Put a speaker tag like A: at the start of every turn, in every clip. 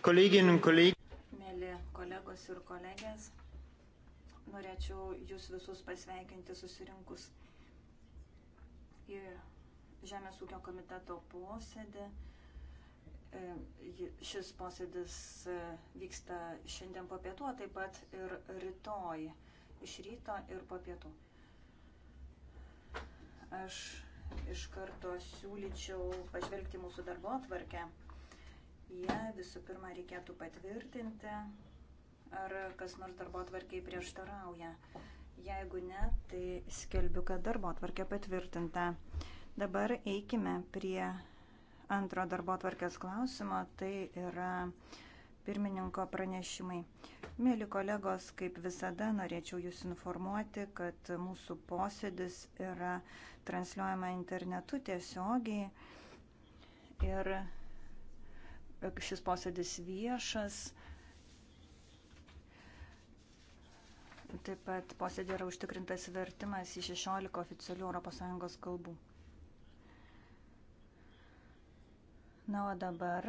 A: Kolleginnen und Kollegen.
B: Mėly kolegos ir kolegės, norėčiau jūs visus pasveikinti susirinkus į Žemės ūkio komiteto posėdį. E, šis posėdis e, vyksta šiandien po pietu, o taip pat ir rytoj iš ryto ir po pietų. Aš iš karto siūlyčiau pažvelgti mūsų darbo atvarkę ją visų pirma reikėtų patvirtinti, ar kas nors darbo tvarkiai prieštarauja. Jeigu ne, tai skelbiu, kad darbo tvarkė patvirtinta. Dabar eikime prie antro darbo tvarkės klausimo, tai yra pirmininko pranešimai. Mėly kolegos, kaip visada norėčiau Jūs informuoti, kad mūsų posėdis yra transliuojama internetu tiesiogiai ir šis posėdis viešas. Taip pat posėdė yra užtikrintas vertimas į 16 oficialių ES kalbų. Na, o dabar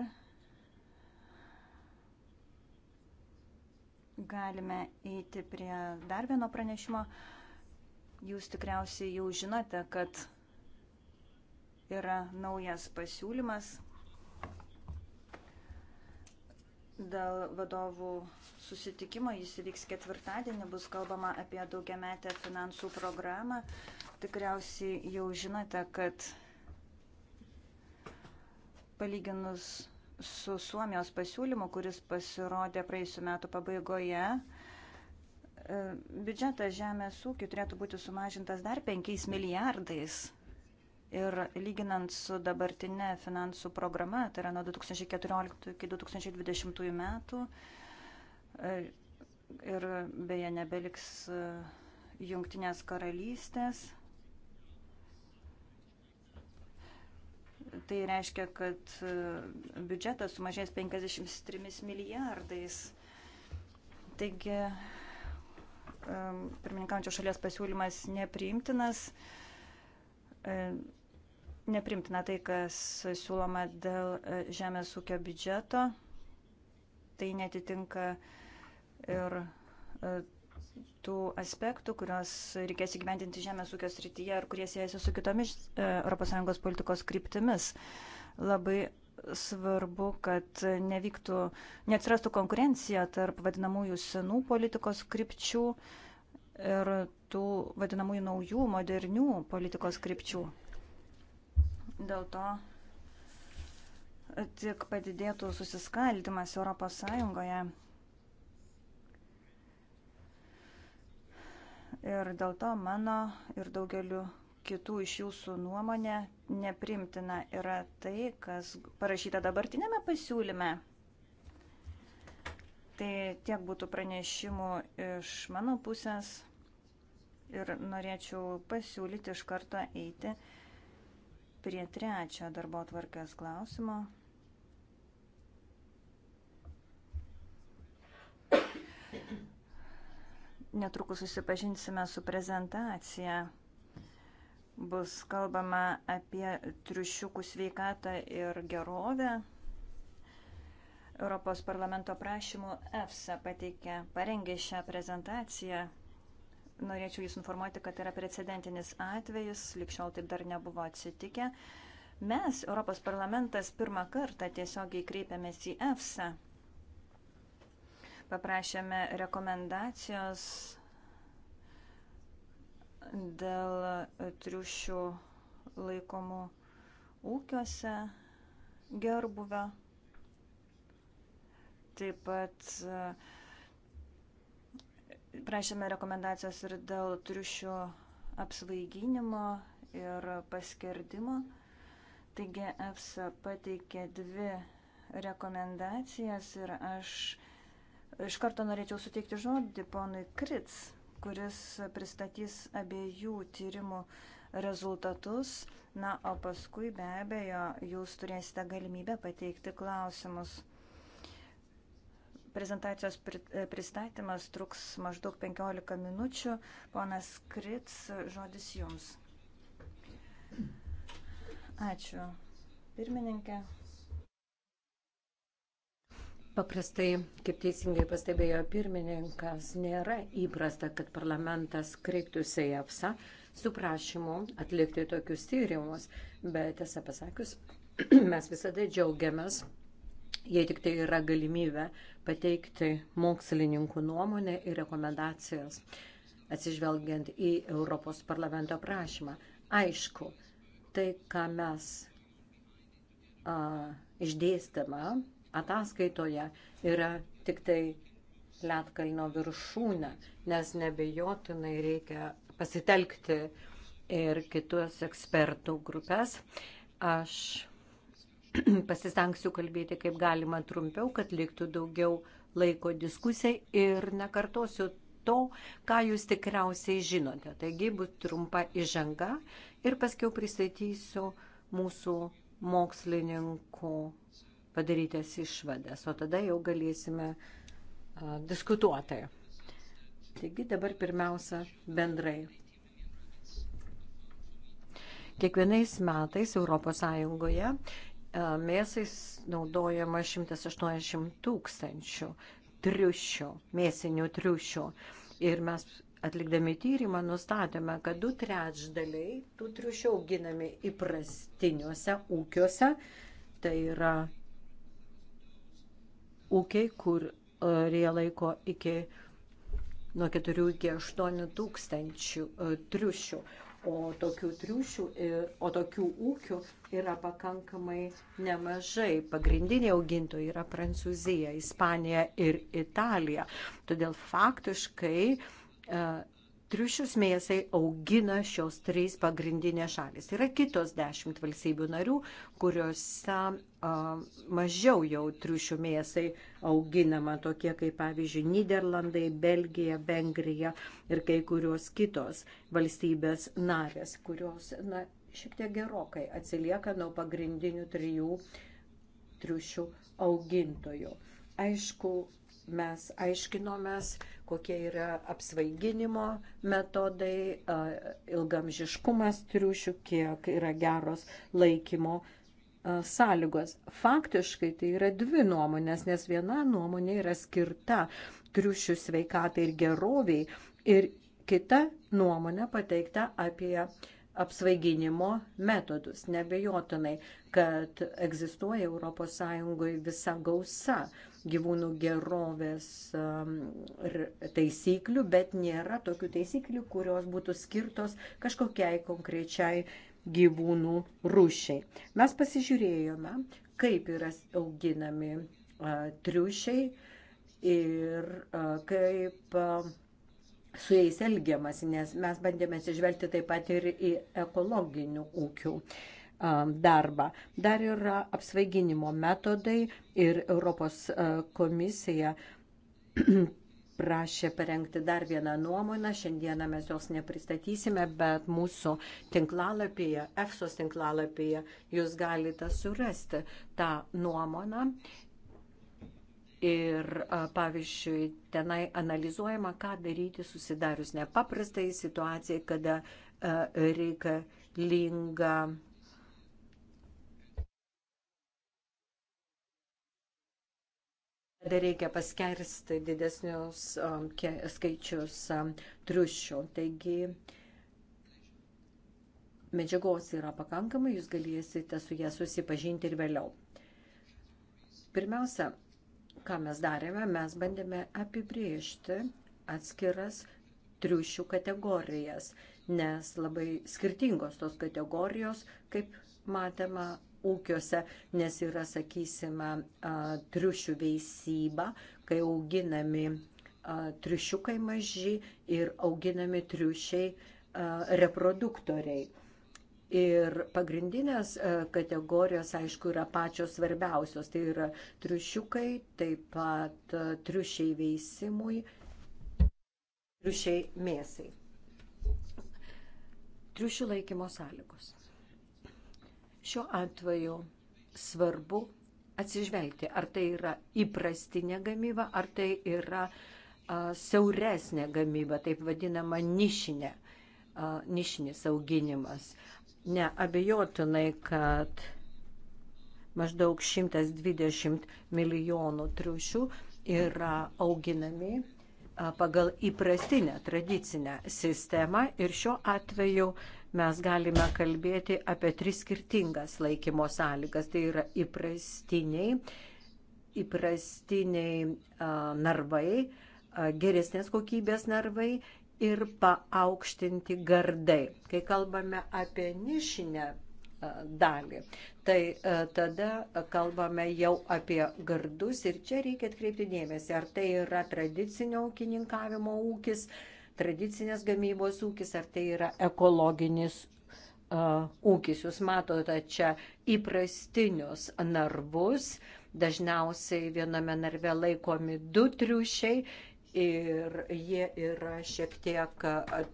B: galime eiti prie dar vieno pranešimo. Jūs tikriausiai jau žinote, kad yra naujas pasiūlymas Dėl vadovų susitikimo jis įvyks ketvirtadienį, bus kalbama apie daugiametę finansų programą. Tikriausiai jau žinote, kad palyginus su Suomijos pasiūlymu, kuris pasirodė praėjusiu metu pabaigoje, e, biudžetas žemės ūkių turėtų būti sumažintas dar 5 milijardais. Ir lyginant su dabartinė finansų programa, tai yra nuo 2014 iki 2020 metų, e, ir beje nebeliks e, jungtinės karalystės, tai reiškia, kad e, biudžetas sumažės 53 milijardais. Taigi, pirmininkaujančio šalies pasiūlymas nepriimtinas neprimtina tai, kas siūloma dėl e, žemės ūkio biudžeto. Tai netitinka ir e, tų aspektų, kurios reikės įgyvendinti žemės ūkio srityje ir kurie siejasi su kitomis e, ES politikos kryptimis. Labai svarbu, kad nevyktų, neatsirastų konkurencija tarp vadinamųjų senų politikos krypčių ir tų vadinamųjų naujų, modernių politikos krypčių. Dėl to e, tik padidėtų susiskaldimas Europos Sąjungoje. Ir dėl to mano ir daugeliu kitų iš jūsų nuomonė neprimtina yra tai, kas parašyta dabartinėme pasiūlyme. Tai tiek būtų pranešimų iš mano pusės ir norėčiau pasiūlyti iš karto eiti prie trečio darbo tvarkės klausimo. Netrukus susipažinsime su prezentacija. Bus kalbama apie triušiukų sveikatą ir gerovę. Europos parlamento prašymų EFSA pateikė, parengė šią prezentaciją norėčiau Jūs informuoti, kad yra precedentinis atvejis, likščiau taip dar nebuvo atsitikę. Mes, Europos parlamentas, pirmą kartą tiesiogiai kreipėmės į EFSA, paprašėme rekomendacijos dėl triušių laikomų ūkiuose gerbuvio. Taip pat uh, Prašėme rekomendacijos ir dėl triušių apsvaiginimo ir paskerdimo. Taigi EFSA pateikė dvi rekomendacijas ir aš iš karto norėčiau suteikti žodį ponui Krits, kuris pristatys abiejų tyrimų rezultatus. Na, o paskui be abejo jūs turėsite galimybę pateikti klausimus. Prezentacijos e, pristatymas truks maždaug 15 minučių. Ponas Krits, žodis jums. Ačiū. Pirmininkė.
C: Paprastai, kaip teisingai pastebėjo pirmininkas, nėra įprasta, kad parlamentas kreiptųsi į EFSA su prašymu atlikti tokius tyrimus, bet esą pasakius, mes visada džiaugiamės jei tik tai yra galimybė pateikti mokslininkų nuomonę ir rekomendacijas, atsižvelgiant į Europos parlamento prašymą. Aišku, tai, ką mes a, išdėstama ataskaitoje, yra tik tai Lietkalnio viršūnė, nes nebejotinai reikia pasitelkti ir kitus ekspertų grupės. Aš pasistengsiu kalbėti kaip galima trumpiau, kad liktų daugiau laiko diskusijai ir nekartosiu to, ką jūs tikriausiai žinote. Taigi bus trumpa įžanga ir paskui pristatysiu mūsų mokslininkų padarytas išvadas, o tada jau galėsime a, diskutuoti. Taigi dabar pirmiausia bendrai. Kiekvienais metais ES E, mėsais naudojama 180 tūkstančių triušių, mėsinių triušių. Ir mes atlikdami tyrimą nustatėme, kad du trečdaliai tų triušių auginami įprastiniuose ūkiuose. Tai yra ūkiai, kur jie e, laiko iki nuo 4 iki 8 tūkstančių e, triušių o tokių triušių, o tokių ūkių yra pakankamai nemažai. Pagrindiniai augintojai yra Prancūzija, Ispanija ir Italija. Todėl faktiškai e, Triušius mėsai augina šios trys pagrindinės šalis. Yra kitos dešimt valstybių narių, kuriuose a, mažiau jau triušių mėsai auginama, tokie kaip pavyzdžiui Niderlandai, Belgija, Vengrija ir kai kurios kitos valstybės narės, kurios na, šiek tiek gerokai atsilieka nuo pagrindinių trijų triušių augintojų. Aišku, mes aiškinomės, kokie yra apsvaiginimo metodai, ilgamžiškumas triušių, kiek yra geros laikymo sąlygos. Faktiškai tai yra dvi nuomonės, nes viena nuomonė yra skirta triušių sveikatai ir geroviai ir kita nuomonė pateikta apie apsvaiginimo metodus. Nebejotinai, kad egzistuoja ES visa gausa gyvūnų gerovės um, taisyklių, bet nėra tokių taisyklių, kurios būtų skirtos kažkokiai konkrečiai gyvūnų rūšiai. Mes pasižiūrėjome, kaip yra auginami triušiai ir kaip su jais elgiamasi, nes mes bandėme atsižvelgti taip pat ir į ekologinių ūkių. Uh, Um, darbą. Dar yra apsvaiginimo metodai ir Europos uh, komisija prašė parengti dar vieną nuomonę. Šiandieną mes jos nepristatysime, bet mūsų tinklalapyje, EFSOS tinklalapyje, jūs galite surasti tą nuomonę. Ir uh, pavyzdžiui, tenai analizuojama, ką daryti susidarius nepaprastai situacijai, kada uh, reikalinga Dar reikia paskersti didesnius um, skaičius um, triušių. Taigi medžiagos yra pakankamai, jūs galėsite su ją susipažinti ir vėliau. Pirmiausia, ką mes darėme, mes bandėme apibriežti atskiras triušių kategorijas, nes labai skirtingos tos kategorijos, kaip matėme, ūkiuose, nes yra, sakysime, triušių veisyba, kai auginami triušiukai maži ir auginami triušiai reproduktoriai. Ir pagrindinės kategorijos, aišku, yra pačios svarbiausios. Tai yra triušiukai, taip pat triušiai veisimui, triušiai mėsai. Triušių laikymo sąlygos. Šiuo atveju svarbu atsižvelgti, ar tai yra įprastinė gamyba, ar tai yra a, siauresnė gamyba, taip vadinama nišinė, a, nišinis auginimas. Neabejotinai, kad maždaug 120 milijonų triušių yra auginami a, pagal įprastinę tradicinę sistemą ir šiuo atveju a, mes galime kalbėti apie tris skirtingas laikymo sąlygas. Tai yra įprastiniai, įprastiniai a, narvai, a, geresnės kokybės narvai ir paaukštinti gardai. Kai kalbame apie nišinę dalį. Tai tada kalbame jau apie gardus ir čia reikia atkreipti dėmesį, ar tai yra tradicinio ūkininkavimo ūkis, tradicinės gamybos ūkis, ar tai yra ekologinis uh, ūkis. Jūs matote čia įprastinius narvus, dažniausiai viename narve laikomi du triušiai ir jie yra šiek tiek,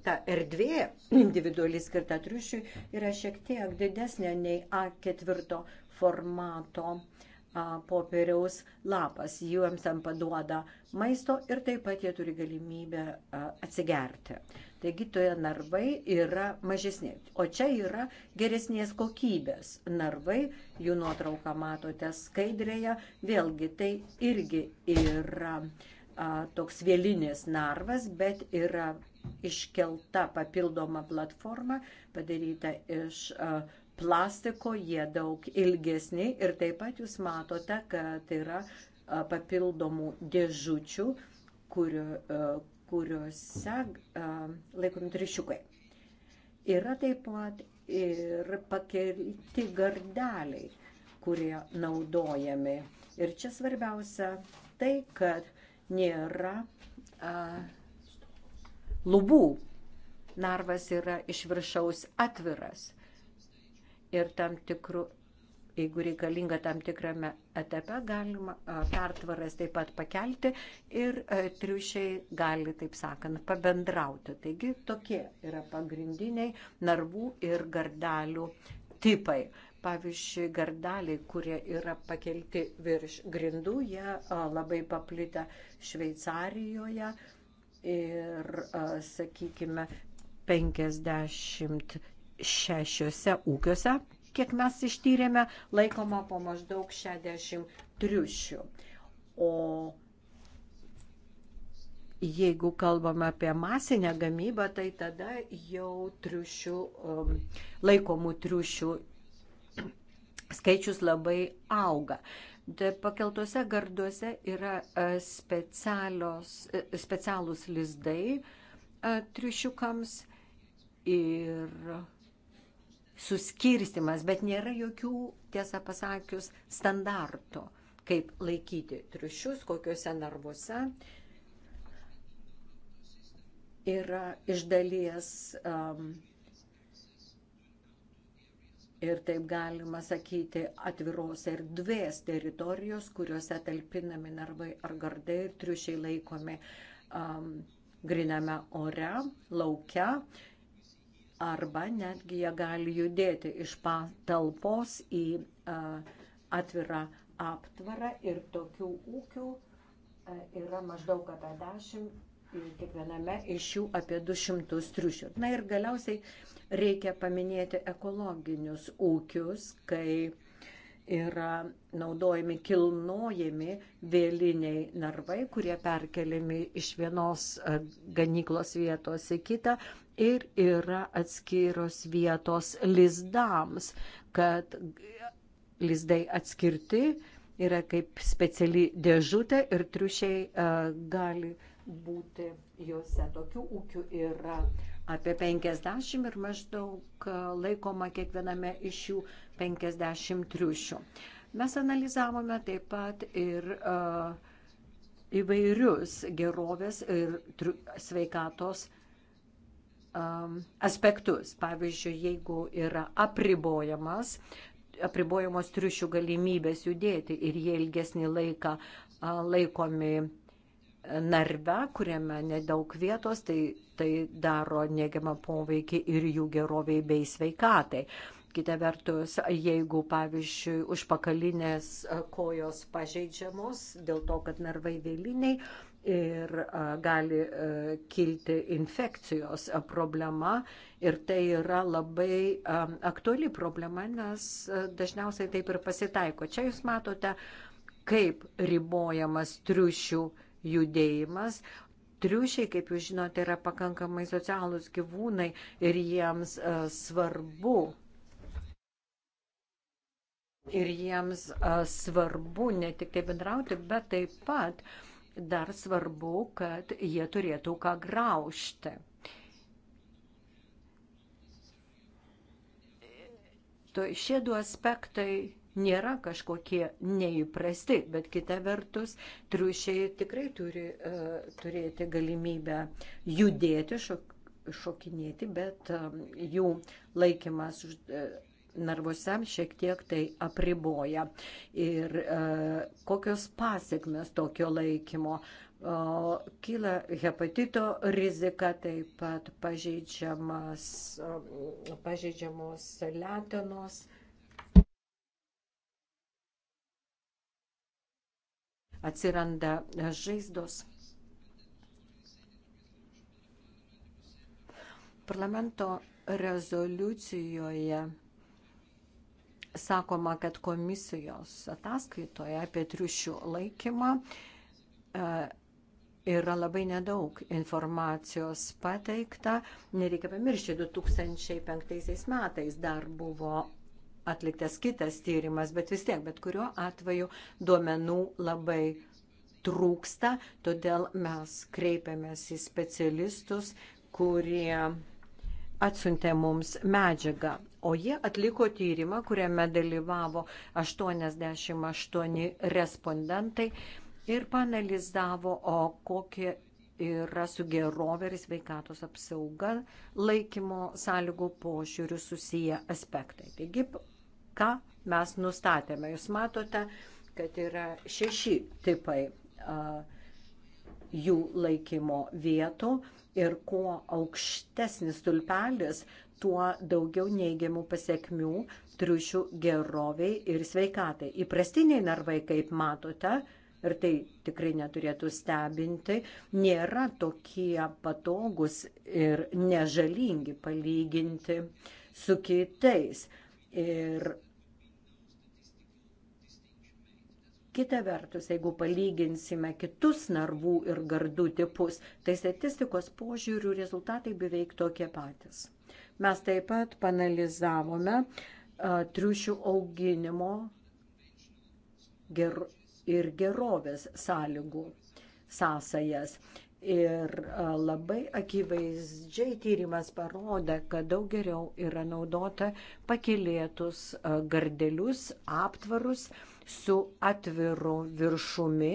C: ta erdvė individualiai skirta triušiui yra šiek tiek didesnė nei A4 formato popieriaus lapas, juoms tam paduoda maisto ir taip pat jie turi galimybę atsigerti. Taigi toje narvai yra mažesni, o čia yra geresnės kokybės narvai, jų nuotrauką matote skaidrėje, vėlgi tai irgi yra a, toks vėlinis narvas, bet yra iškelta papildoma platforma padaryta iš a, plastiko, jie daug ilgesni ir taip pat jūs matote, kad yra papildomų dėžučių, kurio, kuriuose laikomi trišiukai. Yra taip pat ir pakelti gardeliai, kurie naudojami. Ir čia svarbiausia tai, kad nėra a, lubų. Narvas yra iš viršaus atviras ir tam tikrų, jeigu reikalinga tam tikrame etape, galima pertvaras taip pat pakelti ir triušiai gali, taip sakant, pabendrauti. Taigi tokie yra pagrindiniai narvų ir gardalių tipai pavyzdžiui, gardaliai, kurie yra pakelti virš grindų, jie labai paplitę Šveicarijoje ir, sakykime, 50 šešiuose ūkiuose, kiek mes ištyrėme, laikoma po maždaug 60 triušių. O jeigu kalbame apie masinę gamybą, tai tada jau triušių, um, laikomų triušių skaičius labai auga. Pakeltuose garduose yra e, e, specialūs lizdai e, triušiukams ir suskirstimas, bet nėra jokių, tiesą pasakius, standartų, kaip laikyti triušius, kokiuose narvuose. Yra iš dalies um, ir taip galima sakyti atviros erdvės teritorijos, kuriuose talpinami narvai ar gardai ir triušiai laikomi um, griname ore, laukia arba netgi jie gali judėti iš patalpos į atvirą aptvarą ir tokių ūkių yra maždaug apie 10 ir kiekviename iš jų apie 200 triušių. Na ir galiausiai reikia paminėti ekologinius ūkius, kai yra naudojami kilnojami vėliniai narvai, kurie perkeliami iš vienos ganyklos vietos į kitą ir yra atskiros vietos lizdams, kad lizdai atskirti yra kaip speciali dėžutė ir triušiai uh, gali būti juose. Tokių ūkių yra apie 50 ir maždaug e, laikoma kiekviename iš jų 50 triušių. Mes analizavome taip pat ir uh, įvairius gerovės ir sveikatos um, aspektus. Pavyzdžiui, jeigu yra apribojamas, apribojamos triušių galimybės judėti ir jie ilgesnį laiką uh, laikomi narve, kuriame nedaug vietos, tai, tai daro neigiamą poveikį ir jų geroviai bei sveikatai. Kita vertus, jeigu, pavyzdžiui, užpakalinės kojos pažeidžiamos dėl to, kad narvai vėliniai, uh, ir gali kilti infekcijos problema ir tai yra labai aktuali problema, nes dažniausiai taip ir pasitaiko. Čia jūs matote, kaip ribojamas triušių judėjimas, triušiai, kaip jūs žinote, yra pakankamai socialūs gyvūnai ir jiems uh, svarbu. Ir jiems uh, svarbu ne tik tai bendrauti, bet taip pat dar svarbu, kad jie turėtų ką graužti. To šie du aspektai nėra kažkokie neįprasti, bet kita vertus, triušiai tikrai turi uh, turėti galimybę judėti, šok, šokinėti, bet um, jų laikymas už, uh, narvuose šiek tiek tai apriboja. Ir e, kokios pasiekmes tokio laikymo o, kyla hepatito rizika, taip pat pažeidžiamas, pažeidžiamos letenos. Atsiranda žaizdos. Parlamento rezoliucijoje sakoma, kad komisijos ataskaitoje apie triušių laikymą e, yra labai nedaug informacijos pateikta. Nereikia pamiršti, 2005 metais dar buvo atliktas kitas tyrimas, bet vis tiek, bet kuriuo atveju duomenų labai trūksta, todėl mes kreipiamės į specialistus, kurie atsiuntė mums medžiagą O jie atliko tyrimą, kuriame dalyvavo 88 respondentai ir panalizavo, o kokie yra su gerovė ir sveikatos apsauga laikymo sąlygų požiūrių susiję aspektai. Taigi, ką mes nustatėme? Jūs matote, kad yra šeši tipai a, jų laikymo vietų ir kuo aukštesnis tulpelis, tuo daugiau neigiamų pasiekmių triušių geroviai ir sveikatai. Įprastiniai narvai, kaip matote, ir tai tikrai neturėtų stebinti, nėra tokie patogus ir nežalingi palyginti su kitais. Ir kita vertus, jeigu palyginsime kitus narvų ir gardų tipus, tai statistikos požiūrių rezultatai beveik tokie patys. Mes taip pat panalizavome triušių auginimo ger ir gerovės sąlygų sąsajas. Ir labai akivaizdžiai tyrimas parodė, kad daug geriau yra naudota pakilėtus gardelius, aptvarus su atviru viršumi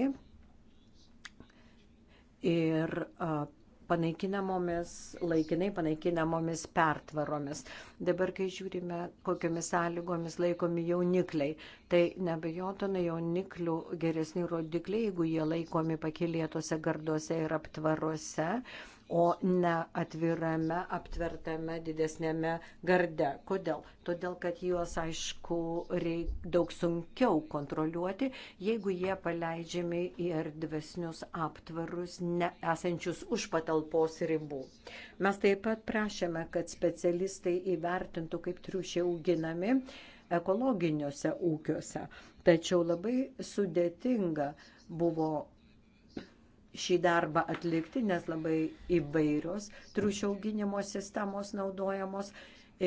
C: ir panaikinamomis, laikinai panaikinamomis pertvaromis. Dabar, kai žiūrime, kokiomis sąlygomis laikomi jaunikliai, tai nebejotinai jauniklių geresni rodikliai, jeigu jie laikomi pakilėtose garduose ir aptvaruose o ne atvirame, aptvertame didesnėme garde. Kodėl? Todėl, kad juos, aišku, reik daug sunkiau kontroliuoti, jeigu jie paleidžiami į erdvesnius aptvarus, esančius už patalpos ribų. Mes taip pat prašėme, kad specialistai įvertintų, kaip triušiai auginami ekologiniuose ūkiuose. Tačiau labai sudėtinga buvo šį darbą atlikti, nes labai įvairios triušio auginimo sistemos naudojamos.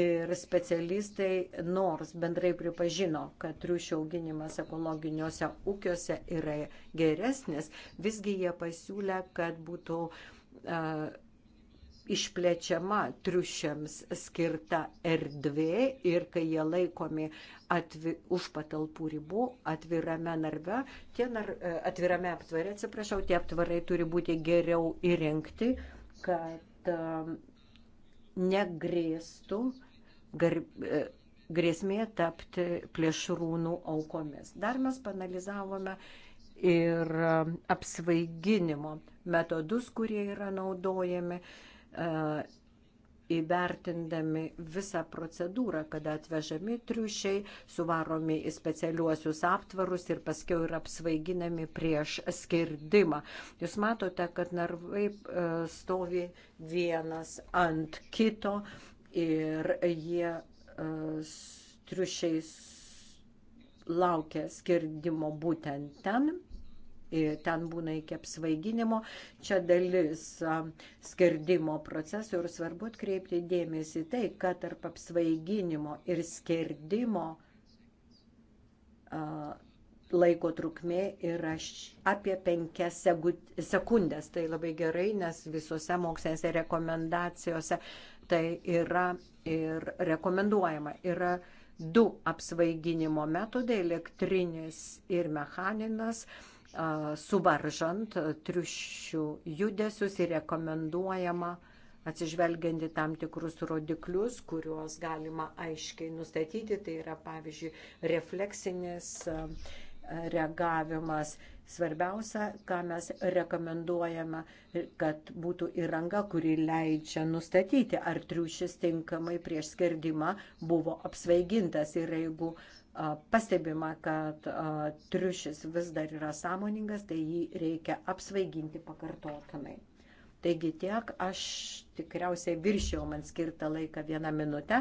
C: Ir specialistai nors bendrai pripažino, kad triušio auginimas ekologiniuose ūkiuose yra geresnis, visgi jie pasiūlė, kad būtų uh, išplečiama triušiams skirta erdvė ir kai jie laikomi atvi, už patalpų ribų atvirame narve, tie nar, e, atvirame aptvare, atsiprašau, tie aptvarai turi būti geriau įrengti, kad um, negrėstų gar, e, grėsmė tapti plėšrūnų aukomis. Dar mes panalizavome ir apsvaiginimo metodus, kurie yra naudojami E, įvertindami visą procedūrą, kada atvežami triušiai, suvaromi į specialiuosius aptvarus ir paskiau yra apsvaiginami prieš skirdimą. Jūs matote, kad narvai e, stovi vienas ant kito ir jie e, triušiai laukia skirdimo būtent ten ten būna iki apsvaiginimo, čia dalis skerdimo procesų ir svarbu atkreipti dėmesį tai, kad tarp apsvaiginimo ir skerdimo laiko trukmė yra apie penkias sekundės. Tai labai gerai, nes visose mokslinėse rekomendacijose tai yra ir rekomenduojama. Yra du apsvaiginimo metodai - elektrinis ir mechaninas. Uh, suvaržant triušių judesius ir rekomenduojama atsižvelgiant į tam tikrus rodiklius, kuriuos galima aiškiai nustatyti, tai yra pavyzdžiui refleksinis reagavimas. Svarbiausia, ką mes rekomenduojame, kad būtų įranga, kuri leidžia nustatyti, ar triušis tinkamai prieš skerdimą buvo apsvaigintas ir jeigu uh, pastebima, kad triušis vis dar yra sąmoningas, tai jį reikia apsvaiginti pakartotinai. Taigi tiek, aš tikriausiai viršiau man skirtą laiką vieną minutę,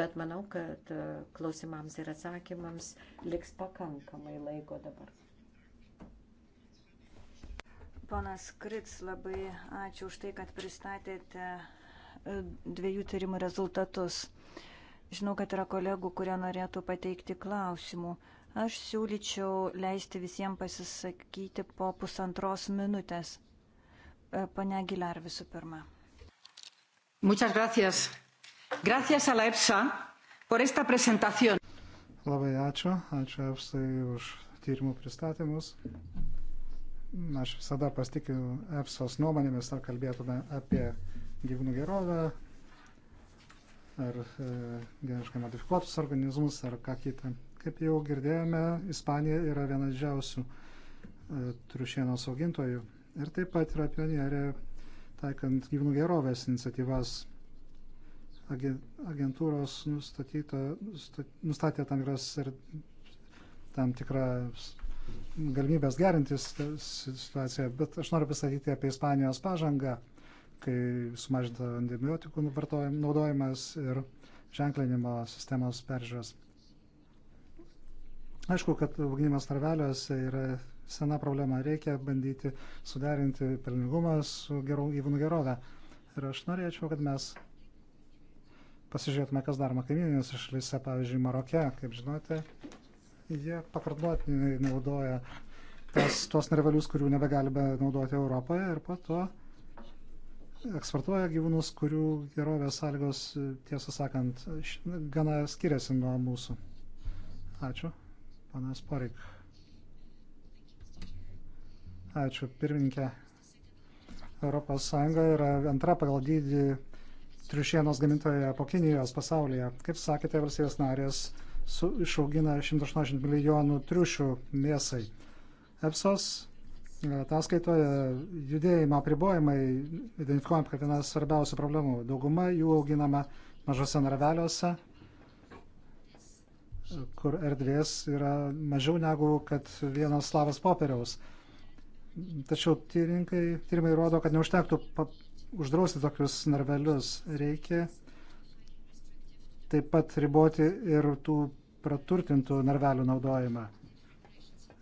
C: bet manau, kad klausimams ir atsakymams liks pakankamai laiko dabar.
B: Ponas Krits, labai ačiū už tai, kad pristatėte e, dviejų tyrimų rezultatus. Uh, Žinau, kad yra kolegų, kurie norėtų pateikti klausimų. Aš siūlyčiau leisti visiems pasisakyti po pusantros minutės. E, Pane Gilar visų pirma.
C: Muchas gracias. Gracias a la EPSA por esta presentación. Labai
A: ačiū. Ačiū EPSA už tyrimų pristatymus. Aš visada pasitikiu EPSOS nuomonėmis, ar kalbėtume apie gyvūnų gerovę, ar e, geniškai modifikuotus organizmus, ar ką kitą. Kaip jau girdėjome, Ispanija yra viena didžiausių e, triušienos augintojų ir taip pat yra pionierė taikant gyvūnų gerovės iniciatyvas. Agentūros nustatė tam, tikras, tam tikras galimybės gerinti situaciją, bet aš noriu pasakyti apie Ispanijos pažangą kai sumažinta antibiotikų naudojimas ir ženklinimo sistemos peržiūros. Aišku, kad auginimas narveliuose yra sena problema. Reikia bandyti suderinti pelningumą su gyvūnų gerove. Ir aš norėčiau, kad mes pasižiūrėtume, kas daroma kaimininėse šalyse, pavyzdžiui, Maroke, kaip žinote, jie pakartotinai naudoja tas, tuos narvelius, kurių nebegalime naudoti Europoje ir po to eksportuoja gyvūnus, kurių gerovės sąlygos, tiesą sakant, gana skiriasi nuo mūsų. Ačiū. Panas Poreik. Ačiū, pirmininkė. ES yra antra pagal dydį triušienos gamintoje po Kinijos pasaulyje. Kaip sakėte, valstybės narės su, išaugina 180 milijonų triušių mėsai. EPSOS ataskaitoje judėjimo apribojimai identifikuojant kaip vienas svarbiausių problemų. Dauguma jų auginama mažose narveliuose, kur erdvės yra mažiau negu kad vienas slavas popieriaus. Tačiau tyrinkai, tyrimai rodo, kad neužtektų pa, uždrausti tokius narvelius. Reikia taip pat riboti ir tų praturtintų narvelių naudojimą.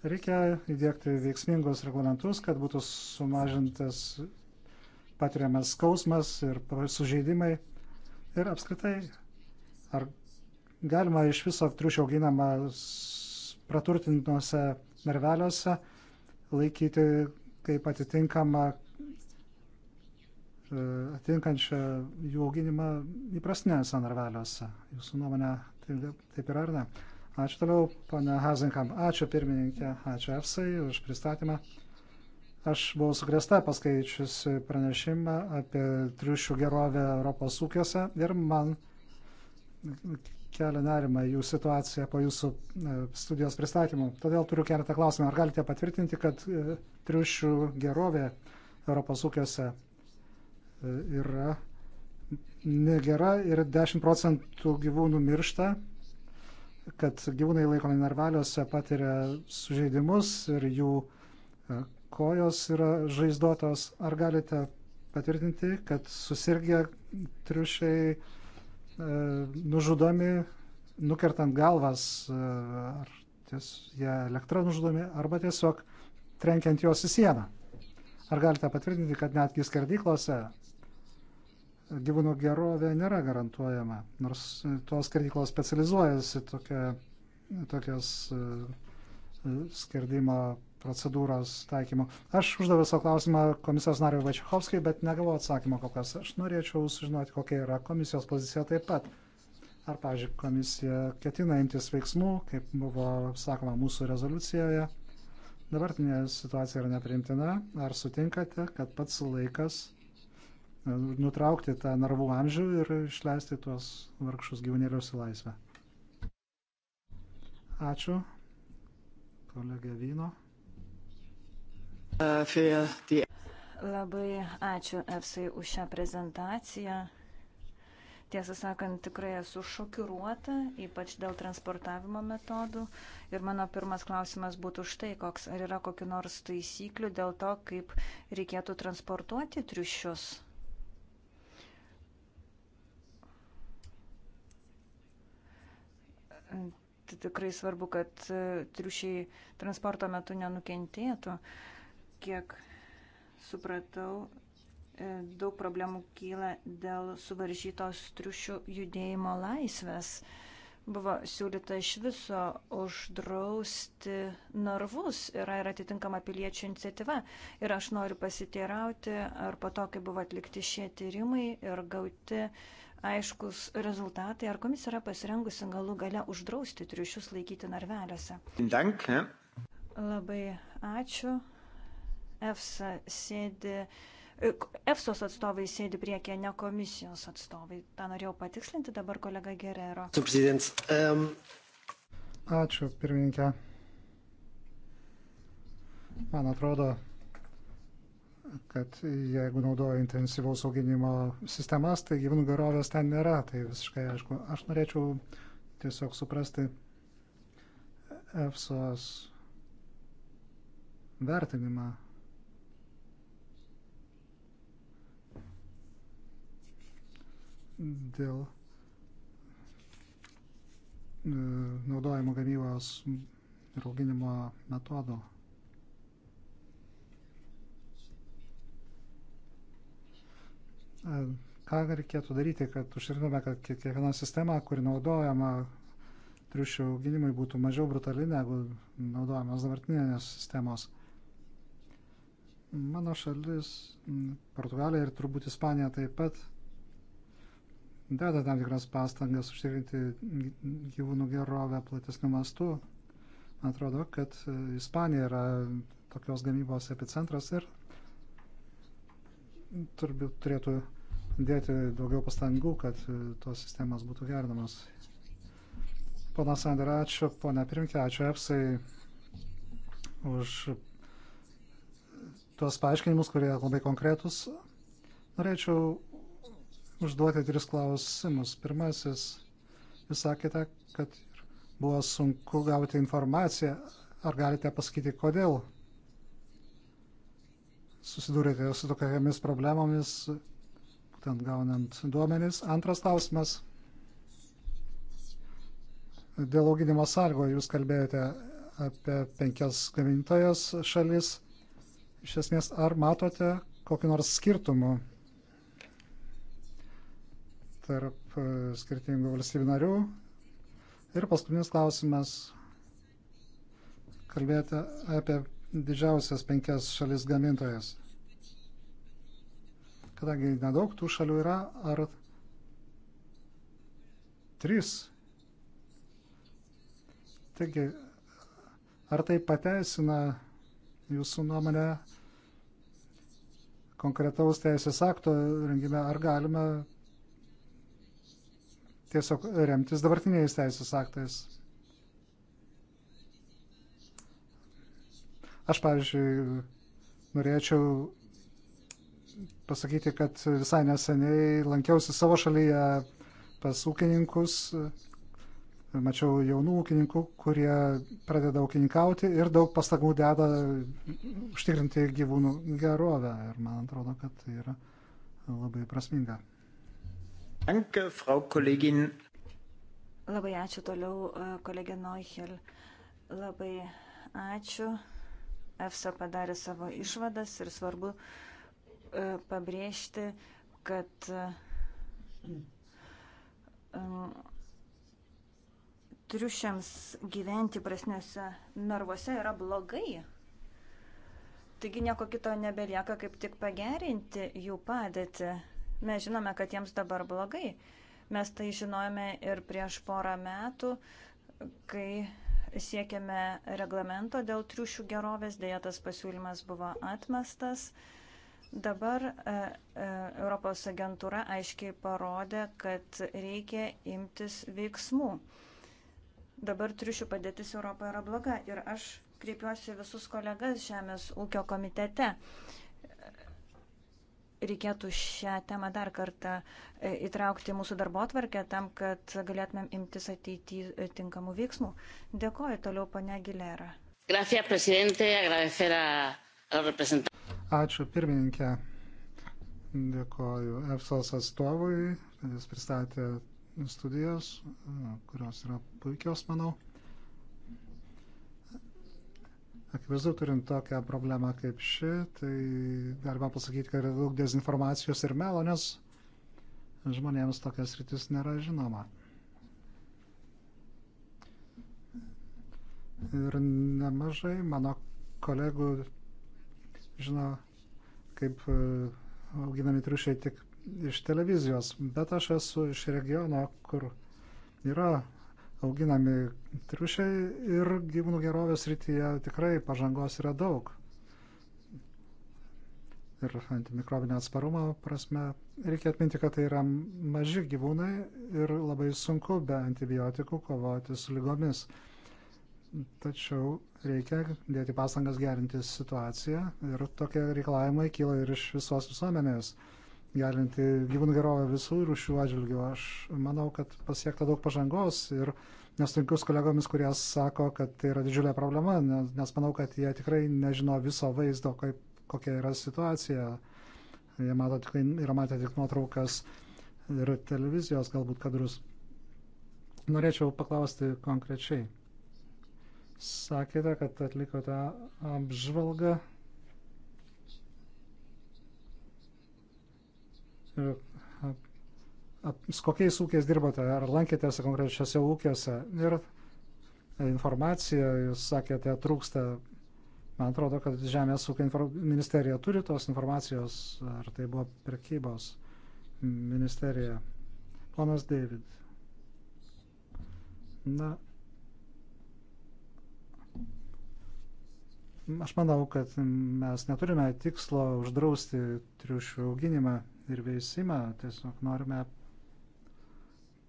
A: Reikia įdėkti veiksmingus reglamentus, kad būtų sumažintas patiriamas skausmas ir sužeidimai. Ir apskritai, ar galima iš viso triušio auginamas praturtintuose narveliuose laikyti kaip atitinkamą e, atitinkančią jų auginimą įprastinėse narveliuose. Jūsų nuomonė tai taip yra ar ne? Ačiū toliau, pana Hazenkam. Ačiū pirmininkė, ačiū EFSA už pristatymą. Aš buvau sukrėsta paskaičius pranešimą apie triušių gerovę Europos ūkiuose ir man kelia nerima jų situacija po jūsų e, studijos pristatymų. Todėl turiu keletą klausimų. Ar galite patvirtinti, kad e, triušių gerovė Europos ūkiuose e, yra negera ir 10 procentų gyvūnų miršta kad gyvūnai laikomi narvaliuose patiria sužeidimus ir jų e, kojos yra žaizdotos. Ar galite patvirtinti, kad susirgę triušiai e, nužudomi, nukertant galvas, e, ar ties jie elektrą nužudomi, arba tiesiog trenkiant juos į sieną? Ar galite patvirtinti, kad netgi skerdyklose gyvūnų gerovė nėra garantuojama, nors tos skerdyklos specializuojasi tokia, tokios e, e, skerdimo procedūros taikymu. Aš uždaviau savo klausimą komisijos nariui Vačiachovskijai, bet negavau atsakymo kol kas. Aš norėčiau sužinoti, kokia yra komisijos pozicija taip pat. Ar, pavyzdžiui, komisija ketina imtis veiksmų, kaip buvo sakoma mūsų rezoliucijoje. Dabartinė situacija yra neprimtina. Ar sutinkate, kad pats laikas nutraukti tą narvų amžių ir išleisti tuos vargšus gyvūnėlius į laisvę. Ačiū, kolegė Vyno.
B: Labai ačiū EFSA už šią prezentaciją. Tiesą sakant, tikrai esu šokiruota, ypač dėl transportavimo metodų. Ir mano pirmas klausimas būtų štai, koks ar yra kokiu nors taisykliu dėl to, kaip reikėtų transportuoti triušius Tai tikrai svarbu, kad e, triušiai transporto metu nenukentėtų. Kiek supratau, e, daug problemų kyla dėl suvaržytos triušių judėjimo laisvės. Buvo siūlyta iš viso uždrausti narvus, yra ir atitinkama piliečių iniciatyva. Ir aš noriu pasiteirauti, ar po to, kai buvo atlikti šie tyrimai ir gauti aiškus rezultatai. Ar komisija yra pasirengusi galų gale uždrausti triušius laikyti narveliuose? Dank, Labai ačiū. EFSA sėdi. E, EFSOS atstovai sėdi priekė, ne komisijos atstovai. Ta norėjau patikslinti dabar kolega Gerero.
A: Ačiū, pirmininkė. Man atrodo, kad jeigu naudoja intensyvaus auginimo sistemas, tai gyvūnų gerovės ten nėra, tai visiškai aišku. Aš norėčiau tiesiog suprasti EFSOS vertinimą. Dėl e, naudojimo gamybos ir auginimo metodo. Ką reikėtų daryti, kad užtikrintume, kad kiekviena sistema, kuri naudojama triušių auginimui, būtų mažiau brutali negu naudojamos dabartinės sistemos? Mano šalis, Portugalija ir turbūt Ispanija taip pat deda tam tikras pastangas užtikrinti gyvūnų gerovę platesniu mastu. Man atrodo, kad Ispanija yra tokios gamybos epicentras ir turbūt turėtų dėti daugiau pastangų, kad e, tos sistemas būtų gerinamos. Pana Sander, ačiū, pana Pirmke, ačiū EFSAI už tuos paaiškinimus, kurie labai konkretus. Norėčiau užduoti tris klausimus. Pirmasis, jūs sakėte, kad buvo sunku gauti informaciją. Ar galite pasakyti, kodėl? susidūrėte su tokiamis problemomis, ten gaunant duomenis. Antras klausimas. Dėl auginimo sąlygo jūs kalbėjote apie penkias gamintojas šalis. Iš esmės, ar matote kokį nors skirtumų tarp e, skirtingų valstybių narių? Ir paskutinis klausimas. Kalbėjote apie didžiausias penkias šalis gamintojas. Kadangi nedaug tų šalių yra, ar trys. Taigi, ar tai pateisina jūsų nuomonę konkretaus teisės akto rengime, ar galime tiesiog remtis dabartiniais teisės aktais? Aš, pavyzdžiui, norėčiau pasakyti, kad visai neseniai lankiausi savo šalyje pas ūkininkus, mačiau jaunų ūkininkų, kurie pradeda ūkininkauti ir daug pastangų deda užtikrinti gyvūnų gerovę. Ir man atrodo, kad tai yra labai prasminga.
C: Danke, Frau Kollegin.
B: Labai ačiū toliau, e, kolegė Neuchel. Labai ačiū. EFSA padarė savo išvadas ir svarbu e, pabrėžti, kad e, triušiams gyventi prasniuose narvuose yra blogai. Taigi nieko kito nebelieka, kaip tik pagerinti jų padėtį. Mes žinome, kad jiems dabar blogai. Mes tai žinojome ir prieš porą metų, kai siekiame reglamento dėl triušių gerovės, dėja tas pasiūlymas buvo atmestas. Dabar e, e, Europos agentūra aiškiai parodė, kad reikia imtis veiksmų. Dabar triušių padėtis Europoje yra bloga ir aš kreipiuosi visus kolegas Žemės ūkio komitete. Uh, reikėtų šią temą dar kartą e, įtraukti mūsų darbo atvarkę tam, kad galėtumėm imtis ateityje tinkamų veiksmų. Dėkoju toliau, pane Gilera.
A: Ačiū pirmininkė. Dėkoju EFSOS atstovui, kad jis pristatė studijas, kurios yra puikios, manau. Akivaizdu, turint tokią problemą kaip ši, tai galima pasakyti, kad yra daug dezinformacijos ir melo, nes žmonėms tokias rytis nėra žinoma. Ir nemažai mano kolegų žino, kaip e, auginami triušiai tik iš televizijos, bet aš esu iš regiono, kur yra auginami triušiai ir gyvūnų gerovės rytyje tikrai pažangos yra daug. Ir antimikrobinio atsparumo prasme reikia atminti, kad tai yra maži gyvūnai ir labai sunku be antibiotikų kovoti su lygomis. Tačiau reikia dėti pastangas gerinti situaciją ir tokie reikalavimai kyla ir iš visos visuomenės galinti gyvūnų gerovę visų rūšių atžvilgių. Aš manau, kad pasiekta daug pažangos ir nesutinku su kolegomis, kurie sako, kad tai yra didžiulė problema, nes manau, kad jie tikrai nežino viso vaizdo, kaip, kokia yra situacija. Jie mato tik, yra matę tik nuotraukas ir televizijos galbūt kadrus. Norėčiau paklausti konkrečiai. Sakėte, kad atlikote apžvalgą E, su kokiais ūkiais dirbote, ar lankėtės konkrečiose ūkiuose. Ir e, informacija, jūs sakėte, trūksta. Man atrodo, kad Žemės ūkio ministerija turi tos informacijos, ar tai buvo prekybos ministerija. Ponas David. Na. Aš manau, kad mes neturime tikslo uždrausti triušių auginimą ir veisimą. Tiesiog norime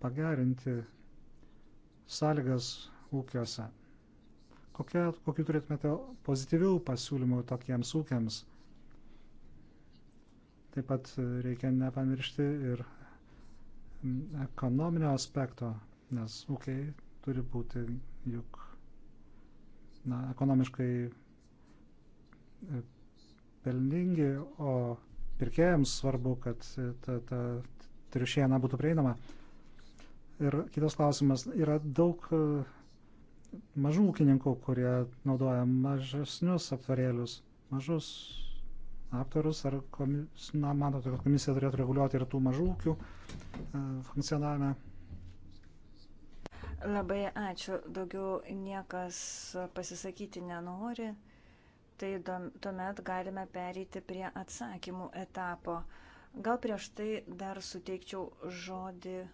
A: pagerinti sąlygas ūkiuose. Kokie, kokiu turėtumėte pozityvių pasiūlymų tokiems ūkiams? Taip pat reikia nepamiršti ir ekonominio aspekto, nes ūkiai turi būti juk na, ekonomiškai pelningi, o pirkėjams svarbu, kad e, ta, ta triušiena būtų prieinama. Ir kitas klausimas, yra daug e, mažų ūkininkų, kurie naudoja mažesnius aptvarėlius, mažus aptarus, ar komis, na, manote, kad komisija turėtų reguliuoti ir tų mažų ūkių e, funkcionavimą?
B: Labai ačiū. Daugiau niekas pasisakyti nenori tai tuomet galime pereiti prie atsakymų etapo. Gal prieš tai dar suteikčiau žodį e,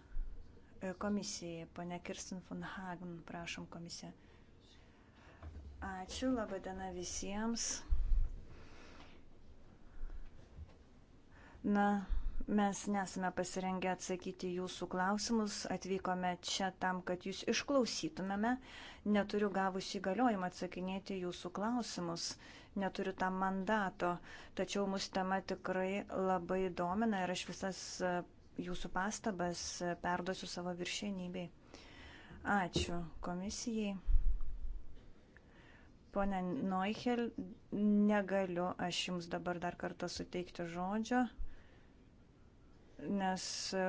B: komisijai. Pane Kirsten von Hagen, prašom komisiją. Ačiū, laba diena visiems. Na, Mes nesame pasirengę atsakyti jūsų klausimus, atvykome čia tam, kad jūs išklausytumėme. Neturiu gavusi įgaliojimą atsakinėti jūsų klausimus, neturiu tam mandato, tačiau mus tema tikrai labai domina ir aš visas e, jūsų pastabas e, perduosiu savo viršienybei. Ačiū komisijai. Pone Noichel, negaliu aš jums dabar dar kartą suteikti žodžio nes e,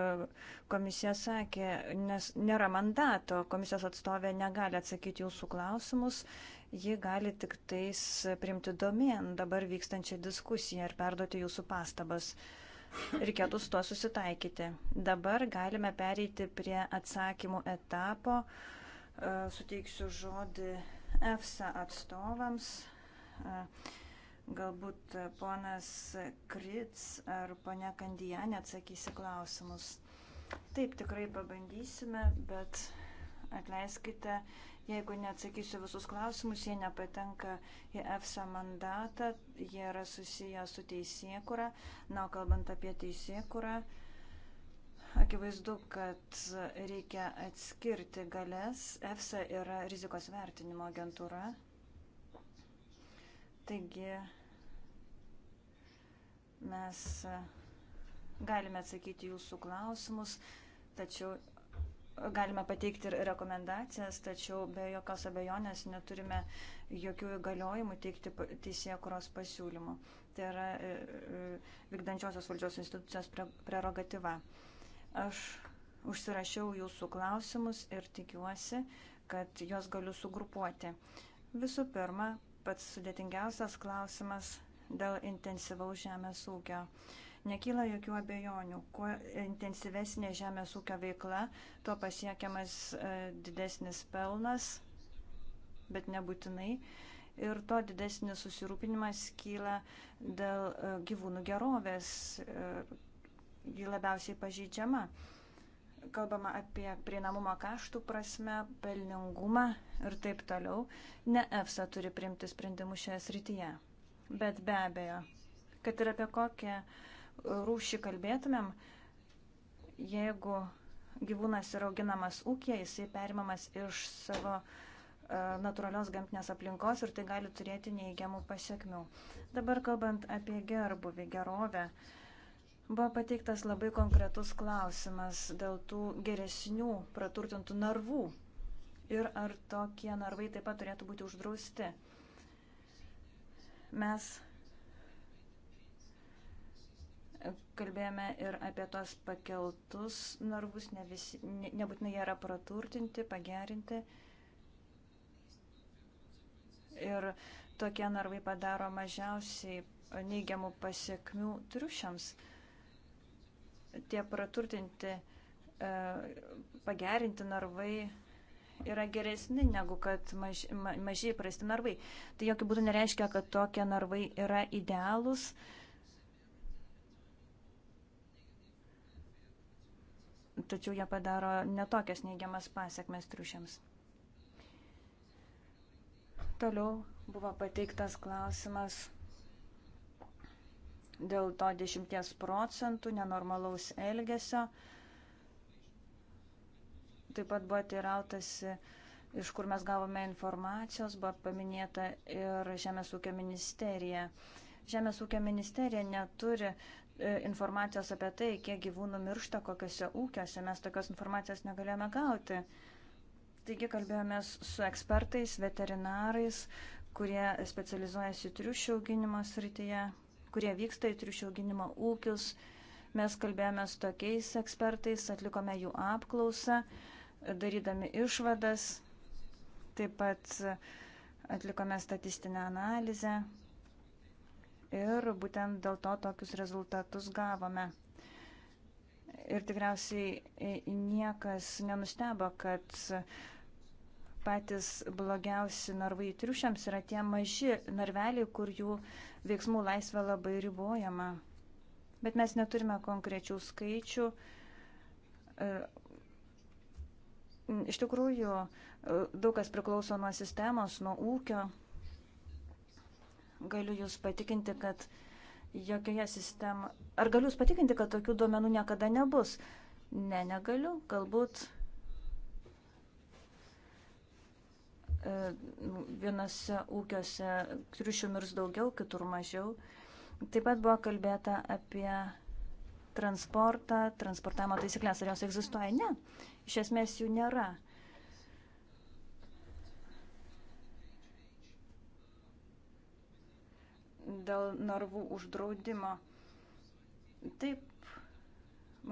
B: komisija sakė, nes nėra mandato, komisijos atstovė negali atsakyti jūsų klausimus, ji gali tik tais primti domėn dabar vykstančią diskusiją ir perduoti jūsų pastabas. Reikėtų su tuo susitaikyti. Dabar galime pereiti prie atsakymų etapo. E, suteiksiu žodį EFSA atstovams. Uh, Galbūt e, ponas Krits ar ponia Kandijanė atsakysi klausimus. Taip, tikrai pabandysime, bet atleiskite, jeigu neatsakysiu visus klausimus, jie nepatenka į EFSA mandatą, jie yra susiję su teisėkura. Na, kalbant apie teisėkurą, akivaizdu, kad reikia atskirti galės. EFSA yra rizikos vertinimo agentūra. Taigi, Mes e, galime atsakyti jūsų klausimus, tačiau e, galime pateikti ir rekomendacijas, tačiau be jokios abejonės neturime jokių įgaliojimų teikti teisėje kuros pasiūlymų. Tai yra e, vykdančiosios valdžios institucijos prerogatyva. Aš užsirašiau jūsų klausimus ir tikiuosi, kad juos galiu sugrupuoti. Visų pirma, pats sudėtingiausias klausimas dėl intensyvaus žemės ūkio. Nekyla jokių abejonių, kuo intensyvesnė žemės ūkio veikla, tuo pasiekiamas e, didesnis pelnas, bet nebūtinai. Ir to didesnis susirūpinimas kyla dėl e, gyvūnų gerovės, e, ji labiausiai pažydžiama kalbama apie prieinamumo kaštų prasme, pelningumą ir taip toliau, ne EFSA turi priimti sprendimus šioje srityje bet be abejo, kad ir apie kokią rūšį kalbėtumėm, jeigu gyvūnas yra auginamas ūkėje, jisai perimamas iš savo e, natūralios gamtinės aplinkos ir tai gali turėti neįgiamų pasiekmių. Dabar kalbant apie gerbuvį, gerovę, buvo pateiktas labai konkretus klausimas dėl tų geresnių praturtintų narvų ir ar tokie narvai taip pat turėtų būti uždrausti. Mes kalbėjome ir apie tos pakeltus narvus, ne visi, ne, nebūtinai jie yra praturtinti, pagerinti. Ir tokie narvai padaro mažiausiai neigiamų pasiekmių triušiams. Tie praturtinti, e, pagerinti narvai yra geresni negu kad maž, ma, maži įprasti narvai. Tai jokių būdų nereiškia, kad tokie narvai yra idealūs. Tačiau jie padaro netokias neigiamas pasiekmes triušiams. Toliau buvo pateiktas klausimas dėl to 10 procentų nenormalaus elgesio. Uh, Taip pat buvo teirautasi, iš kur mes gavome informacijos, buvo paminėta ir Žemės ūkio ministerija. Žemės ūkio ministerija neturi e, informacijos apie tai, kiek gyvūnų miršta kokiuose ūkiuose. Mes tokios informacijos negalėjome gauti. Taigi kalbėjomės su ekspertais, veterinarais, kurie specializuojasi triušių auginimo srityje, kurie vyksta į triušių auginimo ūkius. Mes kalbėjome su tokiais ekspertais, atlikome jų apklausą darydami išvadas, taip pat atlikome statistinę analizę ir būtent dėl to tokius rezultatus gavome. Ir tikriausiai e, niekas nenustebo, kad patys blogiausi narvai triušiams yra tie maži narveliai, kur jų veiksmų laisvė labai ribojama. Bet mes neturime konkrečių skaičių, e, Iš tikrųjų, e, daug kas priklauso nuo sistemos, nuo ūkio. Galiu Jūs patikinti, kad jokioje sistemoje. Ar galiu Jūs patikinti, kad tokių duomenų niekada nebus? Ne, negaliu. Galbūt e, vienose ūkiuose triušių mirs daugiau, kitur mažiau. Taip pat buvo kalbėta apie transportą, transportavimo taisyklės, ar jos egzistuoja? Ne iš esmės jų nėra. Dėl narvų uždraudimo. Taip,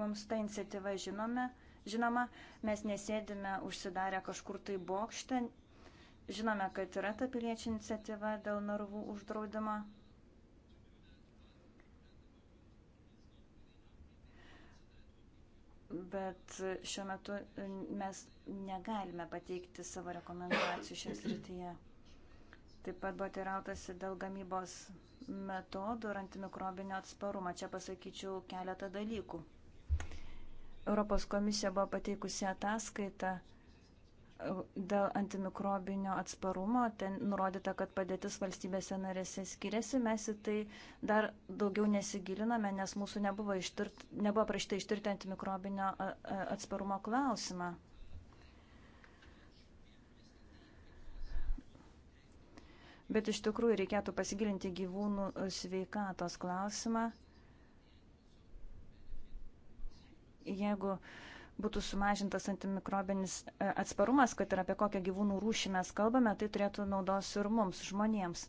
B: mums ta iniciatyva žinome, žinoma, mes nesėdime užsidarę kažkur tai bokšte, žinome, kad yra ta piliečių iniciatyva dėl narvų uždraudimo. bet šiuo metu e, mes negalime pateikti savo rekomendacijų šią srityje. Taip pat buvo teirautasi dėl gamybos metodų ir antimikrobinio atsparumo. Čia pasakyčiau keletą dalykų. Europos komisija buvo pateikusi ataskaitą Dėl antimikrobinio atsparumo ten nurodyta, kad padėtis valstybėse narėse skiriasi. Mes į tai dar daugiau nesigiliname, nes mūsų nebuvo, ištirt, nebuvo prašta ištirti antimikrobinio atsparumo klausimą. Bet iš tikrųjų reikėtų pasigilinti gyvūnų sveikatos klausimą. Jeigu uh, būtų sumažintas antimikrobinis e, atsparumas, kad ir apie kokią gyvūnų rūšį mes kalbame, tai turėtų naudos ir mums, žmonėms.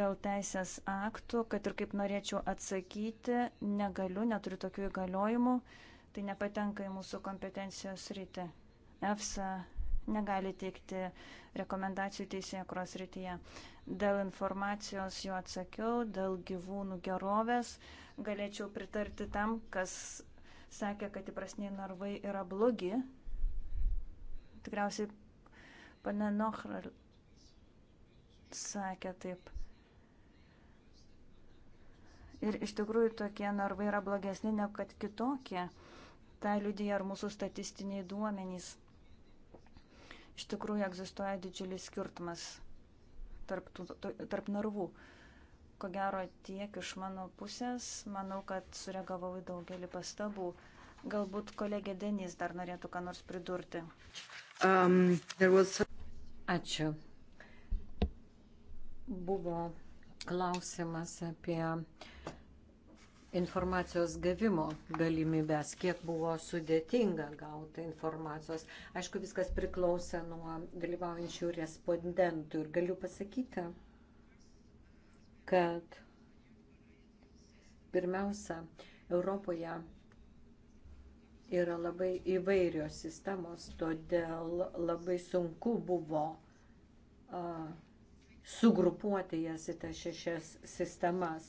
B: Dėl teisės aktų, kad ir kaip norėčiau atsakyti, negaliu, neturiu tokių įgaliojimų, tai nepatenka į mūsų kompetencijos rytį. EFSA negali teikti rekomendacijų teisėje kros rytyje. Dėl informacijos jau atsakiau, dėl gyvūnų gerovės galėčiau pritarti tam, kas sakė, kad įprasniai narvai yra blogi. Tikriausiai pane Nohral sakė taip. Ir iš tikrųjų tokie narvai yra blogesni negu kad kitokie. Ta liudija ir mūsų statistiniai duomenys. Iš tikrųjų egzistuoja didžiulis skirtumas tarp, tarp narvų. Uh, Ko gero tiek iš mano pusės. Manau, kad sureagavau į daugelį pastabų. Galbūt kolegė
C: Denis dar norėtų ką nors pridurti. Um, was... Ačiū. Buvo klausimas apie informacijos gavimo galimybės, kiek buvo sudėtinga gauti informacijos. Aišku, viskas priklausė nuo dalyvaujančių respondentų ir galiu pasakyti, kad pirmiausia, Europoje yra labai įvairios sistemos, todėl labai sunku buvo a, sugrupuoti jas į tas šešias sistemas.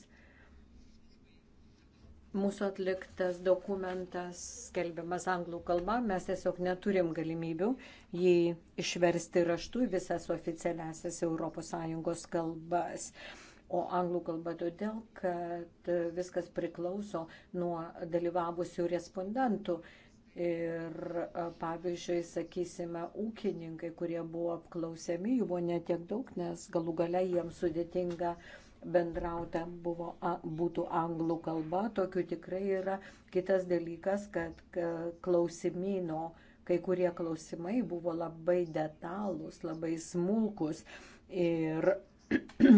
C: Mūsų atliktas dokumentas skelbiamas anglų kalba, mes tiesiog neturim galimybių jį išversti raštu į visas oficialiasias ES kalbas o anglų kalba todėl, kad viskas priklauso nuo dalyvavusių respondentų. Ir pavyzdžiui, sakysime, ūkininkai, kurie buvo apklausiami, jų buvo netiek daug, nes galų gale jiems sudėtinga bendrauta buvo, a, būtų anglų kalba, tokių tikrai yra. Kitas dalykas, kad klausimino, kai kurie klausimai buvo labai detalūs, labai smulkus ir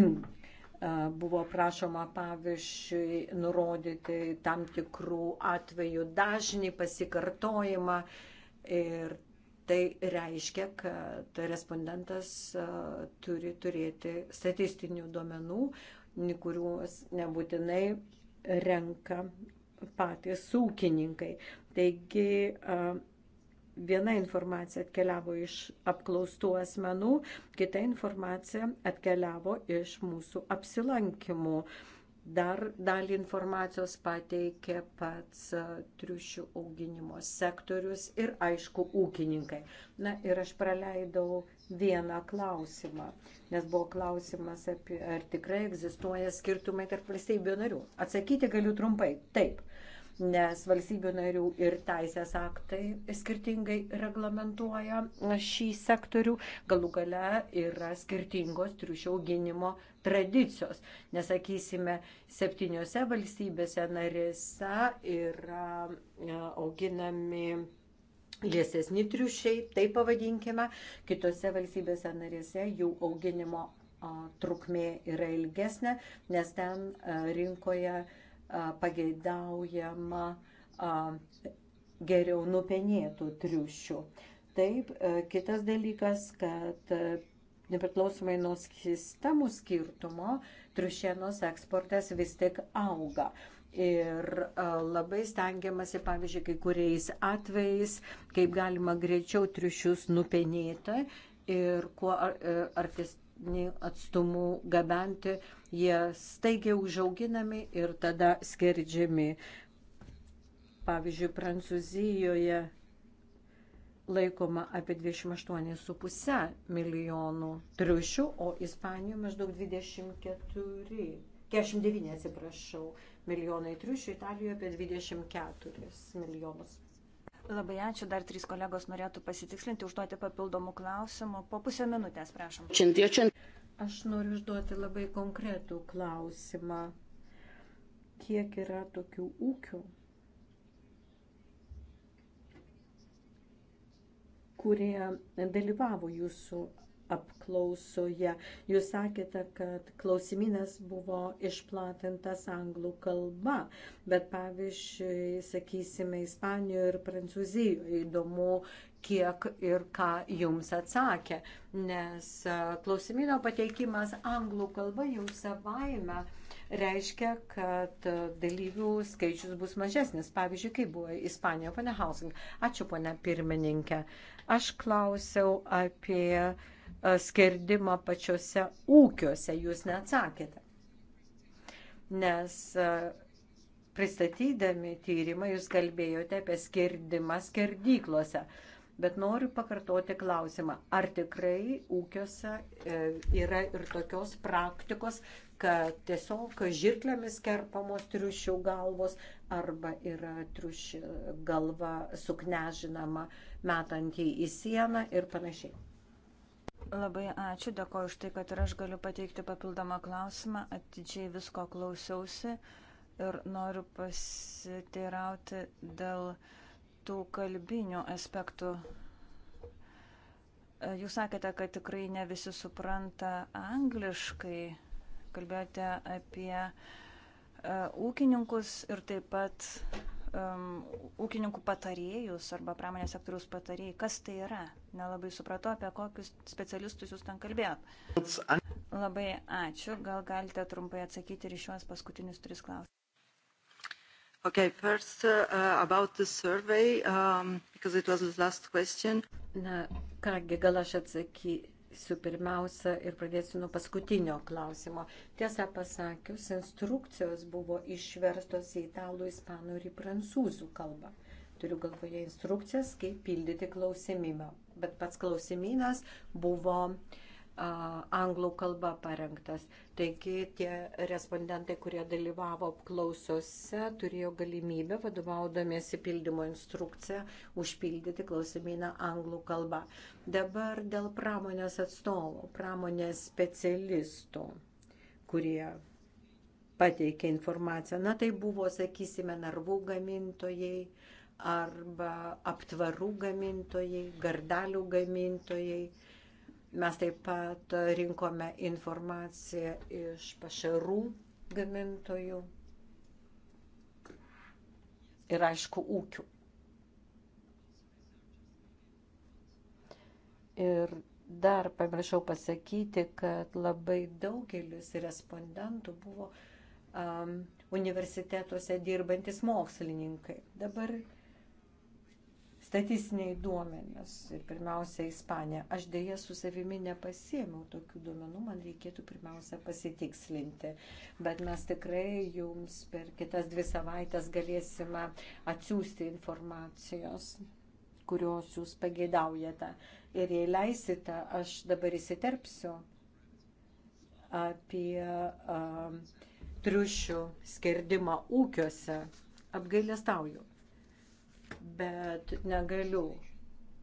C: buvo prašoma pavyzdžiui nurodyti tam tikrų atvejų dažnį pasikartojimą ir tai reiškia, kad respondentas turi turėti statistinių duomenų, kuriuos nebūtinai renka patys ūkininkai. Taigi viena informacija atkeliavo iš apklaustų asmenų, kita informacija atkeliavo iš mūsų apsilankimų. Dar dalį informacijos pateikė pats e, triušių auginimo sektorius ir, aišku, ūkininkai. Na ir aš praleidau vieną klausimą, nes buvo klausimas apie, ar tikrai egzistuoja skirtumai tarp valstybių narių. Atsakyti galiu trumpai. Taip nes valstybių narių ir teisės aktai skirtingai reglamentuoja šį sektorių, galų gale yra skirtingos triušio auginimo tradicijos, nes, sakysime, septyniose valstybėse narėse yra e, auginami liesesni triušiai, tai pavadinkime, kitose valstybėse narėse jų auginimo trukmė yra ilgesnė, nes ten rinkoje uh, pageidaujama geriau nupenėtų triušių. Taip, kitas dalykas, kad nepriklausomai nuo sistemų skirtumo, triušienos eksportas vis tik auga. Ir labai stengiamasi, pavyzdžiui, kai kuriais atvejais, kaip galima greičiau triušius nupenėti ir kuo e, artis, atstumu gabenti, jie staigiai užauginami ir tada skerdžiami. Pavyzdžiui, Prancūzijoje laikoma apie 28,5 milijonų triušių, o Ispanijoje maždaug 24, 49 atsiprašau, milijonai triušių, Italijoje apie 24 milijonus.
B: Labai ačiū, dar trys kolegos norėtų pasitikslinti, užduoti papildomų klausimų. Po pusę minutės, prašom.
C: Aš noriu užduoti labai konkretų klausimą. Kiek yra tokių ūkių, kurie dalyvavo jūsų apklausoje. Jūs sakėte, kad klausimynas buvo išplatintas anglų kalba, bet pavyzdžiui, sakysime, Ispanijoje ir Prancūzijoje įdomu, kiek ir ką jums atsakė, nes e, klausimino pateikimas anglų kalba jau savaime reiškia, kad e, dalyvių skaičius bus mažesnis. Pavyzdžiui, kaip buvo Ispanijoje, pane Hausing. Ačiū, pane pirmininkė. Aš klausiau apie skerdimą pačiose ūkiuose. Jūs neatsakėte. Nes e, pristatydami tyrimą jūs kalbėjote apie skerdimą skerdyklose. Bet noriu pakartoti klausimą, ar tikrai ūkiuose e, yra ir tokios praktikos, kad tiesiog žirklėmis kerpamos triušių galvos arba yra triušių galva suknežinama metant jį į sieną ir panašiai.
B: Labai ačiū, dėkoju už tai, kad ir aš galiu pateikti papildomą klausimą. Atidžiai visko klausiausi ir noriu pasiteirauti dėl tų kalbinių aspektų. Jūs sakėte, kad tikrai ne visi supranta angliškai. Kalbėjote apie uh, ūkininkus ir taip pat um, ūkininkų patarėjus arba pramonės sektoriaus patarėjai. Kas tai yra? Nelabai supratau, apie kokius specialistus jūs ten kalbėjot. Labai ačiū. Gal galite trumpai atsakyti ir šiuos paskutinius
C: tris klausimus. Okay, first uh, about the survey, um, because it was the last question. Na, kągi, gal aš atsakysiu kalbėsiu pirmiausia ir pradėsiu nuo paskutinio klausimo. Tiesą pasakius, instrukcijos buvo išverstos į italų, ispanų ir į prancūzų kalbą. Turiu galvoje instrukcijas, kaip pildyti klausimimą. Bet pats klausimynas buvo uh, anglų kalba parengtas. Taigi tie respondentai, kurie dalyvavo apklausose, turėjo galimybę, vadovaudamiesi pildymo instrukciją, užpildyti klausimyną anglų kalba. Dabar dėl pramonės atstovų, pramonės specialistų, kurie pateikė informaciją. Na tai buvo, sakysime, narvų gamintojai arba aptvarų gamintojai, gardalių gamintojai Mes taip pat rinkome informaciją iš pašarų gamintojų ir aišku ūkių. Ir dar pamiršau pasakyti, kad labai daugelis respondentų buvo um, universitetuose dirbantis mokslininkai. Dabar uh, statistiniai duomenės ir pirmiausia Ispanija. Aš dėja su savimi nepasėmiau tokių duomenų, man reikėtų pirmiausia pasitikslinti, bet mes tikrai jums per kitas dvi savaitės galėsime atsiųsti informacijos kurios jūs pageidaujate. Ir jei leisite, aš dabar įsiterpsiu apie a, triušių skerdimą ūkiuose. Apgailestauju bet negaliu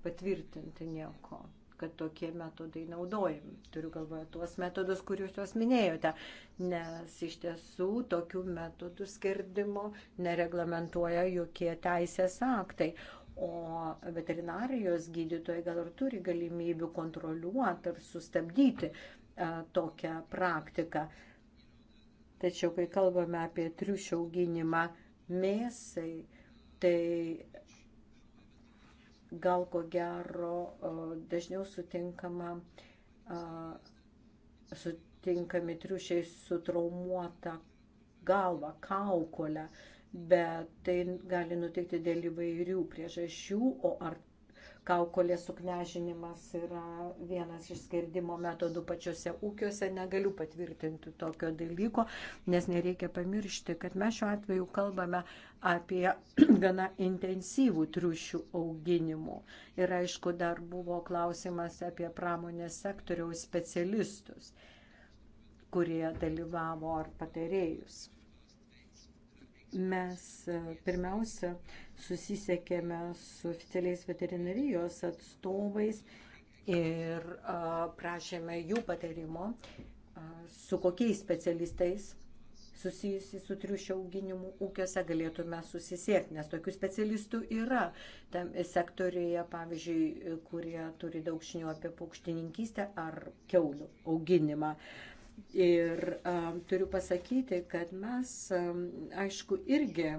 C: patvirtinti nieko kad tokie metodai naudojami. Turiu galvoje tuos metodus, kuriuos jūs minėjote, nes iš tiesų tokių metodų skirdimo nereglamentuoja jokie teisės aktai. O veterinarijos gydytojai gal ir turi galimybių kontroliuoti ar sustabdyti e, tokią praktiką. Tačiau, kai kalbame apie triušio auginimą mėsai, tai gal ko gero dažniau sutinkama, sutinkami triušiai su traumuota galva, kaukolė, bet tai gali nutikti dėl įvairių priežasčių, o ar kaukolės suknežinimas yra vienas iš skerdimo metodų pačiose ūkiuose. Negaliu patvirtinti tokio dalyko, nes nereikia pamiršti, kad mes šiuo atveju kalbame apie gana intensyvų triušių auginimų. Ir aišku, dar buvo klausimas apie pramonės sektoriaus specialistus kurie dalyvavo ar patarėjus mes e, pirmiausia susisiekėme su oficialiais veterinarijos atstovais ir e, prašėme jų patarimo, e, su kokiais specialistais susijusi su triušio auginimu ūkiuose galėtume susisiekti, nes tokių specialistų yra tam sektorijoje, pavyzdžiui, kurie turi daug žinių apie paukštininkystę ar keulių auginimą. Uh, Ir a, turiu pasakyti, kad mes, a, aišku, irgi a,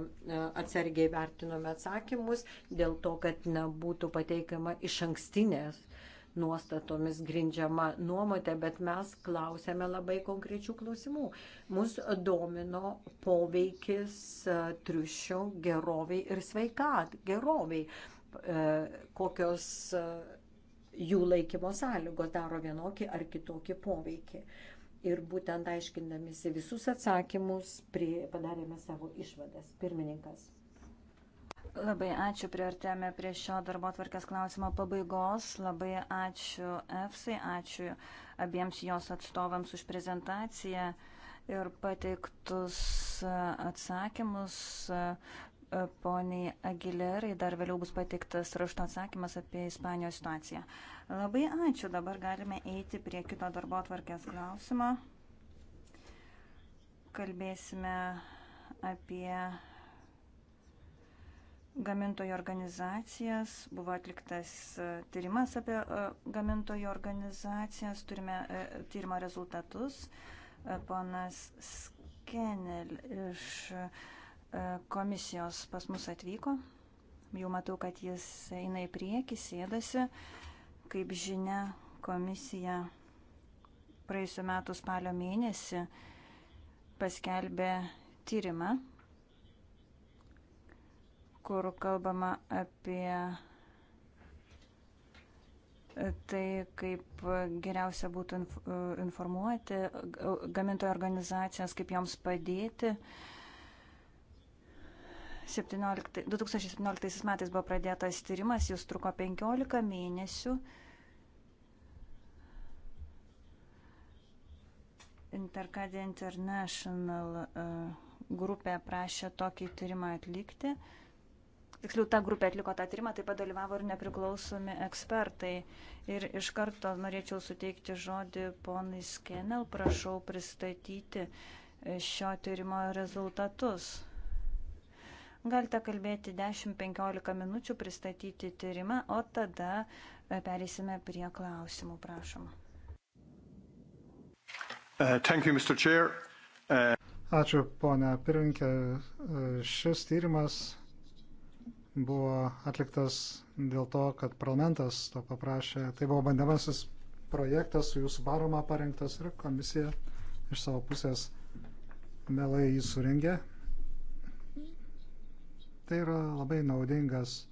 C: atsargiai vertinome atsakymus dėl to, kad nebūtų pateikiama iš ankstinės nuostatomis grindžiama nuomonė, bet mes klausėme labai konkrečių klausimų. Mus domino poveikis a, triušio geroviai ir sveikat, geroviai, a, kokios a, jų laikymo sąlygos daro vienokį ar kitokį poveikį. A, ir būtent aiškindamėsi visus atsakymus prie, padarėme savo išvadas. Pirmininkas. Labai ačiū, priartėme prie
B: šio darbo tvarkės klausimo pabaigos. Labai ačiū EFSA, ačiū abiems jos atstovams už prezentaciją ir pateiktus atsakymus. E, poniai Aguilerai, dar vėliau bus patiktas rašto atsakymas apie Ispanijos situaciją. Labai ačiū, dabar galime eiti prie kito darbo atvarkės klausimo. Kalbėsime apie gamintojų organizacijas. Buvo atliktas e, tyrimas apie e, gamintojų organizacijas, turime tyrimo rezultatus. Ponas Skenel iš E, komisijos pas mus atvyko. Jau matau, kad jis eina į priekį, sėdasi. Kaip žinia, komisija praėjusiu metu spalio mėnesį paskelbė tyrimą, kur kalbama apie tai, kaip geriausia būtų informuoti gamintojų organizacijas, kaip joms padėti. Uh, 17, 2017 metais buvo pradėtas tyrimas, jis truko 15 mėnesių. Intercadia International e, grupė prašė tokį tyrimą atlikti. Tiksliau, ta grupė atliko tą tyrimą, taip pat dalyvavo ir nepriklausomi ekspertai. Ir iš karto norėčiau suteikti žodį ponui Skenel, prašau pristatyti e, šio tyrimo rezultatus. Galite kalbėti 10-15 minučių, pristatyti tyrimą, o tada e, perėsime prie klausimų, prašom. Uh, you, uh...
A: Ačiū, ponia pirminkė. Uh, šis tyrimas buvo atliktas dėl to, kad parlamentas to paprašė. Tai buvo bandamasis projektas su jūsų paroma parengtas ir komisija iš savo pusės melai jį suringė. Tai yra labai naudingas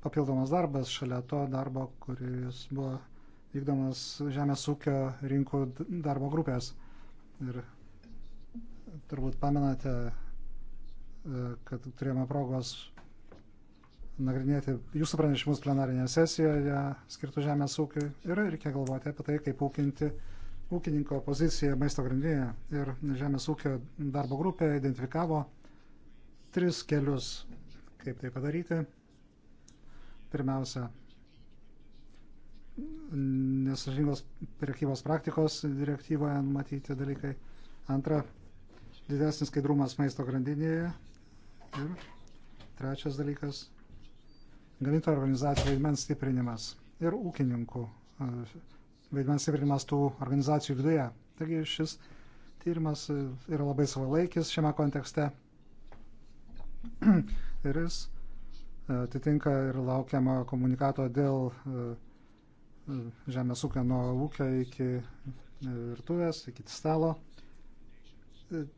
A: papildomas darbas šalia to darbo, kuris buvo vykdomas žemės ūkio rinkų darbo grupės. Ir turbūt pamenate, e, kad turėjome progos nagrinėti jūsų pranešimus plenarinėje sesijoje skirtų žemės ūkiui ir reikia galvoti apie tai, kaip ūkinti ūkininko poziciją maisto grandinėje. Ir žemės ūkio darbo grupė identifikavo tris kelius Kaip tai padaryti? Pirmiausia, nesažingos prekybos praktikos direktyvoje matyti dalykai. Antra, didesnis skaidrumas maisto grandinėje. Ir trečias dalykas, gamintojų organizacijų vaidmens stiprinimas ir ūkininkų e, vaidmens stiprinimas tų organizacijų viduje. Taigi šis tyrimas e, yra labai savalaikis šiame kontekste. E, ir jis e, atitinka ir laukiama komunikato dėl e, e, žemės ūkio nuo ūkio iki virtuvės, iki stalo.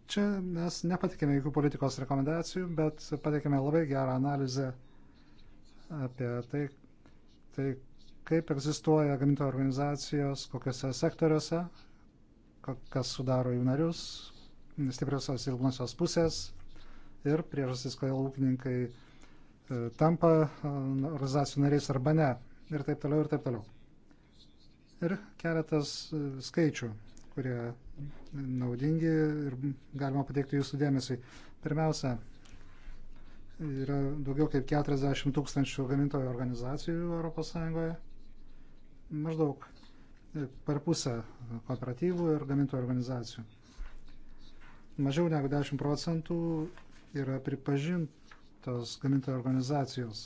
A: Čia mes nepatikėme jokių politikos rekomendacijų, bet patikėme labai gerą analizę apie tai, tai kaip egzistuoja gamintojų organizacijos, kokiuose sektoriuose, kas sudaro jų narius, stipriosios ir silpnosios pusės, ir priežastis, kodėl ūkininkai e, tampa e, organizacijų nariais arba ne. Ir taip toliau, ir taip toliau. Ir keletas e, skaičių, kurie naudingi ir galima pateikti jūsų dėmesį. Pirmiausia, yra daugiau kaip 40 tūkstančių gamintojų organizacijų ES. Maždaug per pusę kooperatyvų ir gamintojų organizacijų. Mažiau negu 10 procentų yra pripažintos gamintojų organizacijos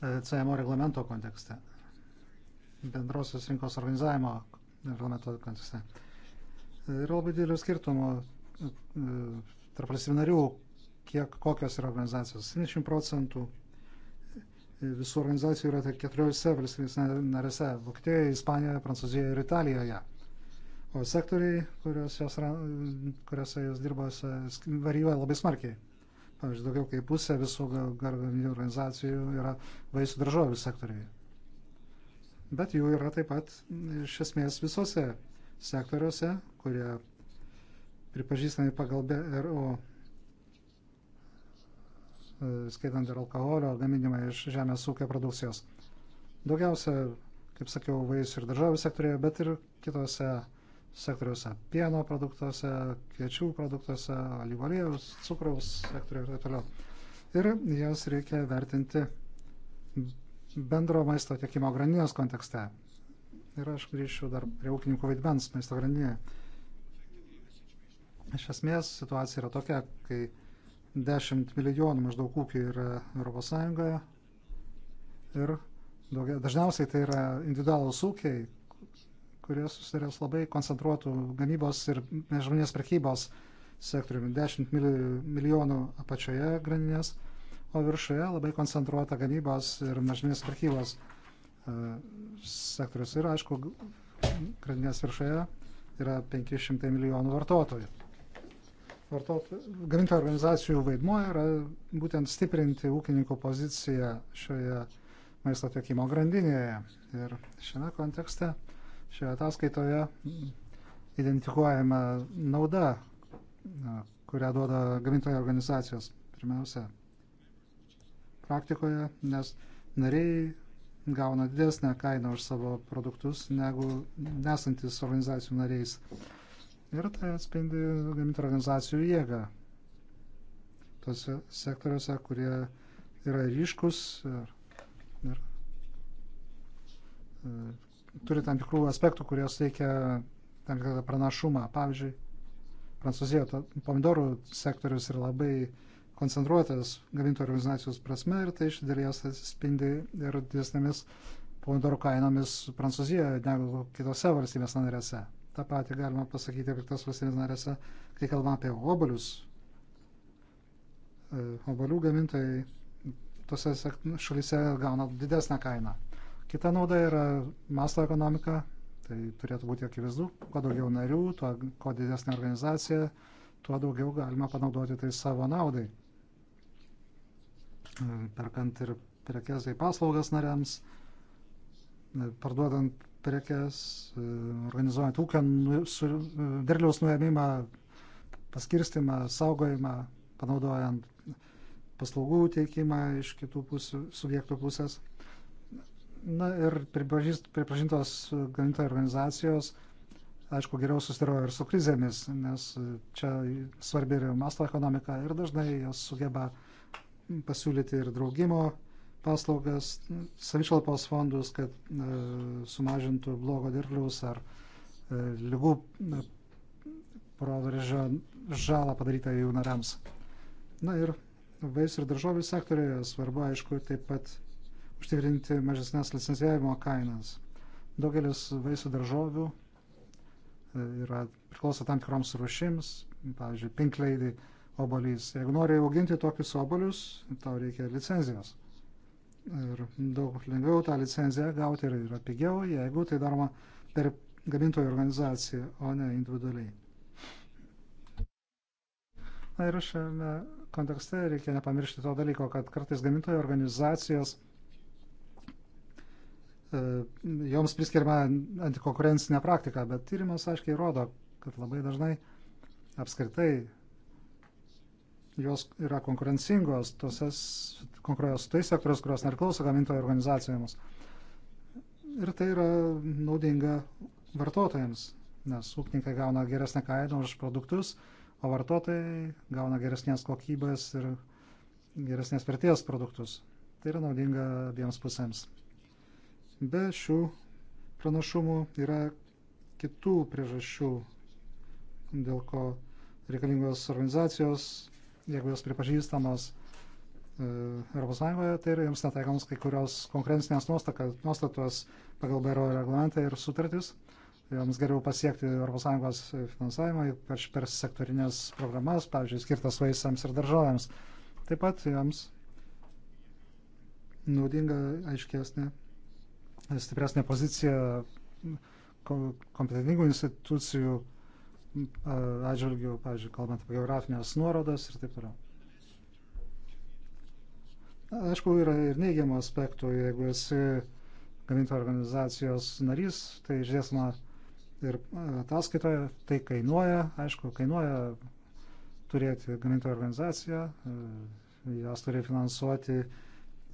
A: e, CMO reglamento kontekste, bendrosios rinkos organizavimo reglamento kontekste. Yra labai didelio skirtumo e, tarp valstybinarių, kiek kokios yra organizacijos. 70 procentų visų organizacijų yra 14 valstybės narėse - Vokietijoje, Ispanijoje, Prancūzijoje ir Italijoje sektoriai, kuriuose jos, kurios jos dirba, varijuoja labai smarkiai. Pavyzdžiui, daugiau kaip pusė visų garbinių organizacijų yra vaisių daržovių sektoriai. Bet jų yra taip pat iš esmės visose sektoriuose, kurie pripažįstami pagal BRO, e, skaitant ir alkoholio gaminimą iš žemės ūkio produkcijos. Daugiausia, kaip sakiau, vaisių ir daržovių sektorėje, bet ir kitose sektoriuose - pieno produktuose, kviečių produktuose, alyvalėjus, cukraus sektoriuje ir taip toliau. Ir jas reikia vertinti bendro maisto tiekimo grandinės kontekste. Ir aš grįšiu dar prie ūkininkų vaidmens maisto grandinėje. Iš esmės situacija yra tokia, kai 10 milijonų maždaug ūkių yra ES ir daugia, dažniausiai tai yra individualūs ūkiai, kurie susidarė su labai koncentruotų gamybos ir žmonės prekybos sektoriumi. 10 milijonų apačioje graninės, o viršuje labai koncentruota gamybos ir mažmenės prekybos e, sektorius. Ir aišku, graninės viršuje yra 500 milijonų vartotojų. Vartotojų, gamintojų organizacijų vaidmuo yra būtent stiprinti ūkininkų poziciją šioje maisto tiekimo grandinėje. Ir šiame kontekste Šioje ataskaitoje identifikuojama nauda, kurią duoda gamintojo organizacijos. Pirmiausia, praktikoje, nes nariai gauna didesnę kainą už savo produktus negu nesantis organizacijų nariais. Ir tai atspindi gamintojų organizacijų jėgą tose sektoriuose, kurie yra ryškus ir, ir e, turi tam tikrų aspektų, kurios teikia tam tikrą pranašumą. Pavyzdžiui, Prancūzijoje pomidorų sektorius yra labai koncentruotas gamintojų organizacijos prasme ir tai iš dalies atspindi ir didesnėmis pomidorų kainomis Prancūzijoje negu kitose valstybės narėse. Ta pati galima pasakyti apie kitas valstybės narėse, kai kalbame apie obolius. E, Obolių gamintojai tose šalyse gauna didesnę kainą. Kita nauda yra masto ekonomika, tai turėtų būti akivaizdu, kuo daugiau narių, tuo, kuo didesnė organizacija, tuo daugiau galima panaudoti tai savo naudai. Perkant ir prekes bei paslaugas nariams, parduodant prekes, organizuojant ūkio nu, derliaus nuėmimą, paskirstimą, saugojimą, panaudojant paslaugų teikimą iš kitų pusių, subjektų pusės. Na ir pripažintos gamintojų organizacijos, aišku, geriau susidaroja ir su krizėmis, nes čia svarbi ir masto ekonomika ir dažnai jos sugeba pasiūlyti ir draugimo paslaugas, savišalpos fondus, kad e, sumažintų blogo dirbliaus ar e, lygų e, proveržio žalą padarytą jų nariams. Na ir vaisių ir daržovių sektorijoje svarbu, aišku, taip pat užtikrinti mažesnės licencijavimo kainas. Daugelis vaisių daržovių e, yra, priklauso tam tikroms rušims, pavyzdžiui, pinkleidį obolys. Jeigu nori auginti tokius obolius, tau reikia licenzijos. Ir daug lengviau tą licenziją gauti ir yra pigiau, jeigu tai daroma per gamintojų organizaciją, o ne individualiai. Na ir šiame kontekste reikia nepamiršti to dalyko, kad kartais gamintojų organizacijos E, joms priskiriama antikonkurencinė praktika, bet tyrimas aiškiai rodo, kad labai dažnai apskritai jos yra konkurencingos, tose konkuruoja su tais sektoriais, kurios nepriklauso gamintojų organizacijoms. Ir tai yra naudinga vartotojams, nes ūkininkai gauna geresnę kainą už produktus, o vartotojai gauna geresnės kokybės ir geresnės vertės produktus. Tai yra naudinga abiems pusėms. Be šių pranašumų yra kitų priežasčių, dėl ko reikalingos organizacijos, jeigu jos pripažįstamos e, ES, tai yra jiems netaikomus kai kurios konkurencinės nuostatos pagal BRO reglamentą ir sutartis. Joms geriau pasiekti ES finansavimą, ypač per sektorinės programas, pavyzdžiui, skirtas vaisiams ir daržovėms. Taip pat joms naudinga aiškesnė stipresnė pozicija kompetentingų institucijų atžvilgių, pavyzdžiui, kalbant apie geografinės nuorodas ir taip toliau. Aišku, yra ir neigiamų aspektų, jeigu esi gamintojų organizacijos narys, tai išdėsma ir ataskaitoje, tai kainuoja, aišku, kainuoja turėti gamintojų organizaciją, e, jas turi finansuoti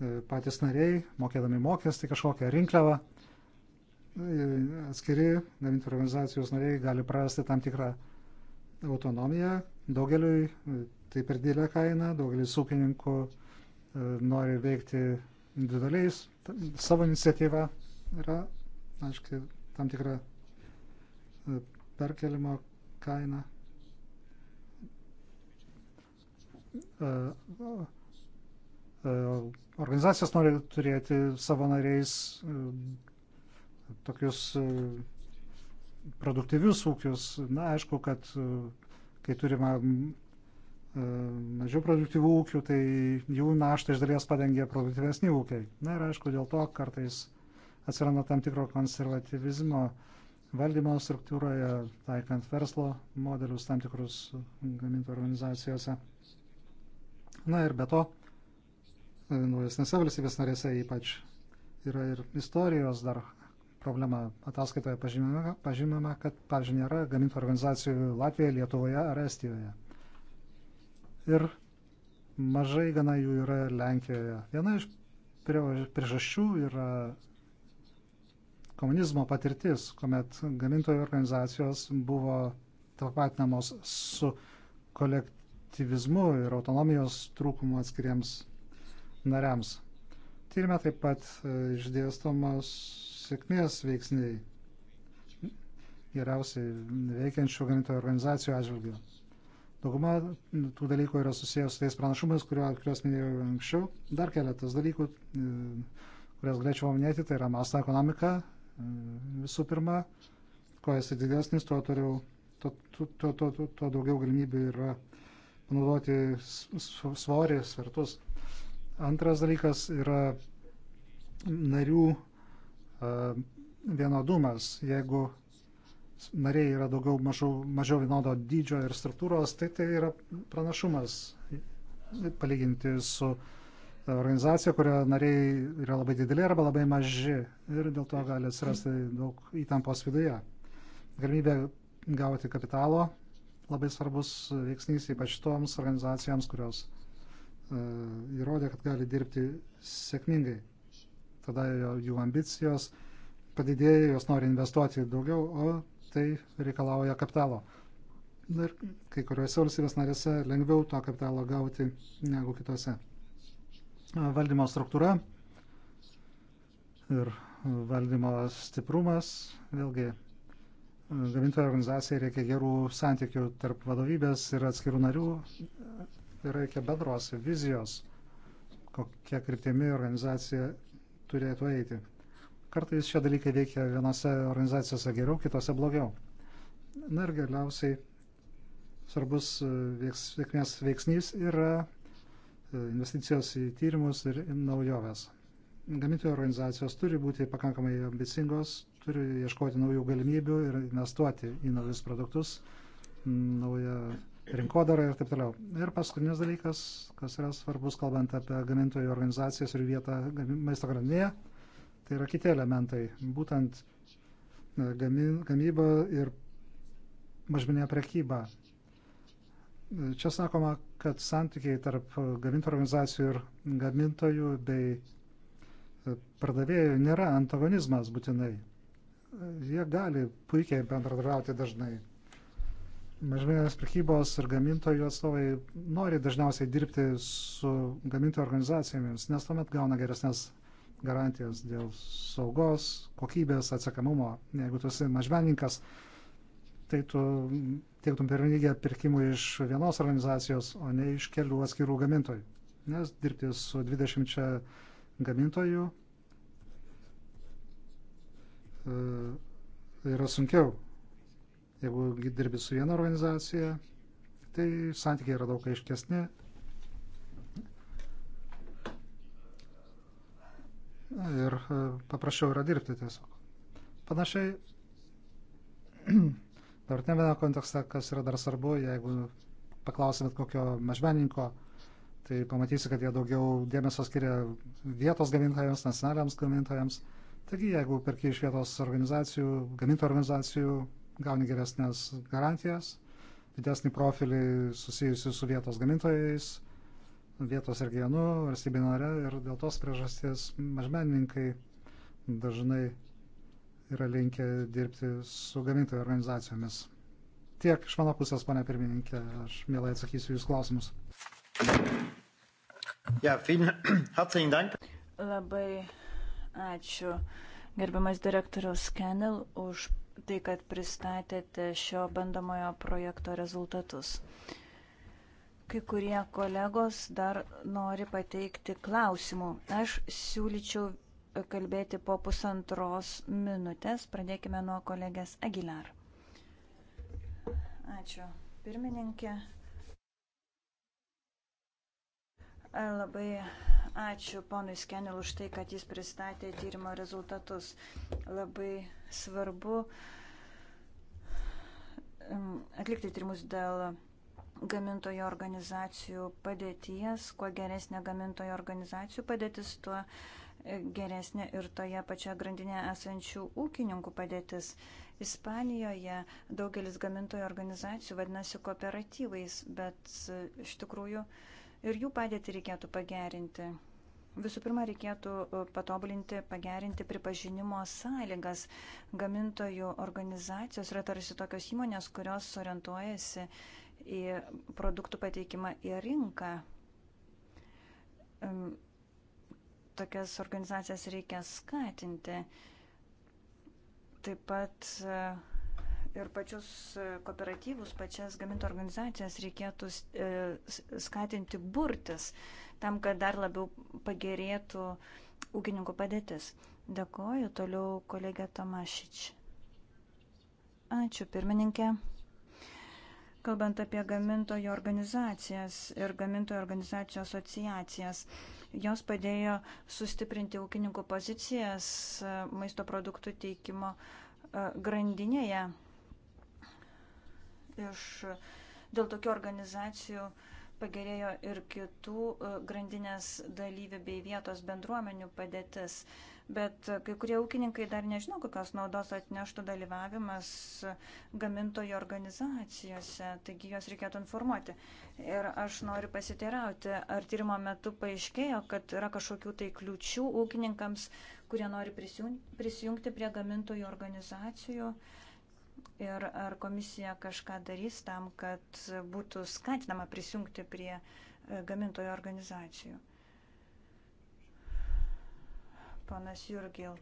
A: E, patys nariai, mokėdami mokestį kažkokią rinkliavą, e, atskiri gamintojų organizacijos nariai gali prarasti tam tikrą autonomiją. Daugeliui e, tai per didelė kaina, daugelis ūkininkų nori veikti individualiais, savo iniciatyva yra, aišku, tam tikra perkelimo kaina. Uh, uh, E, organizacijos nori turėti savo nariais e, tokius e, produktyvius ūkius. Na, aišku, kad kai turime mažiau produktyvų ūkių, tai jų naštą iš dalies padengia produktyvesni ūkiai. Na ir aišku, dėl to kartais atsiranda tam tikro konservatyvizmo valdymo struktūroje, taikant verslo modelius tam tikrus gamintų organizacijose. Na ir be to, naujesnėse valstybės narėse ypač yra ir istorijos dar problema. Ataskaitoje pažymime, pažymime kad, pavyzdžiui, nėra gamintų organizacijų Latvijoje, Lietuvoje ar Estijoje. Ir mažai gana jų yra Lenkijoje. Viena iš priežasčių yra komunizmo patirtis, kuomet gamintojų organizacijos buvo tapatinamos su kolektyvizmu ir autonomijos trūkumu atskiriems nariams. Tyrime taip pat e, išdėstomos sėkmės veiksniai geriausiai veikiančių gamintojų organizacijų atžvilgių. Dauguma tų dalykų yra susijęs su tais pranašumais, kuriuos minėjau anksčiau. Dar keletas dalykų, e, kurias galėčiau paminėti, tai yra masto ekonomika e, visų pirma. Kuo esi didesnis, tuo, turiu, tuo, tuo, tuo, tuo, tuo daugiau galimybių yra panaudoti svorį, svertus. Antras dalykas yra narių vienodumas. Jeigu nariai yra daugiau mažiau, mažiau vienodo dydžio ir struktūros, tai tai yra pranašumas palyginti su organizacija, kurio nariai yra labai dideli arba labai maži ir dėl to gali atsirasti daug įtampos viduje. Galimybė gauti kapitalo labai svarbus veiksnys, ypač toms organizacijoms, kurios E, įrodė, kad gali dirbti sėkmingai. Tada jų ambicijos padidėjo, jos nori investuoti daugiau, o tai reikalauja kapitalo. Ir kai kuriuose valstybės narėse lengviau to kapitalo gauti negu kitose. E, valdymo struktūra ir valdymo stiprumas, vėlgi e, gamintojo organizacijai reikia gerų santykių tarp vadovybės ir atskirų narių. Tai reikia bendros vizijos, kokia kryptimi organizacija turėtų eiti. Kartais šie dalykai veikia vienose organizacijose geriau, kitose blogiau. Na ir galiausiai svarbus e, veiksmės veiksnys yra e, investicijos į tyrimus ir naujoves. Gamintojų organizacijos turi būti pakankamai ambicingos, turi ieškoti naujų galimybių ir investuoti į naujus produktus, naują rinkodarą ir taip toliau. Ir paskutinis dalykas, kas yra svarbus, kalbant apie gamintojų organizacijas ir vietą maisto grandinėje, tai yra kiti elementai. Būtent e, gamyba ir mažminė prekyba. E, čia sakoma, kad santykiai tarp gamintojų organizacijų ir gamintojų bei e, pardavėjų nėra antagonizmas būtinai. Jie gali puikiai bendradarbiauti dažnai mažmeninės prekybos ir gamintojų atstovai nori dažniausiai dirbti su gamintojų organizacijomis, nes tuomet gauna geresnės garantijas dėl saugos, kokybės, atsakamumo. Jeigu tu esi mažmeninkas, tai tu tiektum pirminygę pirkimų iš vienos organizacijos, o ne iš kelių atskirų gamintojų. Nes dirbti su 20 gamintojų e, yra sunkiau. Jeigu dirbi su viena organizacija, tai santykiai yra daug aiškesni. Ir e, paprasčiau yra dirbti tiesiog. Panašiai, dabar ne vieno kontekste, kas yra dar svarbu, jeigu paklausimėt kokio mažmeninko, tai pamatysi, kad jie daugiau dėmesio skiria vietos gamintojams, nacionaliams gamintojams. Taigi, jeigu perki iš vietos organizacijų, gamintojų organizacijų, gauni geresnės garantijas, didesnį profilį susijusiu su vietos gamintojais, vietos regionu, valstybė nare ir dėl tos priežasties mažmenininkai dažnai yra linkę dirbti su gamintojų organizacijomis. Tiek iš mano pusės, pane pirmininkė, aš mielai atsakysiu jūs klausimus. Ja, vielen Dank.
B: Labai ačiū gerbiamas direktoriaus Kenel už tai, kad pristatėte šio bandomojo projekto rezultatus. Kai kurie kolegos dar nori pateikti klausimų. Aš siūlyčiau kalbėti po pusantros minutės. Pradėkime nuo kolegės Aguilar. Ačiū, pirmininkė. Labai Ačiū ponui Skenil už tai, kad jis pristatė tyrimo rezultatus. Labai svarbu atlikti tyrimus dėl gamintojo organizacijų padėties. Kuo geresnė gamintojo organizacijų padėtis, tuo e, geresnė ir toje pačioje grandinėje esančių ūkininkų padėtis. Ispanijoje daugelis gamintojų organizacijų vadinasi kooperatyvais, bet e, iš tikrųjų uh, ir jų padėtį reikėtų pagerinti. Visų pirma, reikėtų e, patobulinti, pagerinti pripažinimo sąlygas. Gamintojų organizacijos yra tarsi tokios įmonės, kurios orientuojasi į produktų pateikimą į rinką. Tokias organizacijas reikia skatinti. Taip pat e, ir pačius e, kooperatyvus, pačias gamintų organizacijas reikėtų e, skatinti burtis tam, kad dar labiau pagerėtų ūkininkų padėtis. Dėkoju toliau kolegė Tomašič. Ačiū pirmininkė. Kalbant apie gamintojo organizacijas ir gamintojo organizacijų asociacijas, jos padėjo sustiprinti ūkininkų pozicijas e, maisto produktų teikimo grandinėje iš, dėl tokių organizacijų pagerėjo ir kitų e, grandinės dalyvių bei vietos bendruomenių padėtis. Bet e, kai kurie ūkininkai dar nežino, kokios naudos atneštų dalyvavimas e, gamintojo organizacijose, taigi juos reikėtų informuoti. Ir aš noriu pasiteirauti, ar tyrimo metu paaiškėjo, kad yra kažkokių tai kliučių ūkininkams, kurie nori prisijungti prie gamintojo organizacijų. Uh, ir ar komisija kažką darys tam, kad būtų skatinama prisijungti prie e, gamintojo organizacijų. Ponas Jurgil.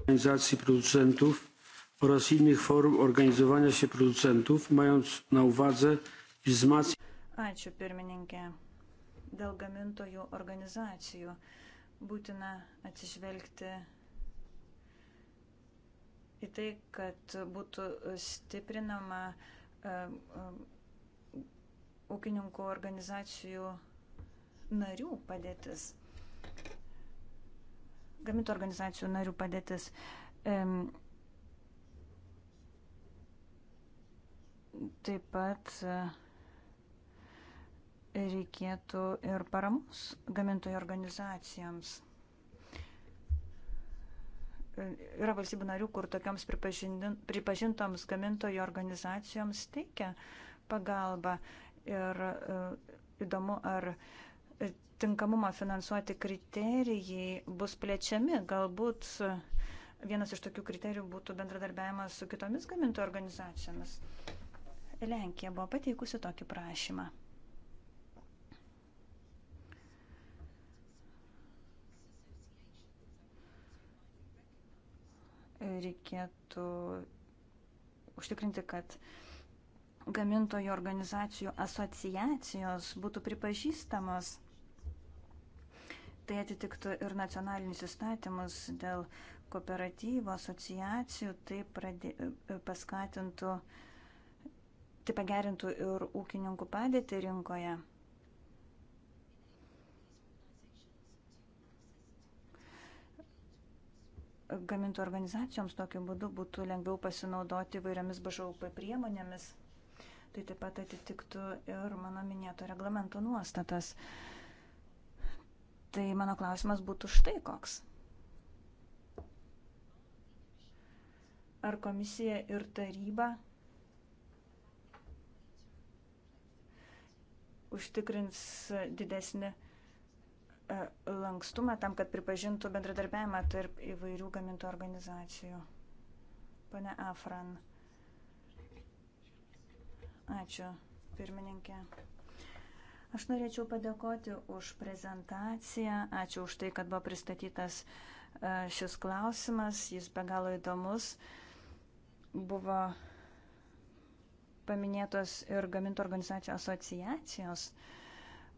A: Organizacji producentów oraz innych form organizowania się producentów, mając na uwadze wzmacnianie.
B: Ačiū pirmininkė. Dėl gamintojų organizacijų būtina atsižvelgti į tai, kad būtų stiprinama e, e, ūkininkų organizacijų narių padėtis. Gamintų organizacijų narių padėtis. Taip pat e, reikėtų ir paramos gamintojų organizacijoms yra valstybių narių, kur tokioms pripažintoms gamintojų organizacijoms teikia pagalbą. Ir e, įdomu, ar e, tinkamumo finansuoti kriterijai bus plečiami. Galbūt vienas iš tokių kriterijų būtų bendradarbiavimas su kitomis gamintojų organizacijomis. Lenkija buvo pateikusi tokį prašymą. reikėtų užtikrinti, kad gamintojų organizacijų asociacijos būtų pripažįstamos. Tai atitiktų ir nacionalinius įstatymus dėl kooperatyvų, asociacijų, tai pradė, paskatintų, tai pagerintų ir ūkininkų padėtį rinkoje. gamintų organizacijoms tokiu būdu būtų lengviau pasinaudoti vairiomis BŽUP priemonėmis. Tai taip pat atitiktų ir mano minėto reglamento nuostatas. Tai mano klausimas būtų štai koks. Ar komisija ir taryba užtikrins didesnį E, lankstumą tam, kad pripažintų bendradarbiavimą tarp įvairių gamintų organizacijų. Pane Afran. Ačiū, pirmininkė. Aš norėčiau padėkoti už prezentaciją. Ačiū už tai, kad buvo pristatytas e, šis klausimas. Jis be galo įdomus. Buvo paminėtos ir gamintų organizacijų asociacijos. asociacijos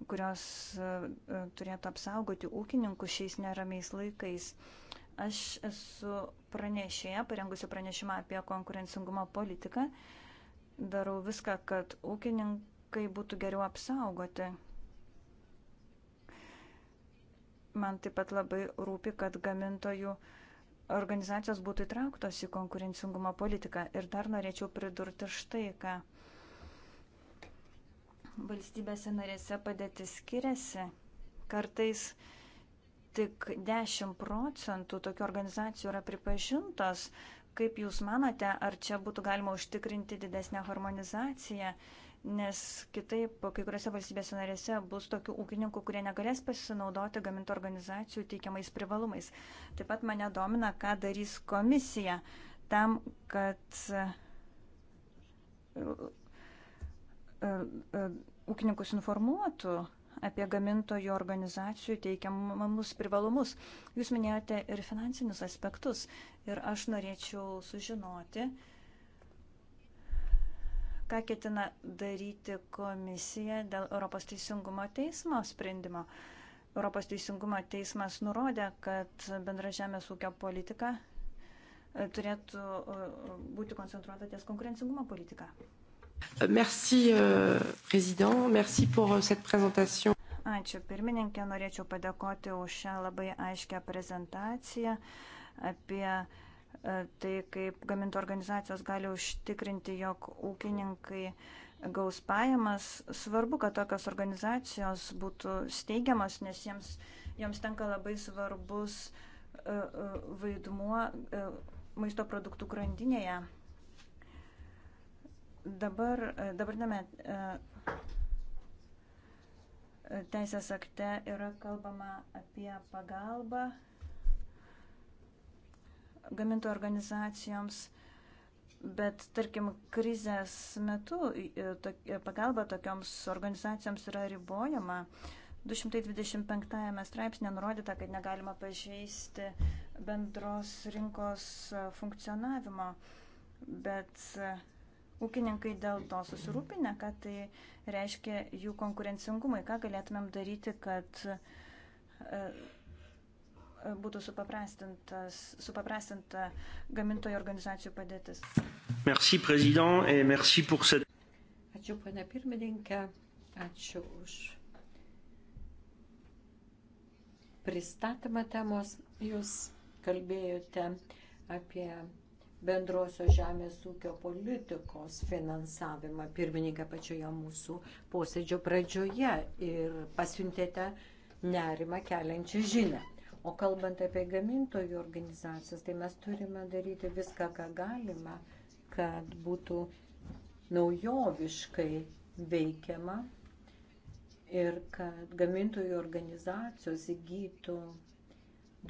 B: kurios e, e, turėtų apsaugoti ūkininkus šiais neramiais laikais. Aš esu pranešėja, parengusi pranešimą apie konkurencingumo politiką. Darau viską, kad ūkininkai būtų geriau apsaugoti. Man taip pat labai rūpi, kad gamintojų organizacijos būtų įtrauktos į konkurencingumo politiką. Ir dar norėčiau pridurti štai ką valstybėse narėse padėtis skiriasi. Kartais tik 10 procentų tokių organizacijų yra pripažintos. Kaip Jūs manote, ar čia būtų galima užtikrinti didesnę harmonizaciją, nes kitaip kai kuriuose valstybėse narėse bus tokių ūkininkų, kurie negalės pasinaudoti gamintų organizacijų teikiamais privalumais. Taip pat mane domina, ką darys komisija tam, kad E, e, ūkininkus informuotų apie gamintojų organizacijų teikiamus privalumus. Jūs minėjote ir finansinius aspektus ir aš norėčiau sužinoti, ką ketina daryti komisija dėl Europos teisingumo teismo sprendimo. Europos teisingumo teismas nurodė, kad bendra žemės ūkio politika e, turėtų būti koncentruota ties konkurencingumo politika.
C: Euh, merci, euh, prezident,
A: merci pour euh, cette prezentation.
B: Ačiū pirmininkė, norėčiau padėkoti už šią labai aiškę prezentaciją apie e, tai, kaip gamintų organizacijos gali užtikrinti, jog ūkininkai gaus pajamas. Svarbu, kad tokios organizacijos būtų steigiamas, nes jiems, jiems tenka labai svarbus e, e, vaidmuo maisto produktų grandinėje. Dabar, e, dabartame e, teisės akte yra kalbama apie pagalbą gamintų organizacijoms, bet tarkim krizės metu e, pagalba tokioms organizacijoms yra ribojama. 225 straipsnė nurodyta, kad negalima pažeisti bendros rinkos funkcionavimo, bet ūkininkai dėl to susirūpinę, ką tai reiškia jų konkurencingumai, ką galėtumėm daryti, kad e, e, būtų supaprastinta gamintojų organizacijų padėtis. Merci, prezident, et merci pour cette.
C: Ačiū, pane pirmininkė, ačiū už pristatymą temos. Jūs kalbėjote apie bendrosios žemės ūkio politikos finansavimą pirmininką pačioje mūsų posėdžio pradžioje ir pasiuntėte nerimą keliančią žinę. O kalbant apie gamintojų organizacijas, tai mes turime daryti viską, ką galima, kad būtų naujoviškai veikiama ir kad gamintojų organizacijos įgytų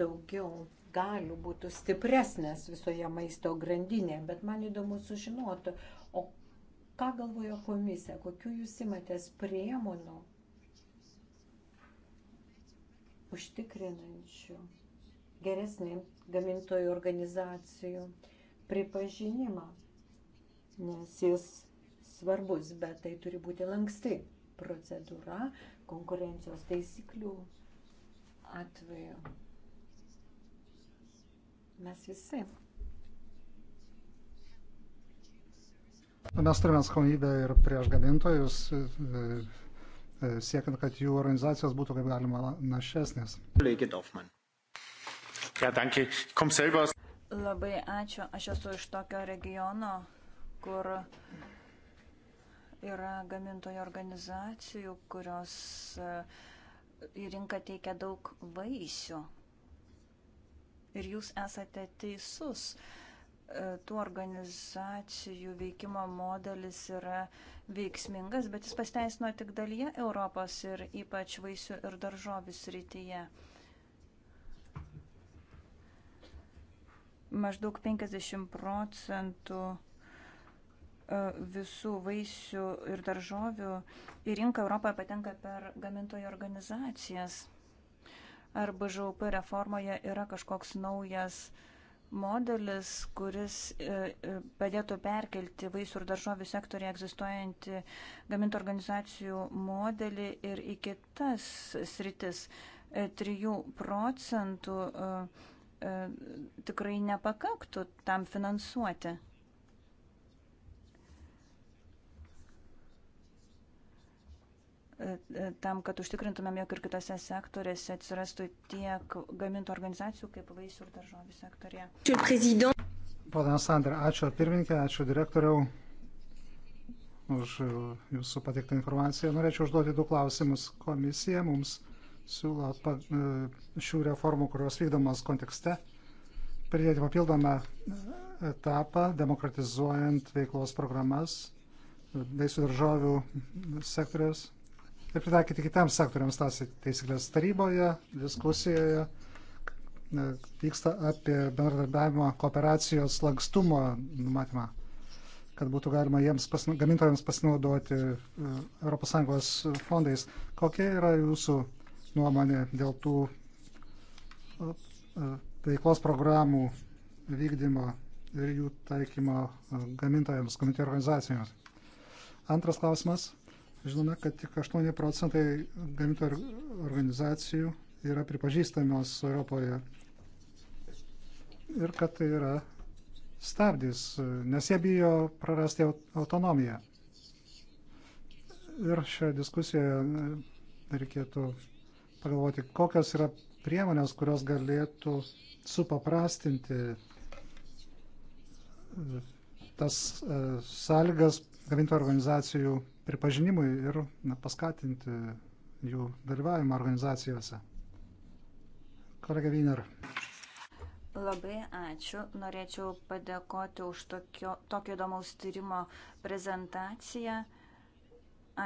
C: daugiau galių būtų stipresnės visoje maisto grandinėje, bet man įdomu sužinoti, o ką galvoja komisija, kokiu jūs imatės priemonių užtikrinančių geresnį gamintojų organizacijų pripažinimą, nes jis svarbus, bet tai turi būti lanksti procedūra konkurencijos taisyklių atveju. Mes visi.
A: Mes turime atsakomybę ir prieš gamintojus, e, e, siekiant, kad jų organizacijos būtų kaip galima našesnės.
B: Labai ačiū. Aš esu iš tokio regiono, kur yra gamintojų organizacijų, kurios e, į rinką teikia daug vaisių. Ir jūs esate teisus. E, tų organizacijų veikimo modelis yra veiksmingas, bet jis pasteisino tik dalyje Europos ir ypač vaisių ir daržovis rytyje. Maždaug 50 procentų e, visų vaisių ir daržovių į rinką Europoje patenka per gamintojų organizacijas ar BŽUP reformoje yra kažkoks naujas modelis, kuris e, e, padėtų perkelti vaisių ir daržovių sektorį egzistuojantį gamintų organizacijų modelį ir į kitas sritis. 3 e, procentų tikrai nepakaktų tam finansuoti. tam, kad užtikrintumėm, jog ir kitose sektorėse atsirastų tiek gamintų organizacijų, kaip vaisių ir daržovių
A: sektorėje. Pana Sandra, ačiū pirmininkė, ačiū direktoriau už jūsų pateiktą informaciją. Norėčiau užduoti du klausimus. Komisija mums siūlo e, šių reformų, kurios vykdomas kontekste, pridėti papildomą etapą, demokratizuojant veiklos programas, vaisių daržovių sektorius ir pritaikyti kitiems sektoriams tas taisyklės taryboje, diskusijoje vyksta apie bendradarbiavimo kooperacijos lankstumo numatymą, kad būtų galima jiems pasina, gamintojams pasinaudoti ES fondais. Kokia yra jūsų nuomonė dėl tų e, veiklos programų vykdymo ir jų taikymo e, gamintojams, gamintojų organizacijoms? Antras klausimas Žinome, kad tik 8 procentai gamintojų organizacijų yra pripažįstamos Europoje ir kad tai yra stabdys, nes jie bijo prarasti autonomiją. Ir šioje diskusijoje e, reikėtų pagalvoti, kokios yra priemonės, kurios galėtų supaprastinti e, tas e, sąlygas gamintojų organizacijų pripažinimui ir na, paskatinti jų dalyvavimą organizacijose. Kolega Viner.
B: Labai ačiū. Norėčiau padėkoti už tokio, tokio įdomaus tyrimo prezentaciją.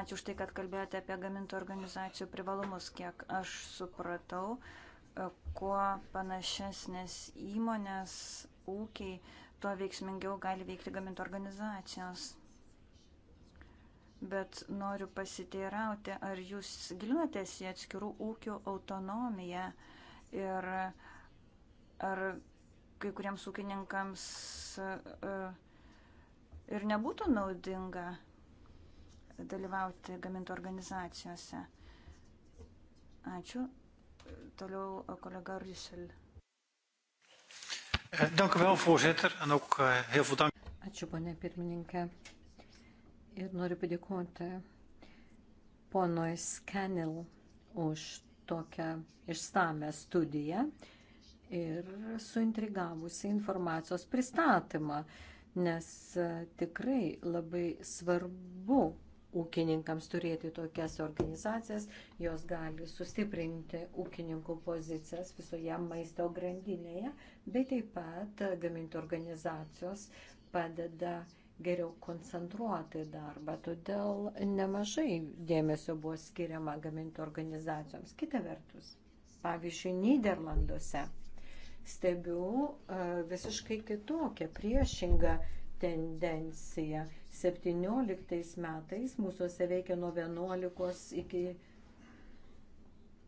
B: Ačiū už tai, kad kalbėjote apie gamintų organizacijų privalumus, kiek aš supratau, kuo panašesnės įmonės, ūkiai, tuo veiksmingiau gali veikti gamintų organizacijos bet noriu pasiteirauti, ar jūs gilinatės į atskirų ūkių autonomiją ir ar kai kuriems ūkininkams e, ir nebūtų naudinga dalyvauti gamintų organizacijose. Ačiū. Toliau e, kolega Rysel.
A: Dank u wel, voorzitter. En ook eh, heel veel dank.
C: Ačiū, ponė pirmininkė ir noriu padėkoti ponui Skenil už tokią išstamę studiją ir suintrigavusi informacijos pristatymą, nes e, tikrai labai svarbu ūkininkams turėti tokias organizacijas, jos gali sustiprinti ūkininkų pozicijas visoje maisto grandinėje, bei taip pat gaminti organizacijos padeda geriau koncentruoti darbą, todėl nemažai dėmesio buvo skiriama gamintų organizacijoms. Kita vertus, pavyzdžiui, Niderlanduose stebiu e, visiškai kitokią priešingą tendenciją. 17 metais mūsųse veikia nuo 11 iki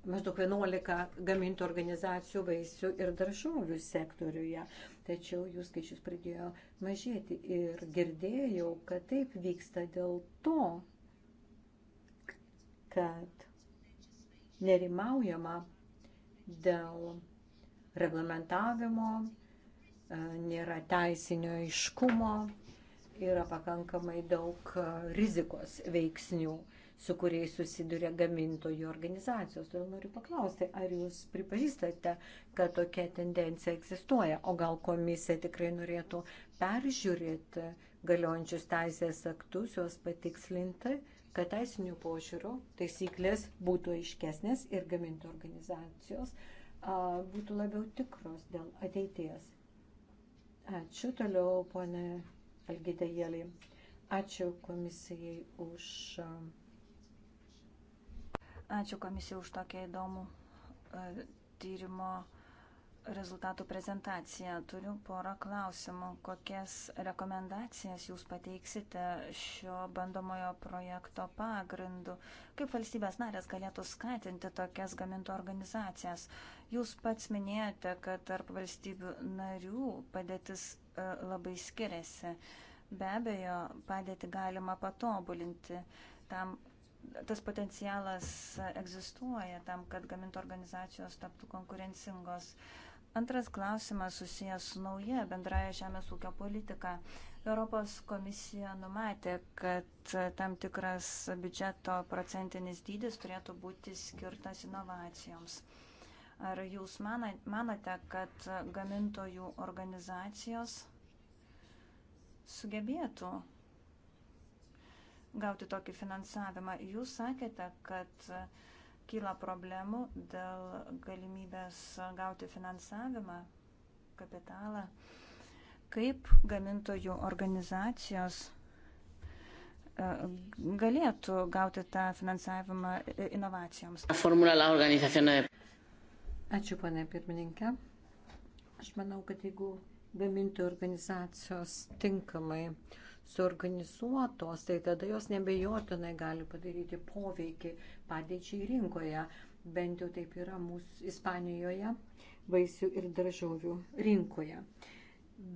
C: maždaug 11 gamintų organizacijų vaisių ir daržovių sektoriuje. Tačiau jų skaičius pradėjo mažėti ir girdėjau, kad taip vyksta dėl to, kad nerimaujama dėl reglamentavimo, e, nėra teisinio iškumo, yra pakankamai daug e, rizikos veiksnių su kuriais susiduria gamintojų organizacijos. Todėl noriu paklausti, ar jūs pripažįstate, kad tokia tendencija egzistuoja, o gal komisija tikrai norėtų peržiūrėti galiojančius teisės aktus, juos patikslinti, kad teisinių požiūrių taisyklės būtų aiškesnės ir gamintojų organizacijos būtų labiau tikros dėl ateities. Ačiū toliau, ponė Algidė Jėlį. Ačiū komisijai už
B: Ačiū komisijai už tokią įdomų e, tyrimo rezultatų prezentaciją. Turiu porą klausimų. Kokias rekomendacijas jūs pateiksite šio bandomojo projekto pagrindu? Kaip valstybės narės galėtų skatinti tokias gamintų organizacijas? Jūs pats minėjote, kad tarp valstybių narių padėtis e, labai skiriasi. Be abejo, padėtį galima patobulinti. Tam tas potencialas egzistuoja tam, kad gamintų organizacijos taptų konkurencingos. Antras klausimas susijęs su nauja bendraja žemės ūkio politika. Europos komisija numatė, kad tam tikras biudžeto procentinis dydis turėtų būti skirtas inovacijoms. Ar jūs manote, kad gamintojų organizacijos sugebėtų gauti tokį finansavimą. Jūs sakėte, kad e, kyla problemų dėl galimybės gauti finansavimą, kapitalą. Kaip gamintojų organizacijos e, galėtų gauti tą finansavimą
C: e, inovacijoms? Ačiū, ponė pirmininkė. Aš manau, kad jeigu gamintojų organizacijos tinkamai uh, suorganizuotos, tai tada jos nebejotinai gali padaryti poveikį padėčiai rinkoje. Bent jau taip yra mūsų Ispanijoje vaisių ir daržovių rinkoje.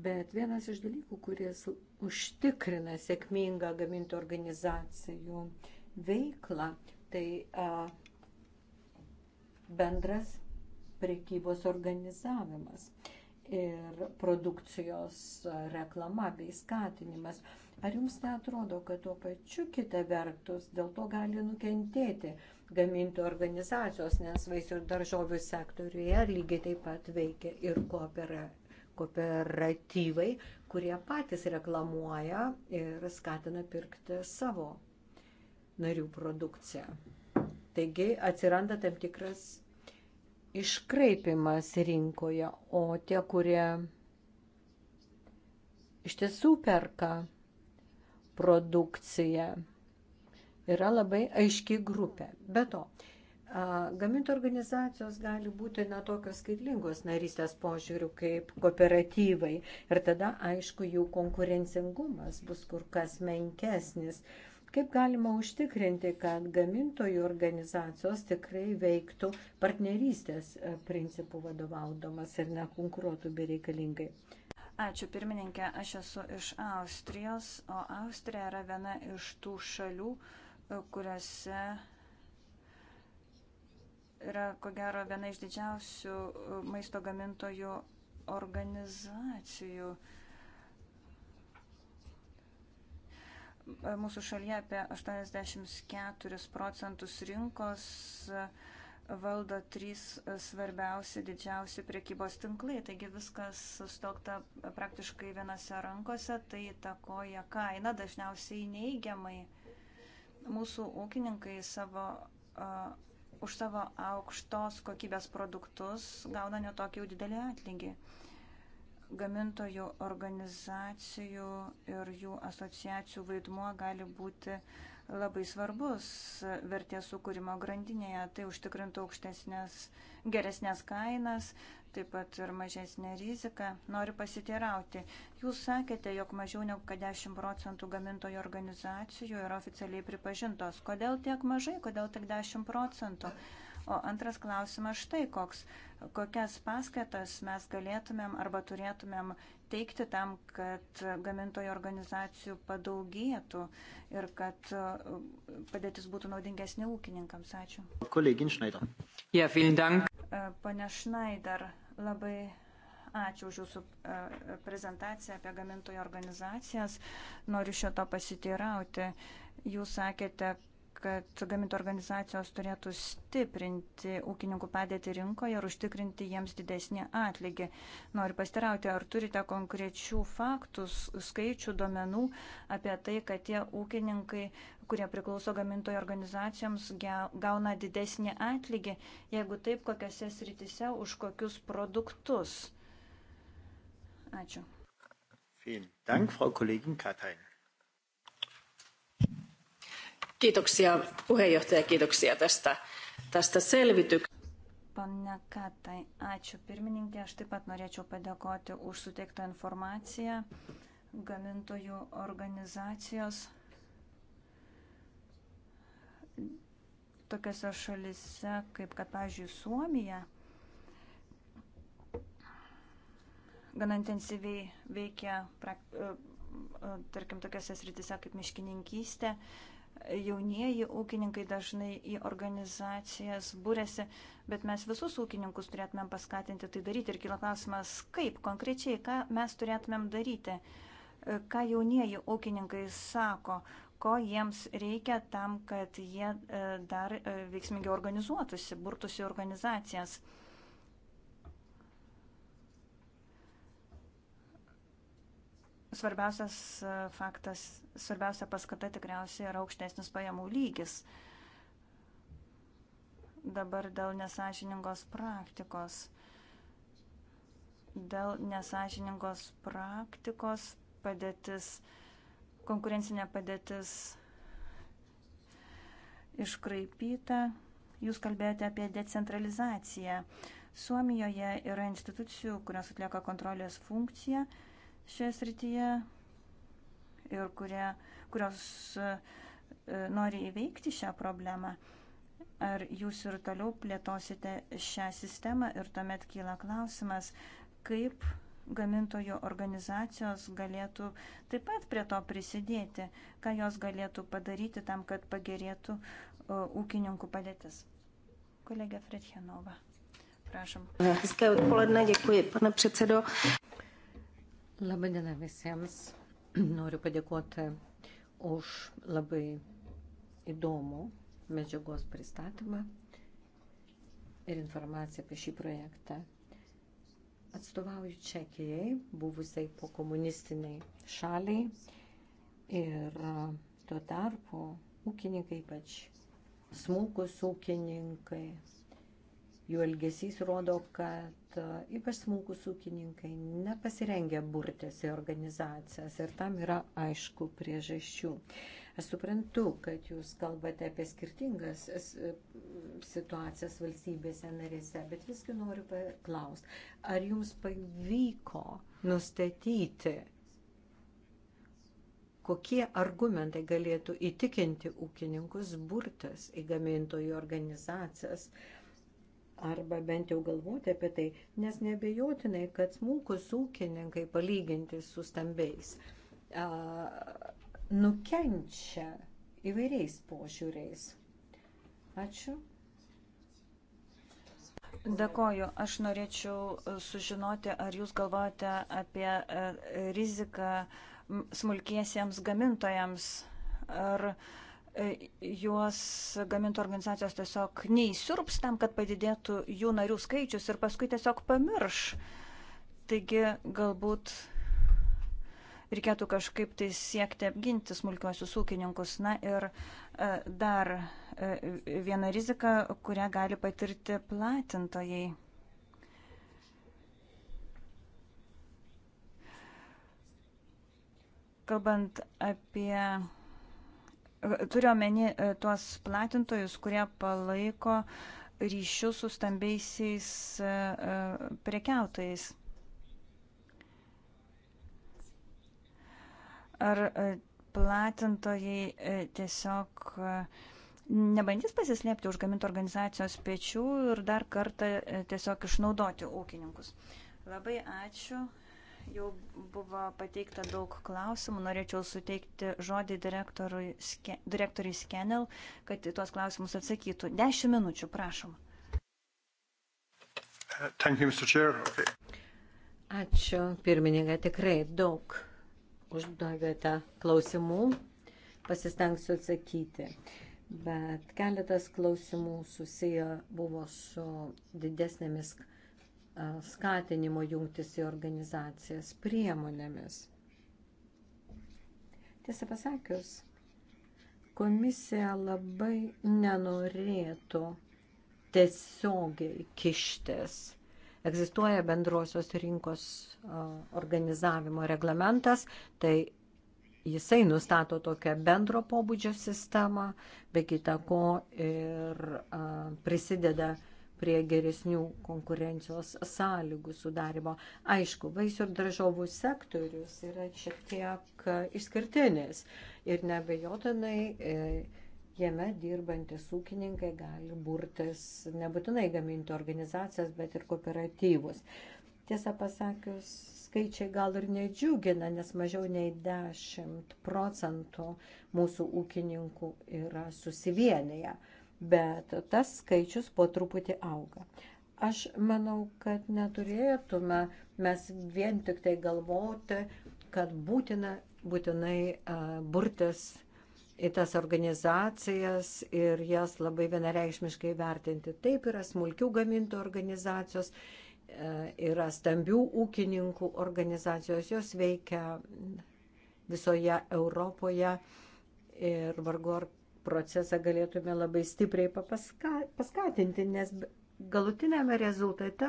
C: Bet vienas iš dalykų, kuris užtikrina sėkmingą gamintų organizacijų veiklą, tai a, bendras prekybos organizavimas ir produkcijos reklama bei skatinimas. Ar jums netrodo, kad tuo pačiu kita vertus dėl to gali nukentėti gamintų organizacijos, nes vaisių ir daržovių sektoriuje lygiai taip pat veikia ir koopera, kooperatyvai, kurie patys reklamuoja ir skatina pirkti savo narių produkciją. Taigi atsiranda tam tikras iškraipimas rinkoje, o tie, kurie iš tiesų perka produkciją, yra labai aiški grupė. Be to, gamintų organizacijos gali būti netokios skaitlingos narystės požiūrių kaip kooperatyvai ir tada, aišku, jų konkurencingumas bus kur kas menkesnis Kaip galima užtikrinti, kad gamintojų organizacijos tikrai veiktų partnerystės e, principų vadovaudomas ir nekonkuruotų bereikalingai?
B: Ačiū pirmininkė, aš esu iš Austrijos, o Austrija yra viena iš tų šalių, e, kuriuose yra ko gero viena iš didžiausių e, maisto gamintojų organizacijų. Uh, mūsų šalyje apie 84 procentus rinkos e, valdo trys e, svarbiausi, didžiausi priekybos tinklai. Taigi viskas sustokta praktiškai vienose rankose, tai takoja kainą dažniausiai neįgiamai. Mūsų ūkininkai savo, uh, už savo aukštos kokybės produktus gauna netokį jau didelį atlygį. Uh, gamintojų organizacijų ir jų asociacijų vaidmuo gali būti labai svarbus vertės sukūrimo grandinėje. Tai užtikrintų aukštesnės, geresnės kainas, taip pat ir mažesnė rizika. Noriu pasiteirauti. Jūs sakėte, jog mažiau negu 10 procentų gamintojų organizacijų yra oficialiai pripažintos. Kodėl tiek mažai, kodėl tik 10 procentų? O antras klausimas štai koks kokias paskatas mes galėtumėm arba turėtumėm teikti tam, kad gamintojų organizacijų padaugėtų ir kad uh, padėtis būtų naudingesnė ūkininkams. Ačiū.
A: Kolegin Šnaider. Ja, vielen Dank.
B: Uh, Pane Šnaider, labai Ačiū už Jūsų uh, prezentaciją apie gamintojų organizacijas. Noriu šio to pasiteirauti. Jūs sakėte, kad gamintų organizacijos turėtų stiprinti ūkininkų padėti rinkoje ir užtikrinti jiems didesnį atlygį. Noriu pastirauti, ar turite konkrečių faktų, skaičių, duomenų apie tai, kad tie ūkininkai, kurie priklauso gamintojų organizacijoms, gauna didesnį atlygį, jeigu taip, kokiose sritise, už kokius produktus. Ačiū.
C: Vielen Dank, Frau Kollegin Katain.
B: Kiitoksia puheenjohtaja, kiitoksia tästä, tästä selvityksestä. Pane Katai, ačiū pirmininkė, aš taip pat norėčiau padėkoti už suteiktą informaciją gamintojų organizacijos. Tokiose šalise, kaip kad, pavyzdžiui, Suomija, gana intensyviai veikia, e, e, tarkim, tokiose sritise kaip miškininkystė, jaunieji ūkininkai dažnai į organizacijas būrėsi, bet mes visus ūkininkus turėtumėm paskatinti tai daryti ir kyla klausimas, kaip konkrečiai, ką mes turėtumėm daryti, ką jaunieji ūkininkai sako, ko jiems reikia tam, kad jie e, dar e, veiksmingiau organizuotųsi, burtųsi organizacijas. svarbiausias e, faktas, svarbiausia paskata tikriausiai yra aukštesnis pajamų lygis. Dabar dėl nesažiningos praktikos. Dėl nesažiningos praktikos padėtis, konkurencinė padėtis iškraipyta. Jūs kalbėjote apie decentralizaciją. Suomijoje yra institucijų, kurios atlieka kontrolės funkciją. Uh, šioje srityje ir kurie, kurios e, nori įveikti šią problemą. Ar jūs ir toliau plėtosite šią sistemą ir tuomet kyla klausimas, kaip gamintojų organizacijos galėtų taip pat prie to prisidėti, ką jos galėtų padaryti tam, kad pagerėtų e, ūkininkų padėtis. Kolegė Fredhenova, prašom. Hezké odpoledne,
C: děkuji, pane předsedo. Labadiena visiems. Noriu padėkoti už labai įdomų medžiagos pristatymą ir informaciją apie šį projektą. Atstovauju Čekijai, buvusiai po komunistiniai šaliai ir tuo tarpu ūkininkai, ypač smulkus ūkininkai, Jų elgesys rodo, kad e, ypač smulkus ūkininkai nepasirengia burtis į organizacijas ir tam yra aišku priežasčių. Aš suprantu, kad jūs kalbate apie skirtingas e, situacijas valstybėse narėse, bet visgi noriu paklausti, ar jums pavyko nustatyti, kokie argumentai galėtų įtikinti ūkininkus burtis į gamintojų organizacijas? Uh, arba bent jau galvoti apie tai, nes nebejotinai, kad smulkus ūkininkai palyginti su stambiais nukenčia įvairiais požiūriais. Ačiū. Dėkoju. Aš norėčiau e,
B: sužinoti, ar jūs galvojate apie e, riziką smulkiesiems gamintojams, ar uh, E, juos gamintų organizacijos tiesiog neįsirps tam, kad padidėtų jų narių skaičius ir paskui tiesiog pamirš. Taigi galbūt reikėtų kažkaip tai siekti apginti smulkiuosius ūkininkus. Na ir e, dar e, viena rizika, kurią gali patirti platintojai. Kalbant apie turiuomenį e, tuos platintojus, kurie palaiko ryšius su stambiaisiais e, e, prekiautais. Ar platintojai tiesiog nebandys pasislėpti už gamintų organizacijos pečių ir dar kartą tiesiog išnaudoti ūkininkus? Labai ačiū. Jau buvo pateikta daug klausimų. Norėčiau suteikti žodį direktoriui Skenel, kad į tuos klausimus atsakytų.
C: Dešimt minučių, prašom. You, okay. Ačiū, pirmininkai, tikrai daug uždavėte klausimų, pasistengsiu atsakyti. Bet keletas klausimų susiję buvo su didesnėmis skatinimo jungtis į organizacijas priemonėmis. Tiesą pasakius, komisija labai nenorėtų tiesiogiai kištis. Egzistuoja bendrosios rinkos organizavimo reglamentas, tai jisai nustato tokią bendro pobūdžio sistemą, be kita ko ir prisideda prie prie geresnių konkurencijos sąlygų sudarimo. Aišku, vaisių ir daržovų sektorius yra šiek tiek išskirtinis ir nebejotinai e, jame dirbantis ūkininkai gali burtis nebūtinai gaminti organizacijas, bet ir kooperatyvus. Tiesą pasakius, skaičiai gal ir nedžiugina, nes mažiau nei 10 procentų mūsų ūkininkų yra susivienyje bet tas skaičius po truputį auga. Aš manau, kad neturėtume mes vien tik tai galvoti, kad būtina būtinai uh, burtis į tas organizacijas ir jas labai vienareikšmiškai vertinti. Taip yra smulkių gamintų organizacijos, e, yra stambių ūkininkų organizacijos, jos veikia visoje Europoje ir vargu ar procesą galėtume labai stipriai paska, paskatinti, nes galutinėme rezultate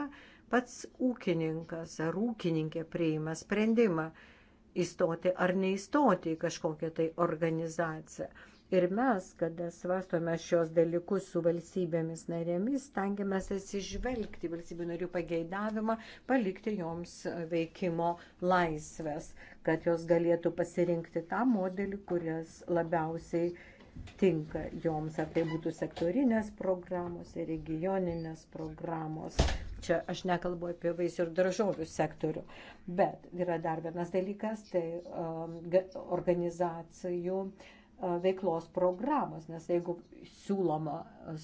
C: pats ūkininkas ar ūkininkė priima sprendimą įstoti ar neįstoti į kažkokią tai organizaciją. Ir mes, kada svastome šios dalykus su valstybėmis narėmis, stengiamės atsižvelgti valstybių narių pageidavimą, palikti joms veikimo laisvės, kad jos galėtų pasirinkti tą modelį, kuris labiausiai uh, tinka joms, ar tai būtų sektorinės programos ir regioninės programos. Čia aš nekalbu apie vaisių ir daržovių sektorių, bet yra dar vienas dalykas, tai um, organizacijų uh, veiklos programos, nes jeigu siūloma uh,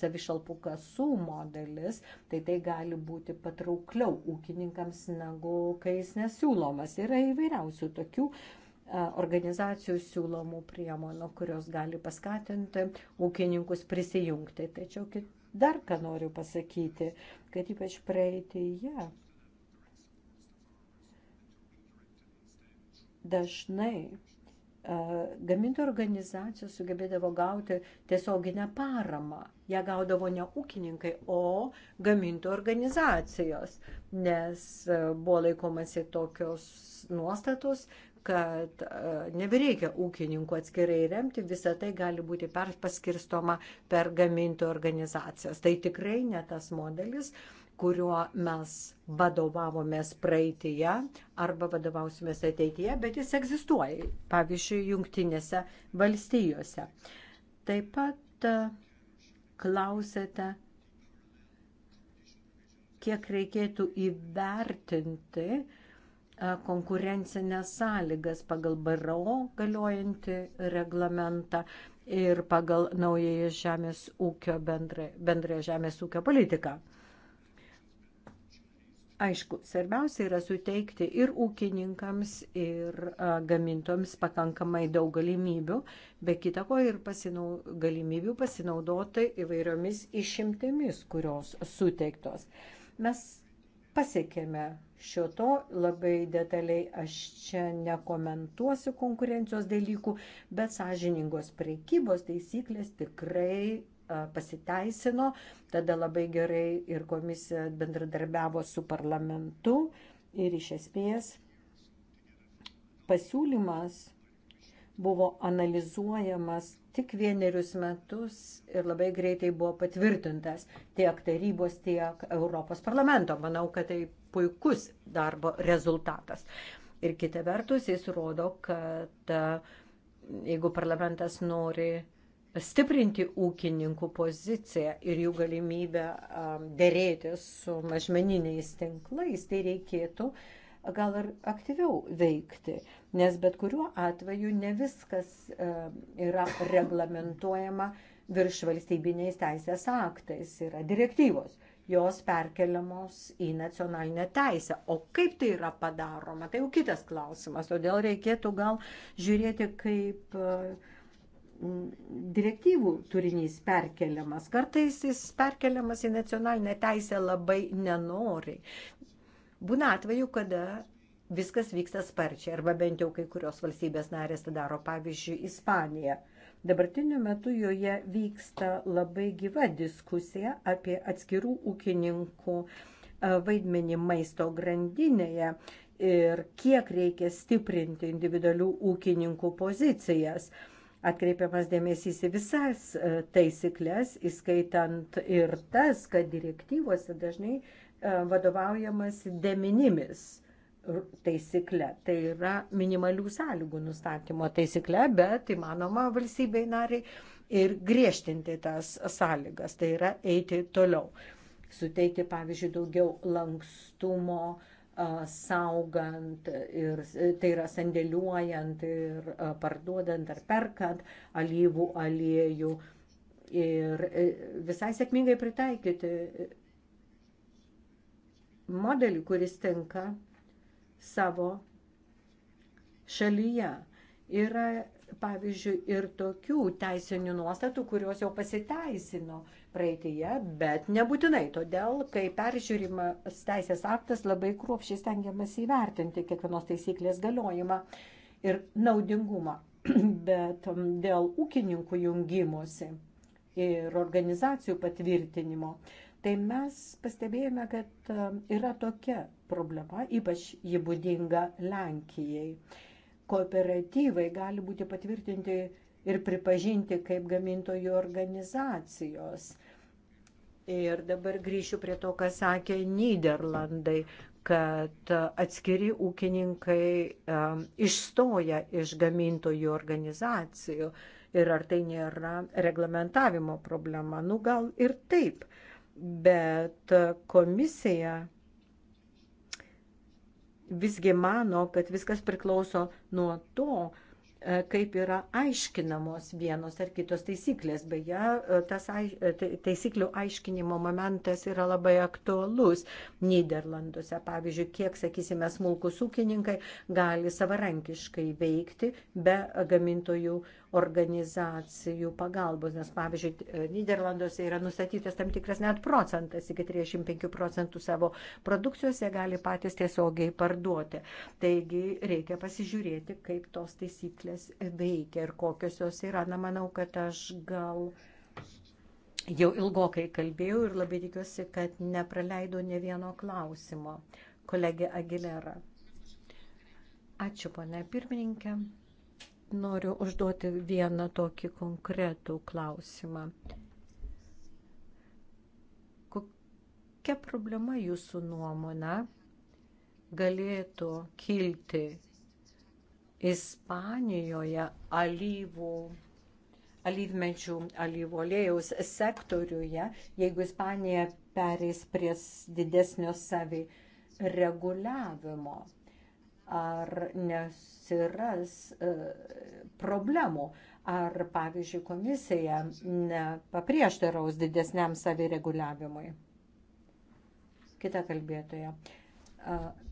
C: savišalpų kasų modelis, tai tai gali būti patraukliau ūkininkams negu kai jis nesiūlomas. Yra įvairiausių tokių uh, E, organizacijų siūlomų priemonių, kurios gali paskatinti ūkininkus prisijungti. Tačiau dar ką noriu pasakyti, kad ypač praeitėje dažnai e, gamintojų organizacijos sugebėdavo gauti tiesioginę paramą. Ja gaudavo ne ūkininkai, o gamintojų organizacijos, nes e, buvo laikomasi tokios nuostatos, kad e, nebereikia ūkininkų atskirai remti, visa tai gali būti paskirstoma per gamintų organizacijas. Tai tikrai ne tas modelis, kuriuo mes vadovavomės praeitįje arba vadovausimės ateityje, bet jis egzistuoja, pavyzdžiui, jungtinėse valstijose. Taip pat e, klausėte, kiek reikėtų įvertinti, E, konkurencinės sąlygas pagal BRO galiojantį reglamentą ir pagal naująją žemės ūkio bendrą, bendrąją žemės ūkio politiką. Aišku, svarbiausia yra suteikti ir ūkininkams, ir a, e, gamintoms pakankamai daug galimybių, be kitako ir pasinau, galimybių pasinaudoti įvairiomis išimtimis, kurios suteiktos. Mes pasiekėme Šio to labai detaliai aš čia nekomentuosiu konkurencijos dalykų, bet sąžiningos prekybos taisyklės tikrai pasiteisino, tada labai gerai ir komisija bendradarbiavo su parlamentu ir iš esmės pasiūlymas buvo analizuojamas tik vienerius metus ir labai greitai buvo patvirtintas tiek tarybos, tiek Europos parlamento. Manau, kad tai puikus darbo rezultatas. Ir kita vertus, jis rodo, kad e, jeigu parlamentas nori stiprinti ūkininkų poziciją ir jų galimybę e, dėrėti su mažmeniniais tinklais, tai reikėtų gal ir aktyviau veikti, nes bet kuriuo atveju ne viskas e, yra reglamentuojama virš valstybiniais teisės aktais, yra direktyvos jos perkeliamos į nacionalinę teisę. O kaip tai yra padaroma, tai jau kitas klausimas. Todėl reikėtų gal žiūrėti, kaip e, direktyvų turinys perkeliamas. Kartais jis perkeliamas į nacionalinę teisę labai nenoriai. Būna atveju, kada viskas vyksta sparčiai, arba bent jau kai kurios valstybės narės tai daro, pavyzdžiui, Ispanija. Dabartiniu metu joje vyksta labai gyva diskusija apie atskirų ūkininkų e, vaidmenį maisto grandinėje ir kiek reikia stiprinti individualių ūkininkų pozicijas. Atkreipiamas dėmesys į visas e, taisyklės, įskaitant ir tas, kad direktyvose dažnai e, vadovaujamas deminimis taisykle. Tai yra minimalių sąlygų nustatymo taisykle, bet įmanoma valstybei nariai ir griežtinti tas sąlygas. Tai yra eiti toliau. Suteikti, pavyzdžiui, daugiau lankstumo saugant ir tai yra sandėliuojant ir parduodant ar perkant alyvų aliejų ir e, visai sėkmingai pritaikyti modelį, kuris tinka savo šalyje. Yra, pavyzdžiui, ir tokių teisinių nuostatų, kurios jau pasiteisino praeitėje, bet nebūtinai. Todėl, kai peržiūrimas teisės aktas, labai kruopšiai stengiamas įvertinti kiekvienos taisyklės galiojimą ir naudingumą. bet dėl ūkininkų jungimosi ir organizacijų patvirtinimo. Uh, tai mes pastebėjome, kad e, yra tokia problema, ypač ji būdinga Lenkijai. Kooperatyvai gali būti patvirtinti ir pripažinti kaip gamintojų organizacijos. Ir dabar grįšiu prie to, ką sakė Niderlandai, kad e, atskiri ūkininkai um, išstoja iš gamintojų organizacijų ir ar tai nėra reglamentavimo problema. Nu gal ir taip, bet komisija visgi mano, kad viskas priklauso nuo to, e, kaip yra aiškinamos vienos ar kitos taisyklės. Beje, e, tas e, tai, taisyklių aiškinimo momentas yra labai aktualus Niderlanduose. Pavyzdžiui, kiek, sakysime, smulkus ūkininkai gali savarankiškai veikti be gamintojų organizacijų pagalbos, nes pavyzdžiui, Niderlanduose yra nustatytas tam tikras net procentas, iki 35 procentų savo produkcijos jie gali patys tiesiogiai parduoti. Taigi reikia pasižiūrėti, kaip tos taisyklės veikia ir kokios jos yra. Na, manau, kad aš gal jau ilgokai kalbėjau ir labai tikiuosi, kad nepraleidau ne vieno klausimo. Kolegė Agilera. Ačiū, ponė pirmininkė noriu užduoti vieną tokį konkretų klausimą. Kokia problema jūsų nuomona galėtų kilti Ispanijoje alyvų alyvmedžių alyvų aliejaus sektoriuje, jeigu Ispanija pereis prie didesnio savi reguliavimo ar nesiras e, problemų, ar, pavyzdžiui, komisija nepaprieštaraus didesniam savireguliavimui. Kita kalbėtoja.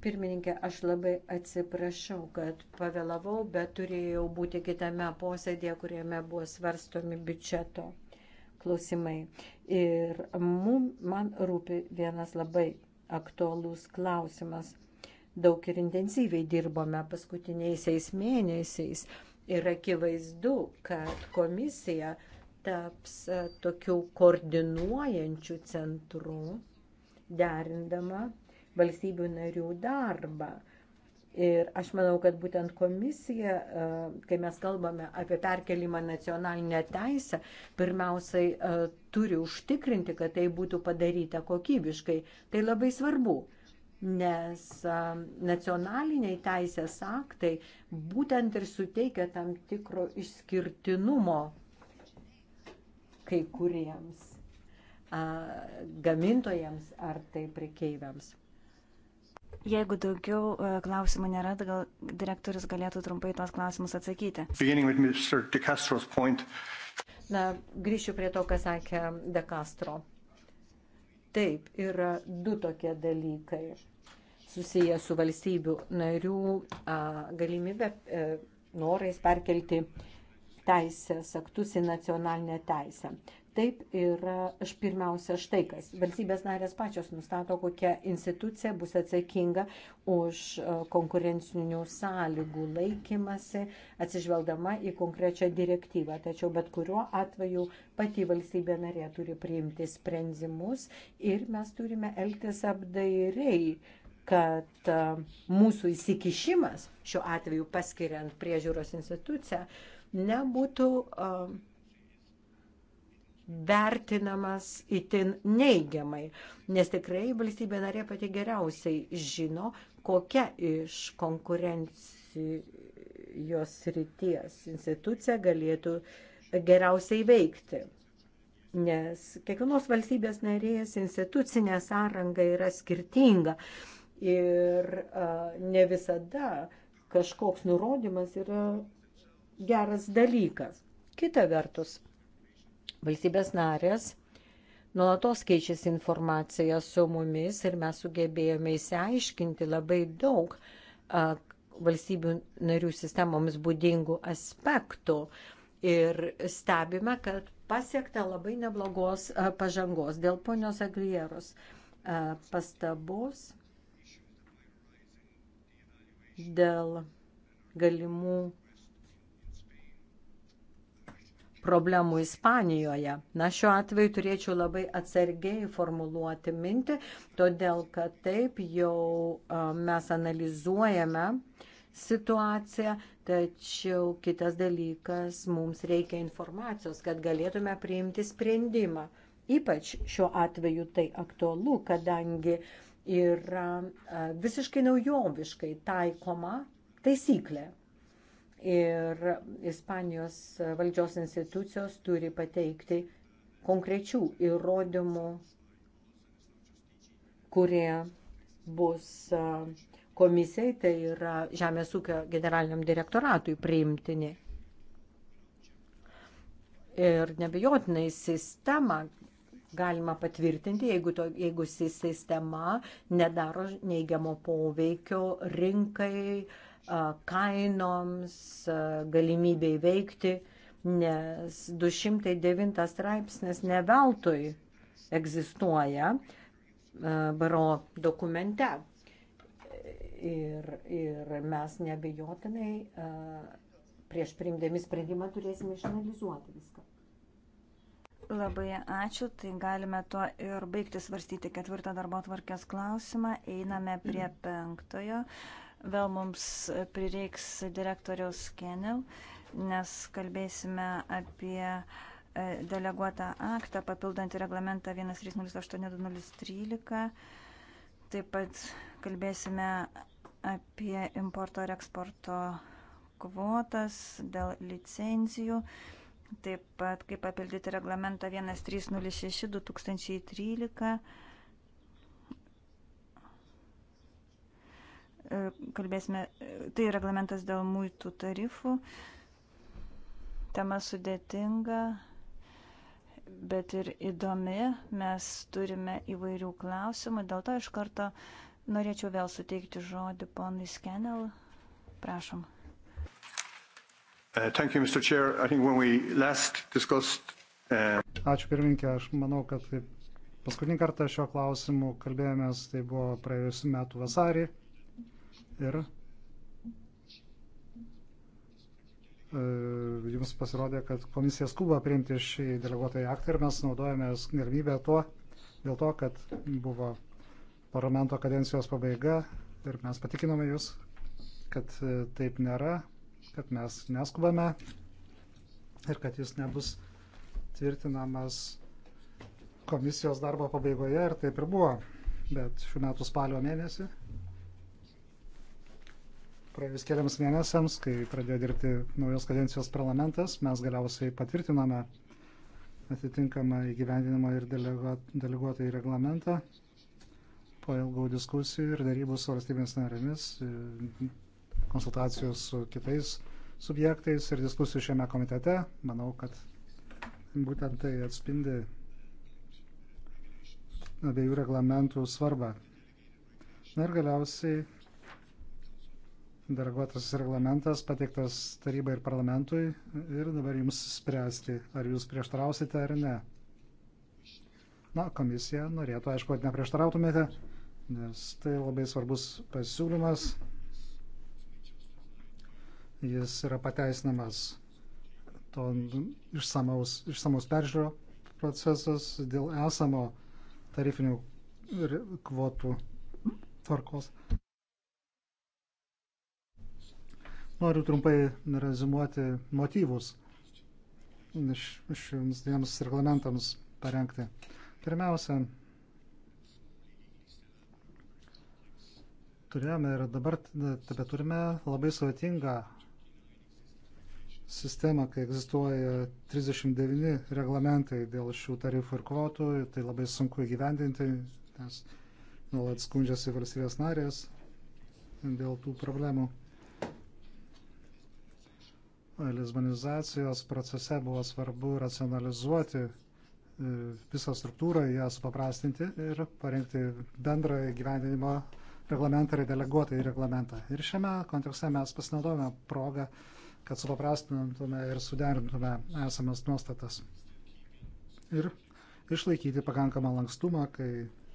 C: Pirmininkė, aš labai atsiprašau, kad pavėlavau, bet turėjau būti kitame posėdėje, kuriame buvo svarstomi biudžeto klausimai. Ir mum, man rūpi vienas labai aktuolus klausimas daug ir intensyviai dirbome paskutiniaisiais mėnesiais. Ir akivaizdu, kad komisija taps e, tokiu koordinuojančiu centru, derindama valstybių narių darbą. Ir aš manau, kad būtent komisija, e, kai mes kalbame apie perkelimą nacionalinę teisę, pirmiausiai e, turi užtikrinti, kad tai būtų padaryta kokybiškai. Tai labai svarbu nes nacionaliniai teisės aktai būtent ir suteikia tam tikro išskirtinumo kai kuriems gamintojams ar tai prekeiviams.
B: Jeigu daugiau klausimų nėra, tai gal direktorius galėtų trumpai tuos klausimus atsakyti.
C: Na, grįšiu prie to, ką sakė De Castro. Taip, yra du tokie dalykai susiję su valstybių narių galimybė e, norais perkelti teisės aktus į nacionalinę teisę. Taip yra aš pirmiausia štai kas. Valstybės narės pačios nustato, kokia institucija bus atsakinga už e, konkurencinių sąlygų laikymasi, atsižvelgdama į konkrečią direktyvą. Tačiau bet kuriuo atveju pati valstybė narė turi priimti sprendimus ir mes turime elgtis apdairiai kad e, mūsų įsikišimas šiuo atveju paskiriant priežiūros instituciją nebūtų e, vertinamas itin neigiamai, nes tikrai valstybė narė pati geriausiai žino, kokia iš konkurencijos ryties institucija galėtų geriausiai veikti nes kiekvienos valstybės narės institucinė sąranga yra skirtinga Ir ne visada kažkoks nurodymas yra geras dalykas. Kita vertus, valstybės narės nuolatos keičiasi informacija su mumis ir mes sugebėjome įsiaiškinti labai daug valstybių narių sistemoms būdingų aspektų ir stebime, kad pasiekta labai neblogos pažangos dėl ponios Agrieros pastabos dėl galimų problemų Ispanijoje. Na, šiuo atveju turėčiau labai atsargiai formuluoti mintį, todėl kad taip jau mes analizuojame situaciją, tačiau kitas dalykas, mums reikia informacijos, kad galėtume priimti sprendimą. Ypač šiuo atveju tai aktualu, kadangi uh, yra e, visiškai naujoviškai taikoma taisyklė. Ir Ispanijos valdžios institucijos turi pateikti konkrečių įrodymų, kurie bus e, komisijai, tai yra Žemės ūkio generaliniam direktoratui priimtini. Ir nebejotinai sistema, galima patvirtinti, jeigu, to, jeigu sistema nedaro neigiamo poveikio rinkai, kainoms, galimybei veikti, nes 209 straipsnis neveltui egzistuoja baro dokumente. Ir, ir mes nebejotinai prieš priimdami sprendimą turėsime išanalizuoti viską.
B: Labai ačiū, tai galime tuo ir baigti svarstyti ketvirtą darbo tvarkės klausimą. Einame prie penktojo. Vėl mums prireiks direktoriaus Kenel, nes kalbėsime apie e, deleguotą aktą, papildantį reglamentą 1308-2013. Taip pat kalbėsime apie importo ir eksporto kvotas dėl licenzijų taip pat kaip papildyti reglamentą 1306-2013. E, kalbėsime, tai reglamentas dėl muitų tarifų. Tema sudėtinga, bet ir įdomi. Mes turime įvairių klausimų, dėl to iš karto norėčiau vėl suteikti žodį ponui Skenel. Prašom.
A: Uh, thank you, Mr. Chair. I think when we last discussed. Uh... Ačiū pirmininkė, aš manau, kad taip. Paskutinį kartą šio klausimu kalbėjomės, tai buvo praėjusiu metu vasarį. Ir uh, jums pasirodė, kad komisija skuba priimti šį deleguotąjį aktą ir mes naudojamės galimybę tuo, dėl to, kad buvo parlamento kadencijos pabaiga ir mes patikinome jūs, kad uh, taip nėra kad mes neskubame ir kad jis nebus tvirtinamas komisijos darbo pabaigoje ir taip ir buvo. Bet šių metų spalio mėnesį, praėjus keliams mėnesiams, kai pradėjo dirbti naujos kadencijos parlamentas, mes galiausiai patvirtiname atitinkamą įgyvendinimą ir deleguotą į reglamentą po ilgų diskusijų ir darybų su valstybės narėmis konsultacijų su kitais subjektais ir diskusijų šiame komitete. Manau, kad būtent tai atspindi abiejų reglamentų svarbą. Na ir galiausiai deleguotas reglamentas pateiktas tarybai ir parlamentui ir dabar jums spręsti, ar jūs prieštarausite ar ne. Na, komisija norėtų, aišku, kad neprieštarautumėte, nes tai labai svarbus pasiūlymas jis yra pateisinamas to išsamaus, išsamaus peržiūro procesas dėl esamo tarifinių kvotų tvarkos. Noriu trumpai rezumuoti motyvus šiems dviems reglamentams parengti. Pirmiausia, turėjome ir dabar tebe turime labai sudėtingą sistemą, kai egzistuoja 39 reglamentai dėl šių tarifų ir kvotų, tai labai sunku įgyvendinti, nes nuolat skundžiasi valstybės narės dėl tų problemų. Lisbonizacijos procese buvo svarbu racionalizuoti e, visą struktūrą, ją supaprastinti ir parengti bendrą gyvendinimo reglamentą ir deleguotą į reglamentą. Ir šiame kontekste mes pasinaudojame progą kad supaprastintume ir suderintume esamas nuostatas. Ir išlaikyti pakankamą lankstumą, kai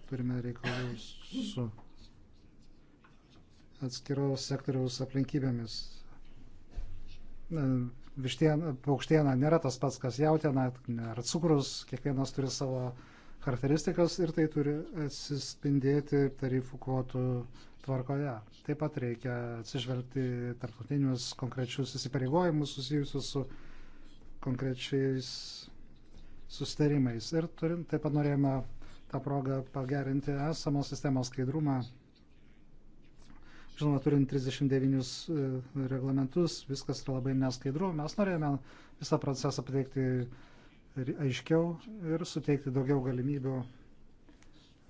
A: turime reikalų su atskiraus sektoriaus aplinkybėmis. Vištien, paukštiena nėra tas pats, kas jautiena, ar cukrus, kiekvienas turi savo uh, charakteristikas ir tai turi atsispindėti tarifų kvotų tvarkoje. Taip pat reikia atsižvelgti tarptautinius konkrečius įsipareigojimus susijusius su konkrečiais sustarimais. Ir turim, taip pat norėjome tą progą pagerinti esamos sistemos skaidrumą. Žinoma, turint 39 e, reglamentus, viskas yra labai neskaidru. Mes norėjome visą procesą pateikti aiškiau ir suteikti daugiau galimybių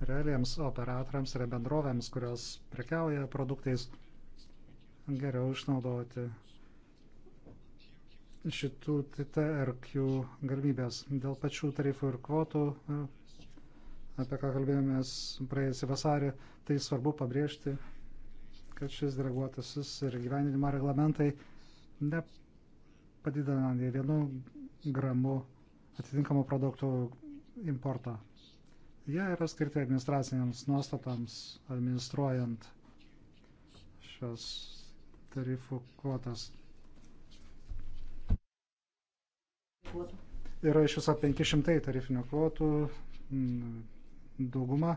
A: realiems operatoriams ir bendrovėms, kurios prekiauja produktais, geriau išnaudoti šitų TRQ galimybės. Dėl pačių tarifų ir kvotų, apie ką kalbėjomės praėjusį vasarį, tai svarbu pabrėžti, kad šis deleguotasis ir gyvenimo reglamentai nepadidina nei vienu gramu atitinkamų produktų importo. Jie yra skirti administraciniams nuostatams, administruojant šios tarifų kvotas. Yra iš viso 500 tarifinių kvotų, dauguma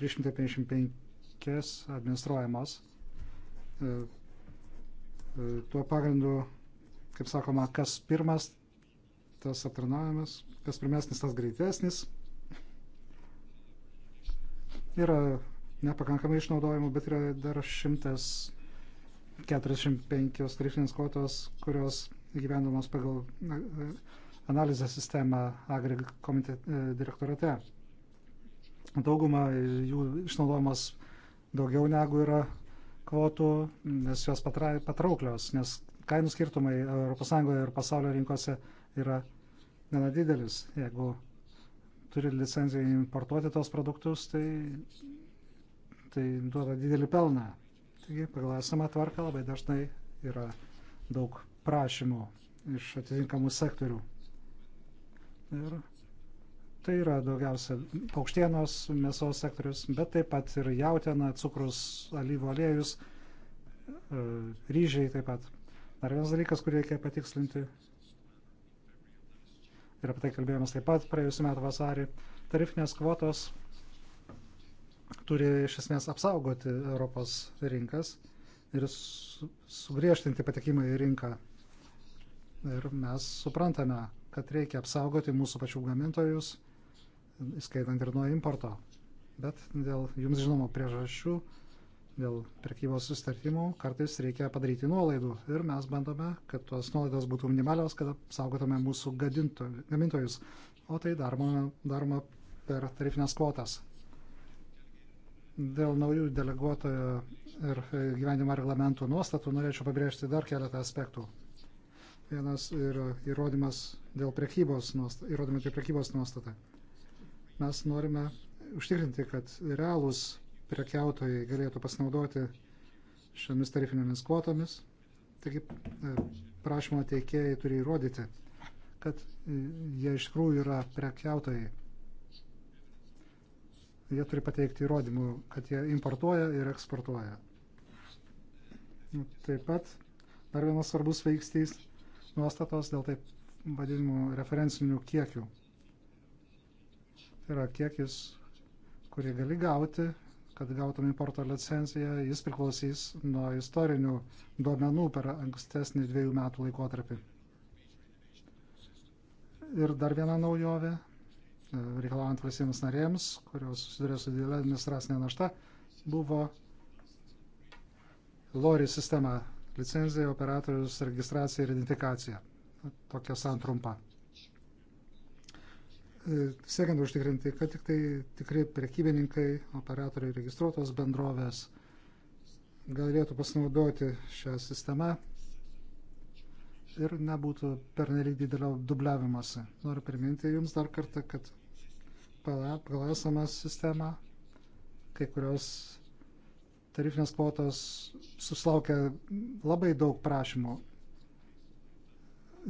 A: 355 administruojamos. E, e, tuo pagrindu, kaip sakoma, kas pirmas, tas aptarnavimas, kas pirmesnis, tas greitesnis. Yra nepakankamai išnaudojimų, bet yra dar 145 tarifinės kvotos, kurios gyvenamos pagal analizę sistemą Agri e, direktorate. Dauguma jų išnaudojamas daugiau negu yra kvotų, nes jos patrauklios, nes kainų skirtumai ES ir pasaulio rinkose yra gana didelis. Jeigu turi licenciją importuoti tos produktus, tai, tai duoda didelį pelną. Taigi, pagal esamą tvarką labai dažnai yra daug prašymų iš atitinkamų sektorių. Ir tai yra daugiausia paukštienos mėsos sektorius, bet taip pat ir jautiena, cukrus, alyvo aliejus, e, ryžiai taip pat. Dar vienas dalykas, kurį reikia patikslinti, ir apie tai kalbėjomės taip pat praėjusiu metu vasarį, tarifinės kvotos turi iš esmės apsaugoti Europos rinkas ir sugriežtinti patekimą į rinką. Ir mes suprantame, kad reikia apsaugoti mūsų pačių gamintojus, įskaitant ir nuo importo. Bet dėl jums žinomų priežasčių dėl prekybos sustartimų kartais reikia padaryti nuolaidų ir mes bandome, kad tos nuolaidos būtų minimalios, kad saugotume mūsų gadinto, gamintojus, o tai daroma, daroma per tarifinės kvotas. Dėl naujų deleguotojo ir gyvenimo reglamentų nuostatų norėčiau pabrėžti dar keletą aspektų. Vienas yra įrodymas dėl prekybos nuostatą. Įrodymai dėl prekybos nuostatą. Mes norime užtikrinti, kad realūs prekiautojai galėtų pasinaudoti šiomis tarifinėmis kvotomis. Taigi e, prašymo teikėjai turi įrodyti, kad e, jie iš tikrųjų yra prekiautojai. Jie turi pateikti įrodymų, kad jie importuoja ir eksportuoja. Nu, taip pat dar vienas svarbus veikstys - nuostatos dėl taip vadinimų referencinių kiekių. Tai yra kiekis, kurį gali gauti kad gautum importo licenciją, jis priklausys nuo istorinių duomenų per ankstesnį dviejų metų laikotarpį. Ir dar viena naujovė, e, reikalaujant valstybėms narėms, kurios susidurė su didelė administracinė našta, buvo LORI sistema - licenzija, operatorius, registracija ir identifikacija. Tokia santrumpa. E, siekiant užtikrinti, kad tik tai tikri prekybininkai, operatoriai, registruotos bendrovės galėtų pasinaudoti šią sistemą ir nebūtų pernelyg didelio dubliavimuose. Noriu priminti Jums dar kartą, kad pagal esamą sistemą kai kurios tarifinės kvotos susilaukia labai daug prašymų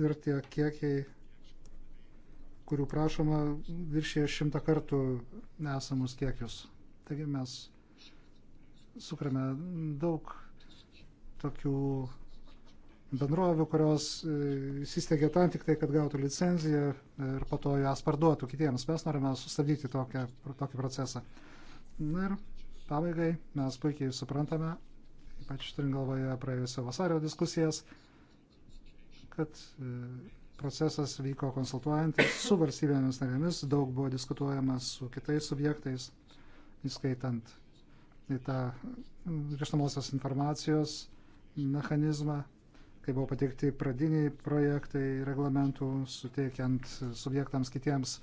A: ir tie kiekiai kurių prašoma viršė šimtą kartų esamus kiekius. Taigi mes sukuriame daug tokių bendrovių, kurios e, įsisteigė tam tik tai, kad gautų licenciją ir po to jas parduotų kitiems. Mes norime sustabdyti tokią, tokį procesą. Na ir pabaigai mes puikiai suprantame, ypač turint galvoje praėjusio vasario diskusijas, kad e, procesas vyko konsultuojant su valstybėmis narėmis, daug buvo diskutuojama su kitais subjektais, įskaitant į tą grįžtamosios informacijos mechanizmą, kai buvo pateikti pradiniai projektai reglamentų, suteikiant subjektams kitiems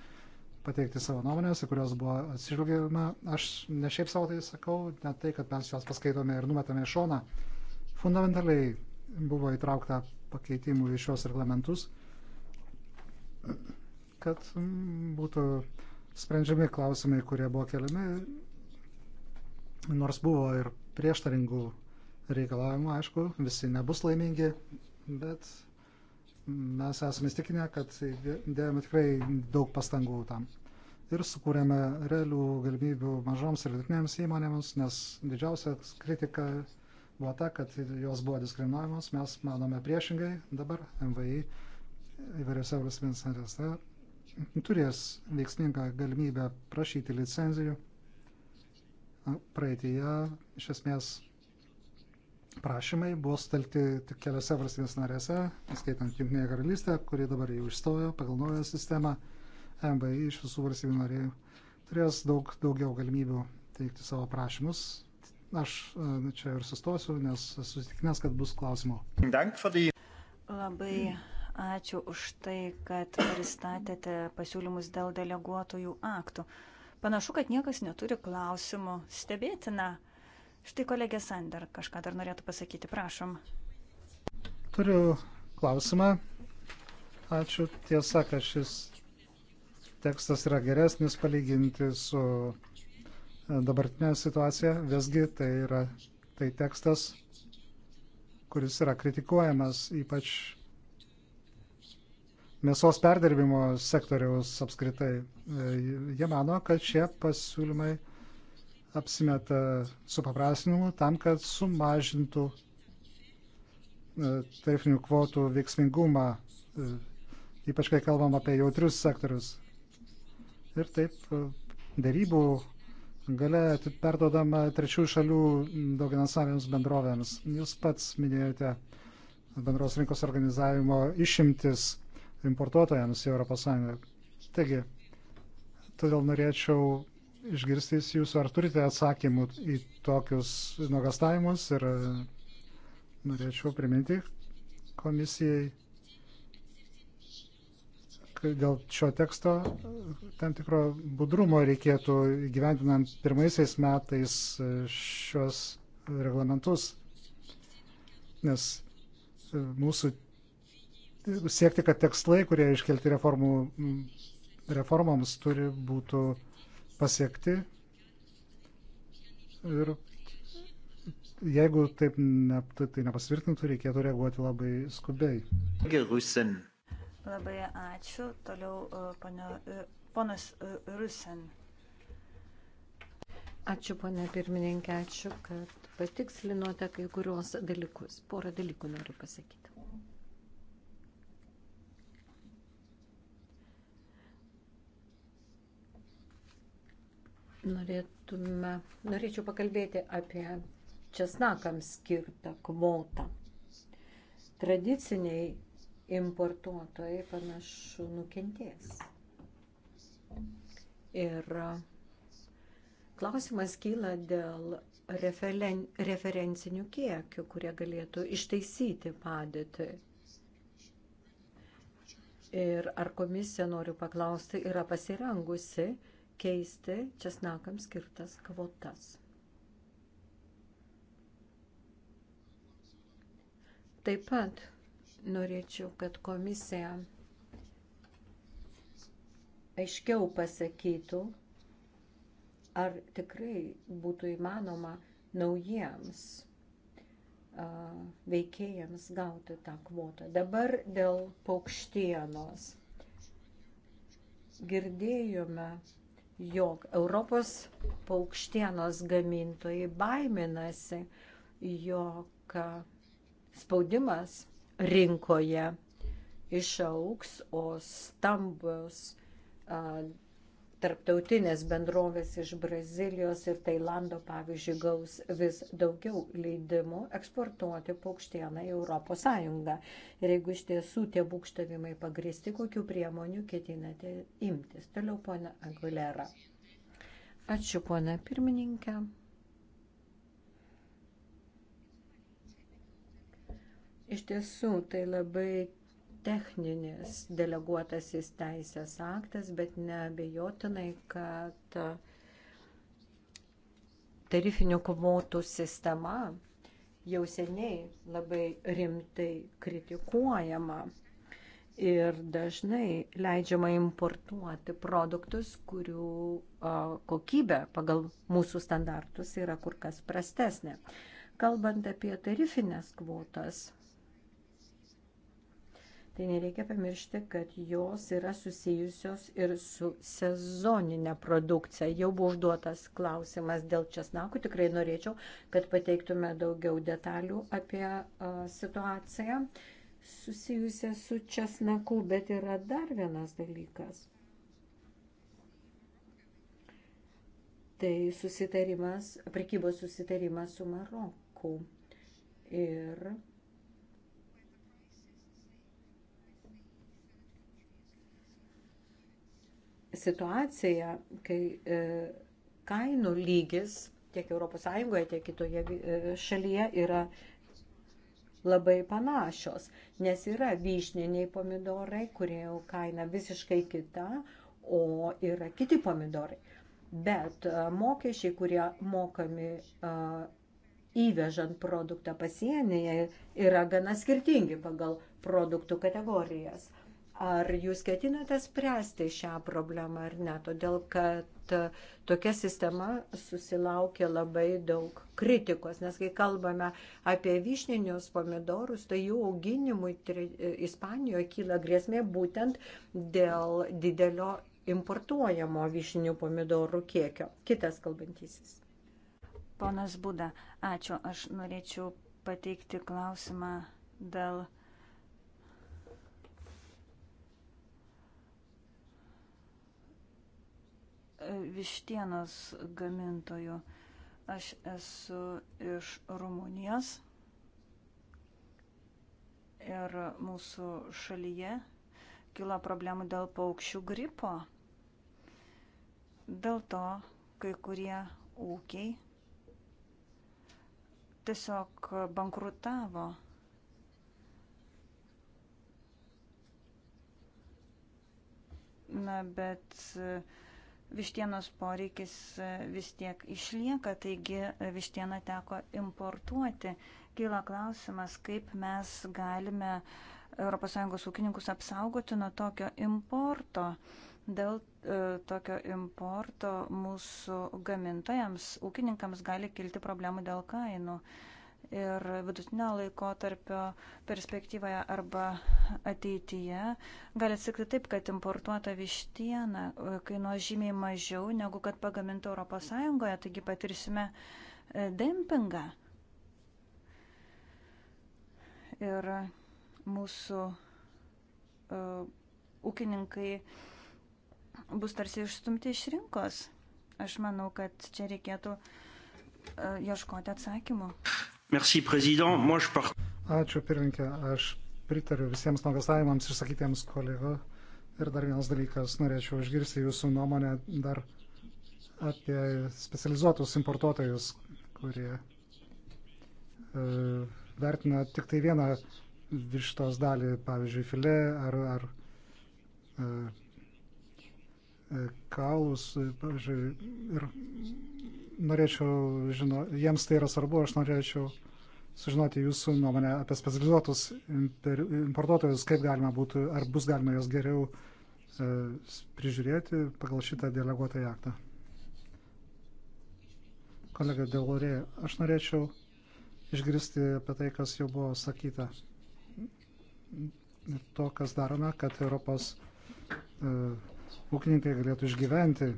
A: pateikti savo nuomonės, į kurios buvo atsižvelgiama. Aš ne šiaip savo tai sakau, ne tai, kad mes juos paskaitome ir numetame į šoną. Fundamentaliai buvo įtraukta pakeitimų į šios reglamentus kad būtų sprendžiami klausimai, kurie buvo keliami, nors buvo ir prieštaringų reikalavimų, aišku, visi nebus laimingi, bet mes esame įstikinę, kad dėjome tikrai daug pastangų tam. Ir sukūrėme realių galimybių mažoms ir vidutinėms įmonėms, nes didžiausia kritika buvo ta, kad jos buvo diskriminuojamos, mes manome priešingai, dabar MVI įvairiose valstybės narėse turės veiksmingą galimybę prašyti licenzijų. Praeitėje iš esmės prašymai buvo stalti tik keliose valstybės narėse, įskaitant Junktinėje karalystę, kuri dabar jau išstojo pagal naują sistemą. MBI iš visų valstybių norėjų turės daug daugiau galimybių teikti savo prašymus. Aš e, čia ir sustosiu, nes susitikinęs, kad bus klausimų. Labai
B: Ačiū už tai, kad pristatėte pasiūlymus dėl deleguotojų aktų. Panašu, kad niekas neturi klausimų. Stebėtina. Štai kolegė Sander kažką dar norėtų pasakyti. Prašom.
A: Turiu klausimą. Ačiū. Tiesa, kad šis tekstas yra geresnis palyginti su e, dabartinė situacija. Visgi tai yra tai tekstas, kuris yra kritikuojamas, ypač mėsos perdirbimo sektoriaus apskritai. E, jie mano, kad šie pasiūlymai apsimeta supaprastinimu tam, kad sumažintų e, tarifinių kvotų veiksmingumą, e, ypač kai kalbam apie jautrius sektorius. Ir taip dėrybų gale perdodama trečiųjų šalių dauginansavimus bendrovėms. Jūs pats minėjote bendros rinkos organizavimo išimtis importuotojams į ES. Taigi, todėl norėčiau išgirsti jūsų, ar turite atsakymų į tokius nuogastavimus ir e, norėčiau priminti komisijai dėl šio teksto e, tam tikro budrumo reikėtų gyventinant pirmaisiais metais e, šios reglamentus, nes mūsų siekti, kad tikslai, kurie iškelti reformų, mm, reformoms, turi būtų pasiekti. Ir jeigu taip ne, tai, tai nepasvirtintų, reikėtų reaguoti labai skubiai.
C: Gerusin.
B: Labai ačiū. Toliau e, ponio, e, ponas e, Rusen.
C: Ačiū, ponė pirmininkė, ačiū, kad patikslinote kai kuriuos dalykus. Porą dalykų noriu pasakyti. Norėtume, norėčiau pakalbėti apie česnakams skirtą kvotą. Tradiciniai importuotojai panašu nukentės. Ir klausimas kyla dėl referen, referencinių kiekių, kurie galėtų ištaisyti padėtį. Ir ar komisija, noriu paklausti, yra pasirengusi uh, keisti česnakams skirtas kvotas. Taip pat norėčiau, kad komisija aiškiau pasakytų, ar tikrai būtų įmanoma naujiems veikėjams gauti tą kvotą. Dabar dėl paukštienos. Girdėjome, jog Europos paukštienos gamintojai baiminasi, jog spaudimas rinkoje išauks, o stambus tarptautinės bendrovės iš Brazilijos ir Tailando, pavyzdžiui, gaus vis daugiau leidimų eksportuoti paukštieną į Europos Sąjungą. Ir jeigu iš tiesų tie būkštavimai pagristi, kokiu priemoniu ketinate imtis. Toliau, ponia Aguilera. Ačiū, ponia pirmininkė. Iš tiesų, tai labai techninis deleguotasis teisės aktas, bet neabejotinai, kad tarifinių kvotų sistema jau seniai labai rimtai kritikuojama ir dažnai leidžiama importuoti produktus, kurių kokybė pagal mūsų standartus yra kur kas prastesnė. Kalbant apie tarifinės kvotas, tai nereikia pamiršti, kad jos yra susijusios ir su sezoninė produkcija. Jau buvo užduotas klausimas dėl česnakų, tikrai norėčiau, kad pateiktume daugiau detalių apie uh, situaciją susijusią su česnaku, bet yra dar vienas dalykas. Tai susitarimas, prekybos susitarimas su Maroku. Ir situacija, kai e, kainų lygis tiek ES, tiek kitoje e, šalyje yra labai panašios, nes yra vyšniniai pomidorai, kurie jau kaina visiškai kita, o yra kiti pomidorai. Bet e, mokesčiai, kurie mokami įvežant produktą pasienyje, yra gana skirtingi pagal produktų kategorijas. Ar jūs ketinate spręsti šią problemą ar ne? Todėl, kad tokia sistema susilaukia labai daug kritikos, nes kai kalbame apie vyšninius pomidorus, tai jų auginimui Ispanijoje kyla grėsmė būtent dėl didelio importuojamo vyšninių pomidorų kiekio. Kitas kalbantysis.
B: Ponas Būda, ačiū. Aš norėčiau pateikti klausimą dėl vištienos gamintojų. Aš esu iš Rumunijos ir mūsų šalyje kilo problemų dėl paukščių gripo. Dėl to kai kurie ūkiai tiesiog bankrutavo. Na, bet uh, vištienos poreikis e, vis tiek išlieka, taigi e, vištieną teko importuoti. Kyla klausimas, kaip mes galime ES ūkininkus apsaugoti nuo tokio importo. Dėl e, tokio importo mūsų gamintojams, ūkininkams gali kilti problemų dėl kainų. E, ir vidutinio laiko tarpio perspektyvoje arba ateityje gali atsikti taip, kad importuota vištiena e, kainuos žymiai mažiau negu kad pagaminta ES, taigi patirsime e, dempingą. Ir mūsų uh, ūkininkai bus tarsi išstumti iš rinkos. Aš manau, kad čia reikėtų uh, ieškoti atsakymų. Merci, prezident. Aš par...
A: Ačiū, pirmininkė. Aš pritariu visiems nuogastavimams išsakytiems kolego. Ir dar vienas dalykas, norėčiau išgirsti jūsų nuomonę dar apie specializuotus importuotojus, kurie e, vertina tik tai vieną vištos dalį, pavyzdžiui, filė ar, ar e, e kaulus, pavyzdžiui, ir norėčiau žino, jiems tai yra svarbu, aš norėčiau sužinoti jūsų nuomonę apie specializuotus importuotojus, kaip galima būtų, ar bus galima juos geriau e, prižiūrėti pagal šitą deleguotąją aktą. Kolega Delorė, aš norėčiau išgirsti apie tai, kas jau buvo sakyta. Ir to, kas darome, kad Europos uh, ūkininkai galėtų išgyventi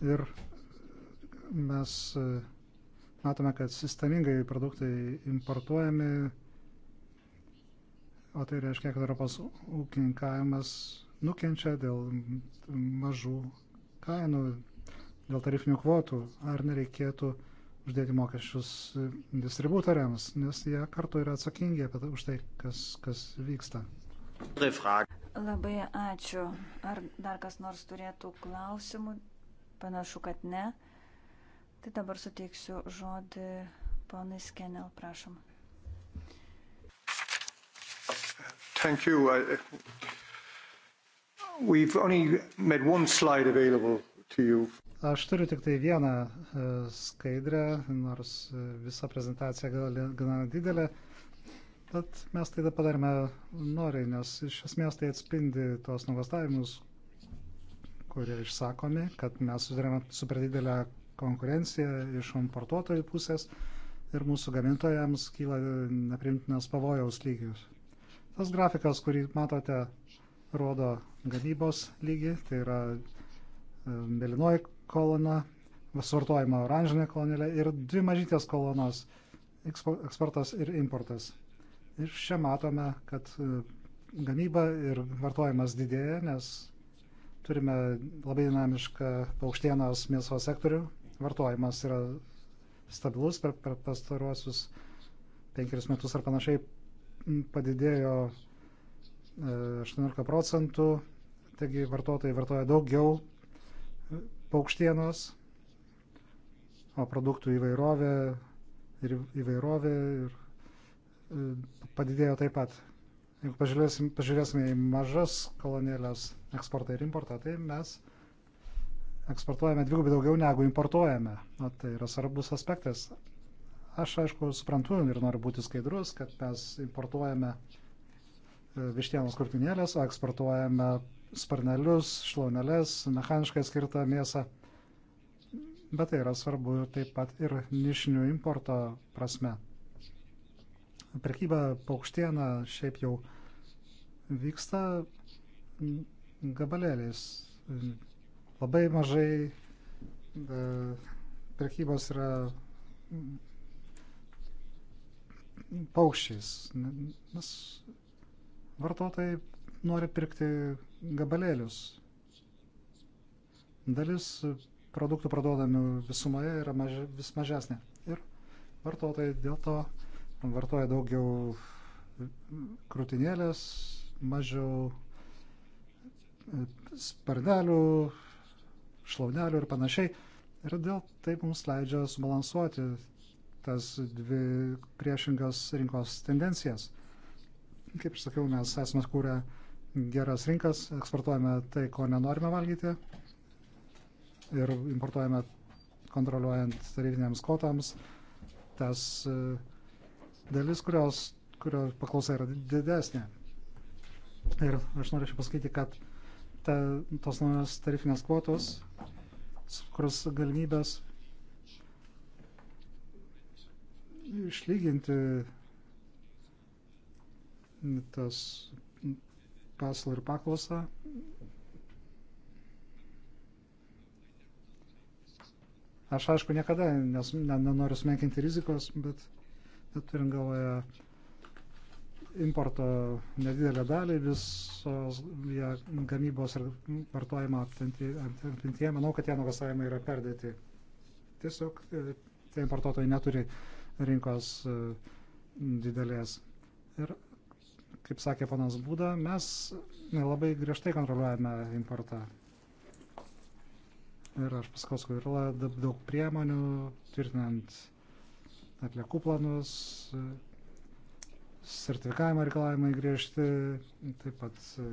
A: Ir mes e, matome, kad sistemingai produktai importuojami, o tai reiškia, kad Europos ūkininkavimas nukenčia dėl mažų kainų, dėl tarifinių kvotų, ar nereikėtų uždėti mokesčius distributoriams, nes jie kartu yra atsakingi apie tai, už tai, kas, kas vyksta.
B: Labai ačiū. Ar dar kas nors turėtų klausimų Panašu, kad ne. Tai dabar suteiksiu žodį ponai Skenel, prašom. Thank you. I, we've
A: only made one slide available to you. Aš turiu tik tai vieną e, skaidrę, nors e, visa prezentacija gana didelė. Bet mes tai padarėme noriai, nes iš esmės tai atspindi tos nuvastavimus, kurie išsakomi, kad mes sudarėme super didelę konkurenciją iš importuotojų pusės ir mūsų gamintojams kyla neprimtinas pavojaus lygius. Tas grafikas, kurį matote, rodo gamybos lygį, tai yra e, mėlynoji kolona, suvartojama oranžinė kolonėlė ir dvi mažytės kolonos - eksportas ir importas. Ir čia matome, kad e, gamyba ir vartojimas didėja, nes Turime labai dinamišką paukštienos mėsos sektorių. Vartojimas yra stabilus per, per pastaruosius penkerius metus ar panašiai padidėjo 18 e, procentų, taigi vartotojai vartoja daugiau e, paukštienos, o produktų įvairovė ir įvairovė ir e, padidėjo taip pat. Jeigu pažiūrėsime, pažiūrėsime į mažas kolonėlės, eksportą ir importą, tai mes eksportuojame dvigubai daugiau negu importuojame. Na, tai yra svarbus aspektas. Aš, aišku, suprantu ir noriu būti skaidrus, kad mes importuojame e, vištienos krūtinėlės, o eksportuojame sparnelius, šlauneles, mechaniškai skirtą mėsą. Bet tai yra svarbu taip pat ir nišinių importo prasme. Prekyba paukštiena šiaip jau vyksta gabalėlis. Labai mažai e, prekybos yra paukščiais, nes vartotojai nori pirkti gabalėlius. Dalis produktų parduodami visumoje yra maž, vis mažesnė. Ir vartotojai dėl to vartoja daugiau krūtinėlės, mažiau spardelių, šlaunelių ir panašiai. Ir dėl tai mums leidžia subalansuoti tas dvi priešingas rinkos tendencijas. Kaip ir sakiau, mes esame kūrę geras rinkas, eksportuojame tai, ko nenorime valgyti ir importuojame kontroliuojant tarifiniams kotams tas e, dalis, kurios, kurio paklausa yra didesnė. Ir aš norėčiau pasakyti, kad ta, tos naujos tarifinės kvotos, kurios galimybės išlyginti tas pasalą ir paklausą. Aš aišku niekada nes, ne, nenoriu smenkinti rizikos, bet, bet turint galvoje importo nedidelę dalį visos ja, gamybos ir vartojimo apimtyje. Manau, kad tie nuogastavimai yra perdėti. Tiesiog e, tie importuotojai neturi rinkos e, didelės. Ir, kaip sakė panas Būda, mes labai griežtai kontroliuojame importą. Ir aš pasakau, kad yra daug priemonių, tvirtinant atliekų planus, sertifikavimo reikalavimai griežti, taip pat e,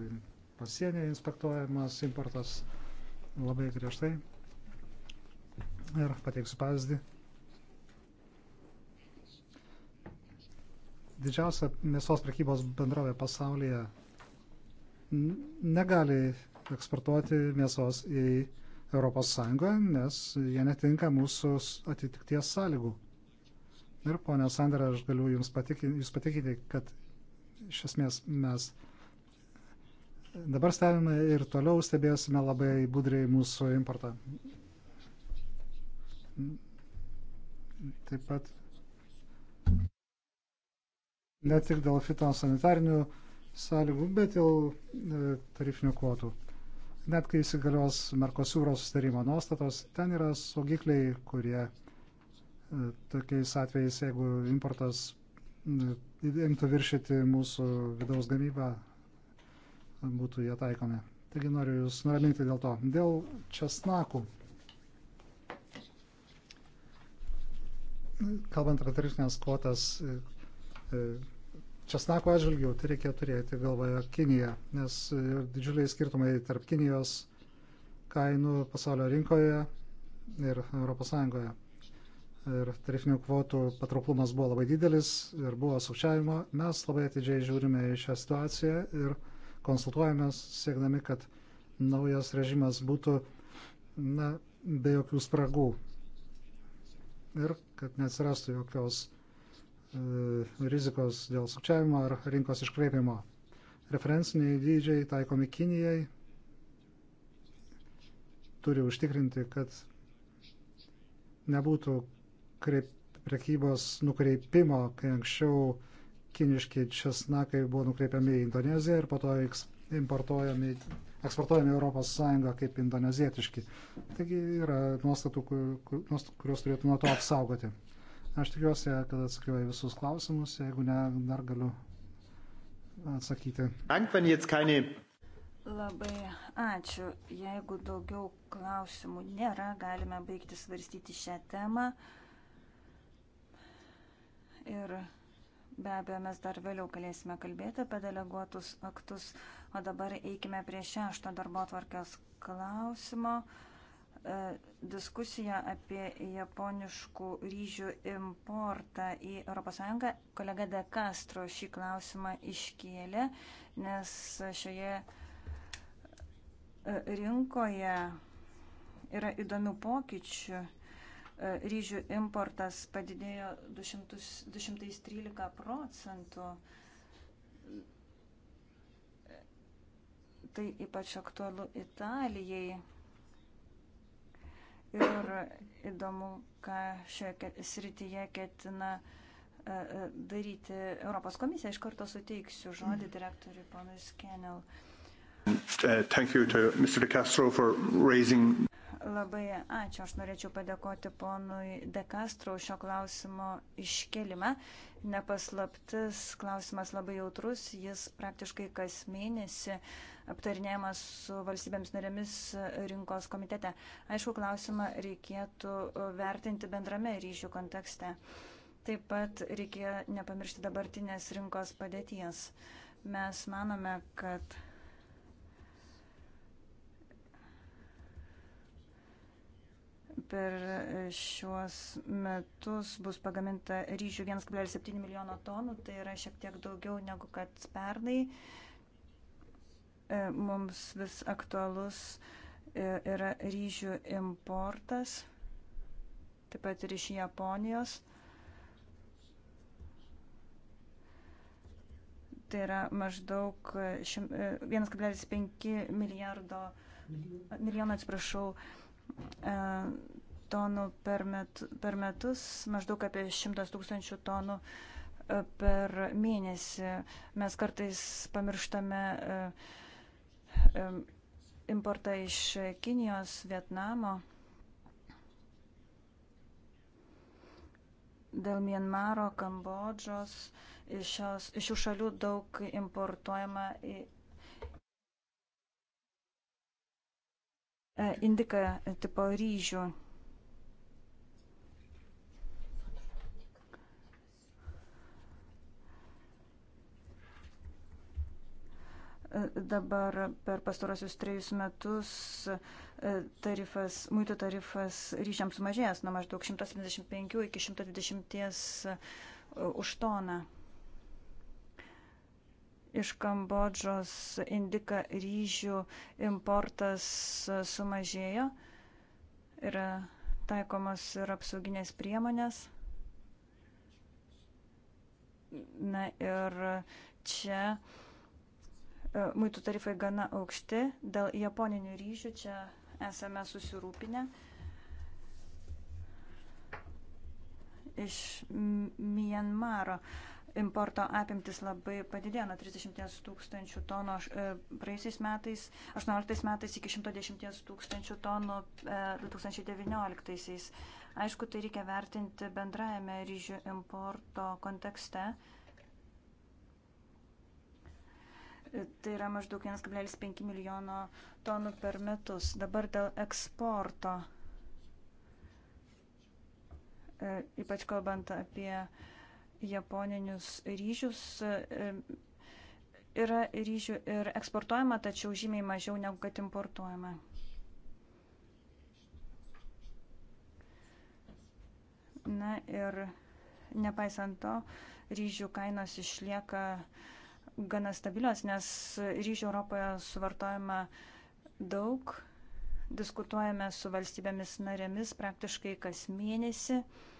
A: pasienyje inspektuojamas importas labai griežtai. Ir pateiksiu pavyzdį. Didžiausia mėsos prekybos bendrovė pasaulyje negali eksportuoti mėsos į ES, nes jie netinka mūsų atitikties sąlygų. Ir, ponė Sandra, aš galiu Jums patikinti, jūs patikinti kad iš esmės mes dabar stebime ir toliau stebėsime labai budriai mūsų importą. Taip pat ne tik dėl fitosanitarinių sąlygų, bet jau e, tarifinių kvotų. Net kai įsigalios Merkosūros sustarimo nuostatos, ten yra saugikliai, kurie tokiais atvejais, jeigu importas e, imtų viršyti mūsų vidaus gamybą, būtų jie taikomi. Taigi noriu Jūs nuraminti dėl to. Dėl česnakų. Kalbant apie tarifines kvotas, e, e, česnako atžvilgių, tai reikia turėti galvoje Kiniją, nes didžiuliai skirtumai tarp Kinijos kainų pasaulio rinkoje ir ES ir tarifinių kvotų patrauklumas buvo labai didelis ir buvo sukčiavimo. Mes labai atidžiai žiūrime į šią situaciją ir konsultuojamės, siekdami, kad naujas režimas būtų na, be jokių spragų ir kad neatsirastų jokios e, rizikos dėl sukčiavimo ar rinkos iškreipimo. Referenciniai dydžiai taikomi Kinijai turi užtikrinti, kad nebūtų kreip, prekybos nukreipimo, kai anksčiau kiniški česnakai buvo nukreipiami į Indoneziją ir po to importuojami, eksportuojami Europos Sąjungą kaip indonezietiški. Taigi yra nuostatų, kurios turėtų nuo to apsaugoti. Aš tikiuosi, kad atsakiau į visus klausimus, jeigu ne, dar galiu atsakyti.
B: Labai ačiū. Jeigu daugiau klausimų nėra, galime baigti svarstyti šią temą ir be abejo mes dar vėliau galėsime kalbėti apie deleguotus aktus, o dabar eikime prie šešto darbo tvarkės klausimo. E, diskusija apie japoniškų ryžių importą į ES. Kolega De Castro šį klausimą iškėlė, nes šioje e, rinkoje yra įdomių pokyčių E, ryžių importas padidėjo 200, 213 procentų. Tai ypač aktualu Italijai. Ir įdomu, ką šioje srityje ketina e, e, daryti Europos komisija. Iš karto suteiksiu žodį mm. direktoriui ponui Skenel. Mm. Uh, labai ačiū. Aš norėčiau padėkoti ponui De Castro šio klausimo iškelimą. Nepaslaptis klausimas labai jautrus. Jis praktiškai kas mėnesį aptarinėjamas su valstybėms narėmis rinkos komitete. Aišku, klausimą reikėtų vertinti bendrame ryšių kontekste. Taip pat reikia nepamiršti dabartinės rinkos padėties. Mes manome, kad per šiuos metus bus pagaminta ryžių 1,7 milijono tonų, tai yra šiek tiek daugiau negu kad pernai. E, mums vis aktualus e, yra ryžių importas, taip pat ir iš Japonijos. Tai yra maždaug 1,5 e, milijardo, milijono atsiprašau, E, tonų per, met, per metus, maždaug apie 100 tūkstančių tonų e, per mėnesį. Mes kartais pamirštame e, importą iš Kinijos, Vietnamo, dėl Mienmaro, Kambodžos. Iš, šios, iš šių šalių daug importuojama į E, indika e, tipo ryžių. E, dabar per pastarosius trejus metus tarifas, mūtų tarifas ryšiams sumažėjęs nuo maždaug 175 iki 120 už toną iš Kambodžos indika ryžių importas e, sumažėjo. Yra taikomos ir apsauginės priemonės. Na ir čia e, muitų tarifai gana aukšti. Dėl japoninių ryžių čia esame susirūpinę. Iš Mienmaro. Uh, importo apimtis labai padidėjo nuo 30 tūkstančių tonų e, praeisiais metais, 18 metais iki 110 tūkstančių tonų 2019. E, -aisiais. Aišku, tai reikia vertinti bendrajame ryžių importo kontekste. E, tai yra maždaug 1,5 milijono tonų per metus. Dabar dėl eksporto, ypač kalbant apie uh, japoninius ryžius. E, yra ryžių ir eksportuojama, tačiau žymiai mažiau negu kad importuojama. Na ir nepaisant to, ryžių kainos išlieka gana stabilios, nes ryžių Europoje suvartojama daug. Diskutuojame su valstybėmis narėmis praktiškai kas mėnesį. Uh,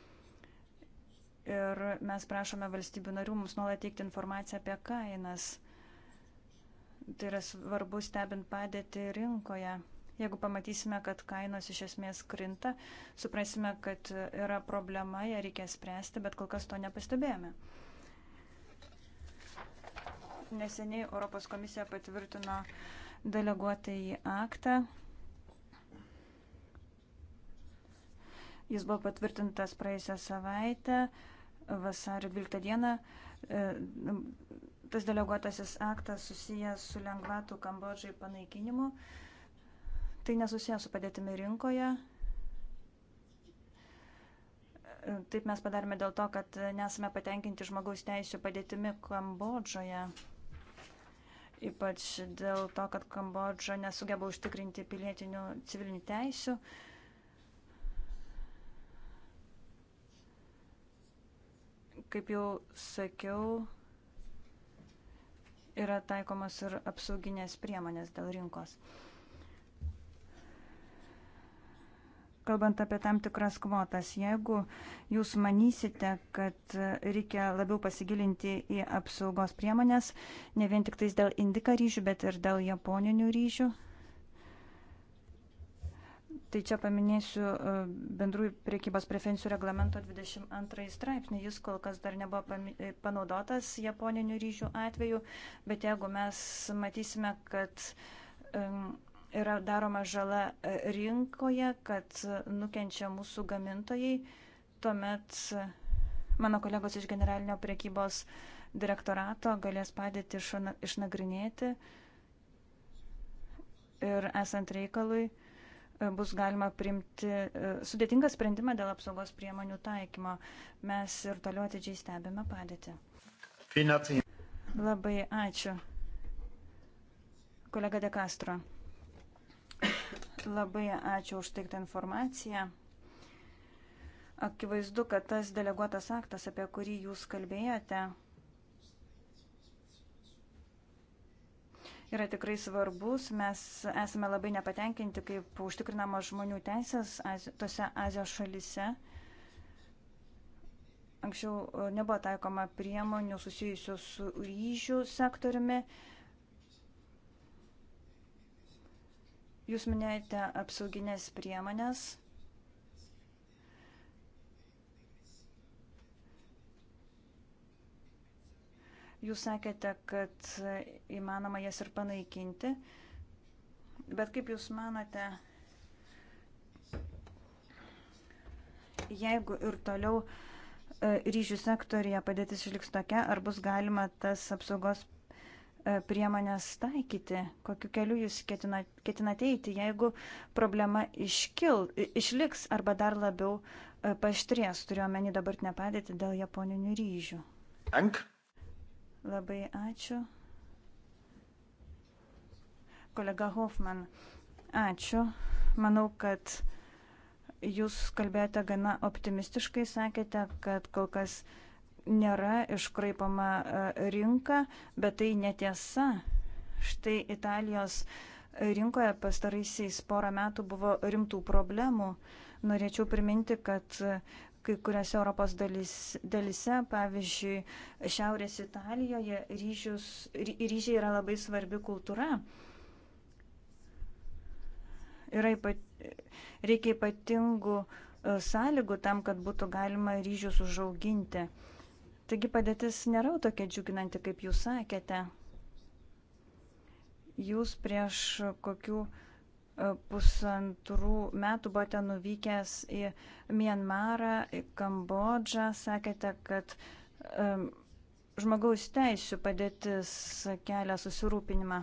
B: ir mes prašome valstybių narių mums nuolat teikti informaciją apie kainas. Tai yra svarbu stebint padėti rinkoje. Jeigu pamatysime, kad kainos iš esmės krinta, suprasime, kad yra problema, ją reikia spręsti, bet kol kas to nepastebėjome. Neseniai Europos komisija patvirtino deleguotą į aktą. Jis buvo patvirtintas praėjusią savaitę vasario 12 dieną. E, tas deleguotasis aktas susijęs su lengvatų Kambodžai panaikinimu. Tai nesusijęs su padėtimi rinkoje. E, taip mes padarėme dėl to, kad nesame patenkinti žmogaus teisų padėtimi Kambodžoje. Ypač dėl to, kad Kambodža nesugeba užtikrinti pilietinių civilinių teisių. Uh, kaip jau sakiau, yra taikomas ir apsauginės priemonės dėl rinkos. kalbant apie tam tikras kvotas, jeigu jūs manysite, kad reikia labiau pasigilinti į apsaugos priemonės, ne vien tik tais dėl indika ryžių, bet ir dėl japoninių ryžių, Tai čia paminėsiu e, bendrųjų priekybos preferencijų reglamento 22 straipsnį. Jis kol kas dar nebuvo e, panaudotas japoninių ryžių atveju, bet jeigu mes matysime, kad yra daroma žala e, rinkoje, kad nukenčia mūsų gamintojai, tuomet mano kolegos iš generalinio priekybos direktorato galės padėti išnagrinėti ir esant reikalui bus galima primti e, sudėtingą sprendimą dėl apsaugos priemonių taikymo. Mes ir toliau atidžiai stebime padėtį. Labai ačiū. Kolega De Castro. Labai ačiū už teiktą informaciją. Akivaizdu, kad tas deleguotas aktas, apie kurį jūs kalbėjote, yra tikrai svarbus. Mes esame labai nepatenkinti, kaip užtikrinama žmonių teisės tose Azijos šalise. Anksčiau e, nebuvo taikoma priemonių susijusių su ryžių sektoriumi. Jūs minėjote apsauginės priemonės. Jūs sakėte, kad įmanoma jas ir panaikinti, bet kaip Jūs manote, jeigu ir toliau e, ryžių sektorija padėtis išliks tokia, ar bus galima tas apsaugos e, priemonės taikyti, kokiu keliu jūs ketinate ketina eiti, jeigu problema iškil, išliks arba dar labiau e, paštrės, turiuomenį dabartinę padėtį dėl japoninių ryžių. Dank. Labai ačiū. Kolega Hoffman, ačiū. Manau, kad jūs kalbėjote gana optimistiškai, sakėte, kad kol kas nėra iškraipama e, rinka, bet tai netiesa. Štai Italijos rinkoje pastaraisiais porą metų buvo rimtų problemų. Norėčiau priminti, kad kai kuriuose Europos dalys, dalyse, pavyzdžiui, Šiaurės Italijoje ryžius, ry, ryžiai yra labai svarbi kultūra. Yra ypat, reikia ypatingų e, sąlygų tam, kad būtų galima ryžius užauginti. Taigi padėtis nėra tokia džiuginanti, kaip jūs sakėte. Jūs prieš kokių E, pusantrų metų buvote nuvykęs į Mienmarą, į Kambodžą, sakėte, kad um, žmogaus teisų padėtis kelia susirūpinimą.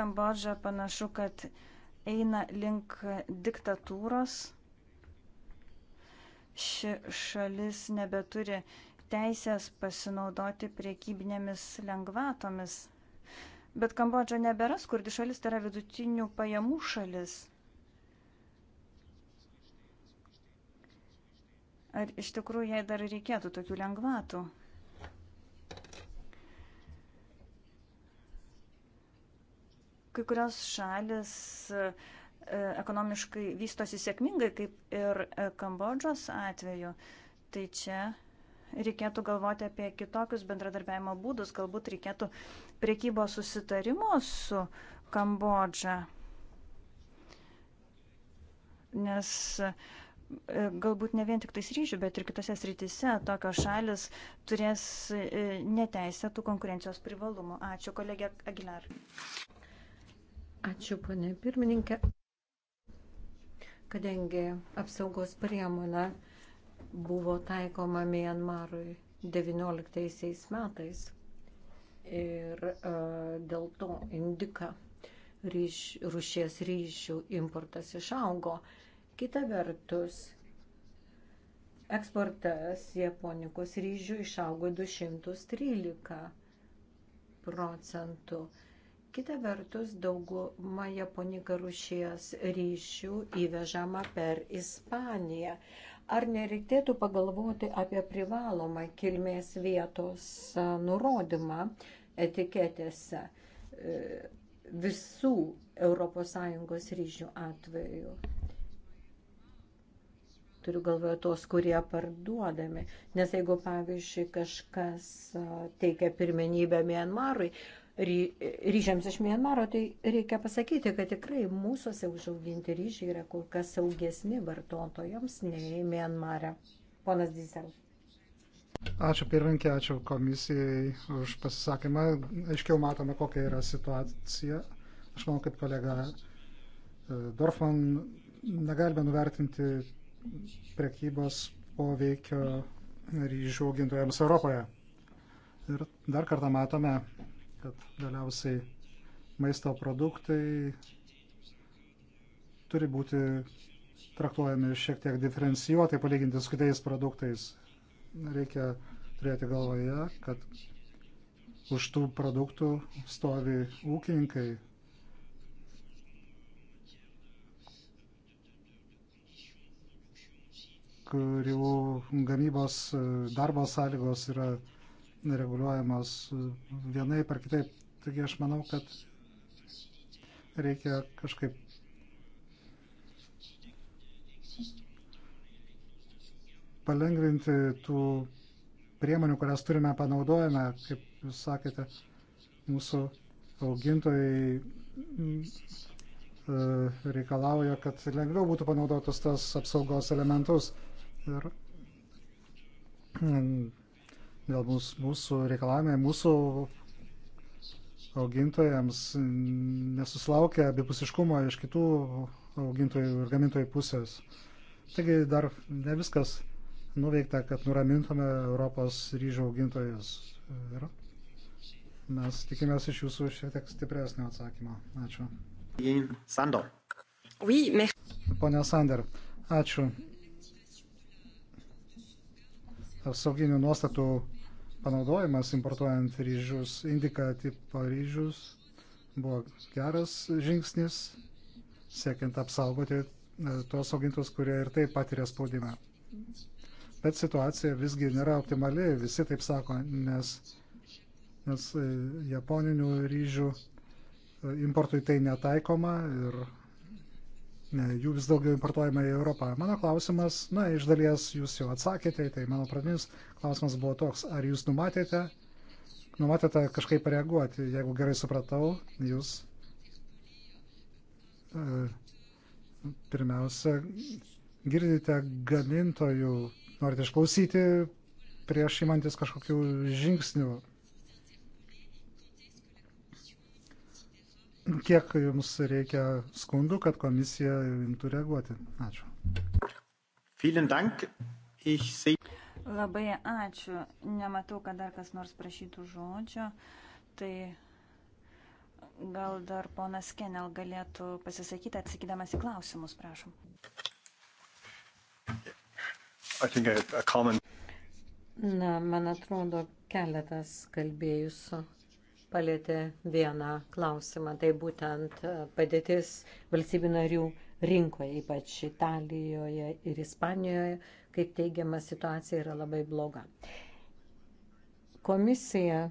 B: Kambodža panašu, kad eina link diktatūros. Ši šalis nebeturi teisės pasinaudoti priekybinėmis lengvatomis Bet Kambodža nebėra skurdi šalis, tai yra vidutinių pajamų šalis. Ar iš tikrųjų jai dar reikėtų tokių lengvatų? Kai kurios šalis e, ekonomiškai vystosi sėkmingai, kaip ir e, Kambodžos atveju, tai čia reikėtų galvoti apie kitokius bendradarbiavimo būdus, galbūt reikėtų priekybos susitarimo su Kambodža. Nes e, galbūt ne vien tik tais ryžių, bet ir kitose srityse tokios šalis turės e, neteisėtų konkurencijos privalumų. Ačiū, kolegė Aguilar.
C: Ačiū, ponė pirmininkė. Kadangi apsaugos priemonė buvo taikoma Mianmarui 19 metais. Ir e, dėl to indika ryš, rušies ryšių importas išaugo. Kita vertus, eksportas japonikos ryžių išaugo 213 procentų. Kita vertus, dauguma japonika rušies ryšių įvežama per Ispaniją. Ar nereikėtų pagalvoti apie privalomą kilmės vietos nurodymą etiketėse e, visų ES ryžių atveju? turiu galvoje tos, kurie parduodami. Nes jeigu, pavyzdžiui, kažkas teikia pirmenybę Mienmarui, ryžiams iš Mienmaro, tai reikia pasakyti, kad tikrai mūsųse užauginti ryžiai yra kur kas saugesni vartotojams nei Mienmare. Ponas Dysel.
A: Ačiū pirmininkė, ačiū komisijai už pasisakymą. Aiškiau matome, kokia yra situacija. Aš manau, kaip kolega e, Dorfman, negalime nuvertinti prekybos poveikio ryžių augintojams Europoje. Ir dar kartą matome, kad galiausiai maisto produktai turi būti traktuojami šiek tiek diferencijuotai palyginti su kitais produktais. Reikia turėti galvoje, kad už tų produktų stovi ūkininkai. kurių gamybos darbo sąlygos yra reguliuojamos vienai par kitaip. Taigi aš manau, kad reikia kažkaip palengvinti tų priemonių, kurias turime panaudojame, kaip jūs sakėte, mūsų augintojai e, reikalauja, kad lengviau būtų panaudotus tas apsaugos elementus. Ir Dėl mūsų, mūsų reikalavimai, mūsų augintojams nesusilaukia abipusiškumo iš kitų augintojų ir gamintojų pusės. Taigi dar ne viskas nuveikta, kad nuramintume Europos ryžių augintojus. Ir mes tikimės iš jūsų šiek tiek stipresnio atsakymo. Ačiū. Sandor. Oui, merci. Pone Sander, ačiū sauginių nuostatų panaudojimas importuojant ryžius, indika tipo ryžius, buvo geras žingsnis, siekiant apsaugoti e, tuos augintus, kurie ir taip patiria spaudimą. Bet situacija visgi nėra optimali, visi taip sako, nes, nes e, japoninių ryžių e, importui tai netaikoma ir jų vis daugiau importuojama į Europą. Mano klausimas, na, iš dalies jūs jau atsakėte, tai mano pradinis klausimas buvo toks, ar jūs numatėte, numatėte kažkaip reaguoti, jeigu gerai supratau, jūs e, pirmiausia girdite gamintojų, norite išklausyti prieš įmantis kažkokių žingsnių kiek jums reikia skundų, kad komisija imtų reaguoti? Ačiū.
B: Labai ačiū. Nematau, kad dar kas nors prašytų žodžio. Tai gal dar ponas Kenel galėtų pasisakyti, atsakydamas į klausimus, prašom.
C: Na, man atrodo, keletas kalbėjusių palėtė vieną klausimą, tai būtent e, padėtis valstybių narių rinkoje, ypač Italijoje ir Ispanijoje, kaip teigiama, situacija yra labai bloga. Komisija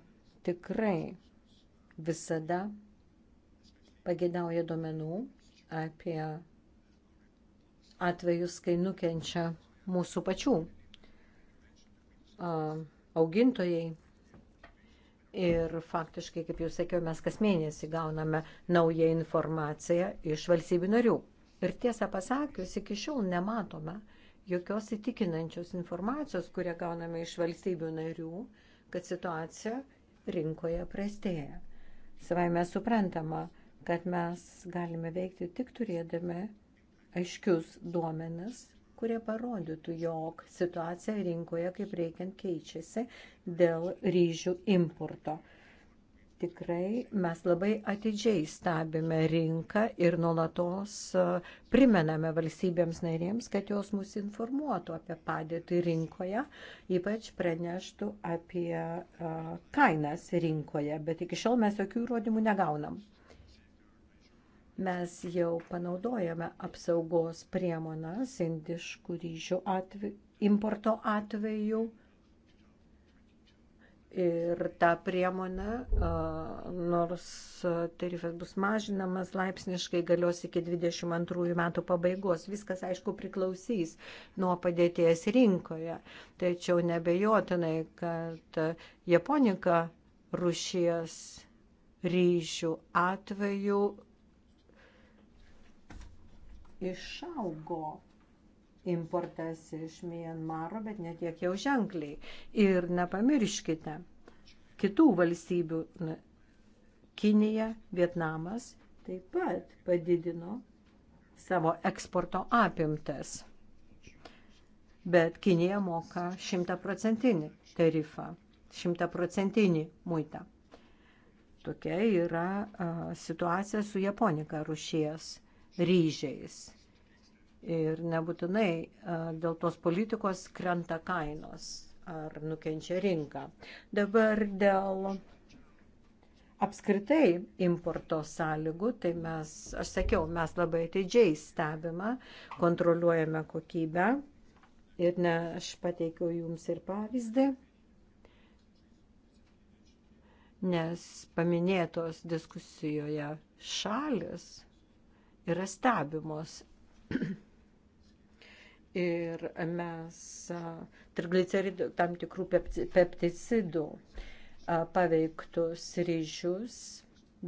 C: tikrai visada pagėdauja duomenų apie atvejus, kai nukenčia mūsų pačių augintojai, Ir faktiškai, kaip jau sakiau, mes kas mėnesį gauname naują informaciją iš valstybių narių. Ir tiesą pasakius, iki šiol nematome jokios įtikinančios informacijos, kurią gauname iš valstybių narių, kad situacija rinkoje prastėja. Savai mes suprantama, kad mes galime veikti tik turėdami aiškius duomenis kurie parodytų, jog situacija rinkoje kaip reikiant keičiasi dėl ryžių importo. Tikrai mes labai atidžiai stebime rinką ir nuolatos e, primename valstybėms narėms, kad jos mus informuotų apie padėtį rinkoje, ypač praneštų apie e, kainas rinkoje, bet iki šiol mes jokių įrodymų negaunam mes jau panaudojame apsaugos priemonas indiškų ryžių atveju, importo atveju. Ir ta priemonė, nors tarifas bus mažinamas, laipsniškai galios iki 22 metų pabaigos. Viskas, aišku, priklausys nuo padėties rinkoje. Tačiau nebejotinai, kad Japonika rušies ryžių atveju išaugo importas iš Mienmaro, bet netiek jau ženkliai. Ir nepamirškite kitų valstybių. Kinija, Vietnamas taip pat padidino savo eksporto apimtas. Bet Kinija moka šimtaprocentinį tarifą, šimtaprocentinį muitą. Tokia yra a, situacija su Japonika rušies ryžiais. Ir nebūtinai dėl tos politikos krenta kainos ar nukenčia rinka. Dabar dėl apskritai importo sąlygų, tai mes, aš sakiau, mes labai ateidžiai stebime, kontroliuojame kokybę. Ir ne, aš pateikiau jums ir pavyzdį nes paminėtos diskusijoje šalis yra stebimos. ir mes trigliceridų, tam tikrų pepticidų paveiktus ryžius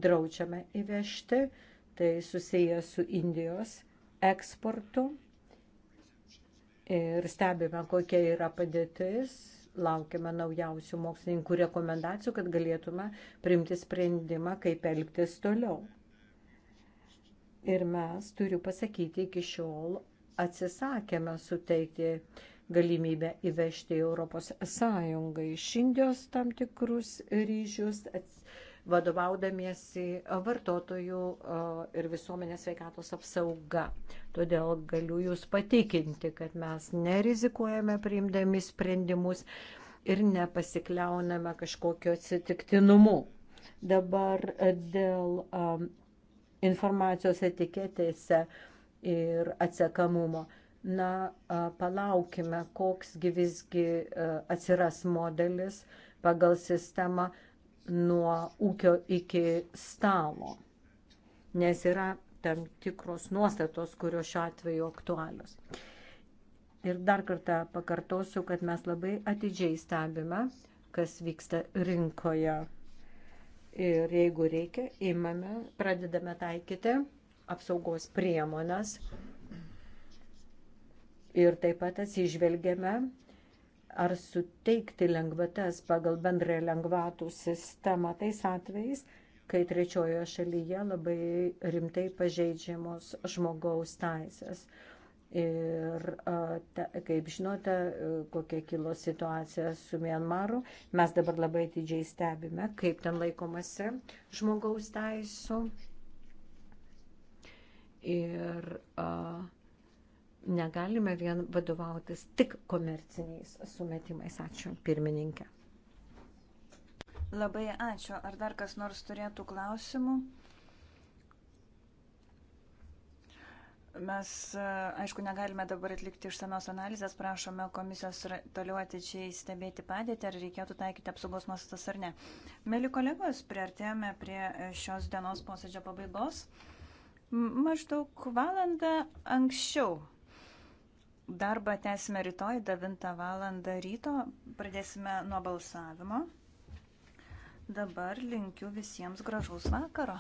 C: draučiame įvežti, tai susiję su Indijos eksportu ir stebime, kokia yra padėtis, laukime naujausių mokslininkų rekomendacijų, kad galėtume priimti sprendimą, kaip elgtis toliau. Ir mes, turiu pasakyti, iki šiol atsisakėme suteikti galimybę įvežti Europos Sąjungą iš Indijos tam tikrus ryžius, vadovaudamiesi vartotojų ir visuomenės sveikatos apsauga. Todėl galiu Jūs patikinti, kad mes nerizikuojame priimdami sprendimus ir nepasikliauname kažkokiu atsitiktinumu. Dabar dėl informacijos etiketėse ir atsekamumo. Na, palaukime, koks visgi atsiras modelis pagal sistemą nuo ūkio iki stalo. Nes yra tam tikros nuostatos, kurios šiuo atveju aktualios. Ir dar kartą pakartosiu, kad mes labai atidžiai stebime, kas vyksta rinkoje ir jeigu reikia, imame, pradedame taikyti apsaugos priemonės ir taip pat atsižvelgiame, ar suteikti lengvatas pagal bendrąją lengvatų sistemą tais atvejais, kai trečiojoje šalyje labai rimtai pažeidžiamos žmogaus teisės. Ir ta, kaip žinote, kokia kilo situacija su Mianmaru, mes dabar labai atidžiai stebime, kaip ten laikomasi žmogaus teisų. Ir a, negalime vien vadovautis tik komerciniais sumetimais. Ačiū, pirmininkė.
B: Labai ačiū. Ar dar kas nors turėtų klausimų? Mes, e, aišku, negalime dabar atlikti išsamios analizės, prašome komisijos toliau ateičiai stebėti padėtį, ar reikėtų taikyti apsaugos nuostatas ar ne. Mėly kolegos, priartėjome prie e, šios dienos posėdžio pabaigos. Maždaug valandą anksčiau. Darbą tęsime rytoj 9 val. ryto, pradėsime nuo balsavimo. Dabar linkiu visiems gražaus vakaro.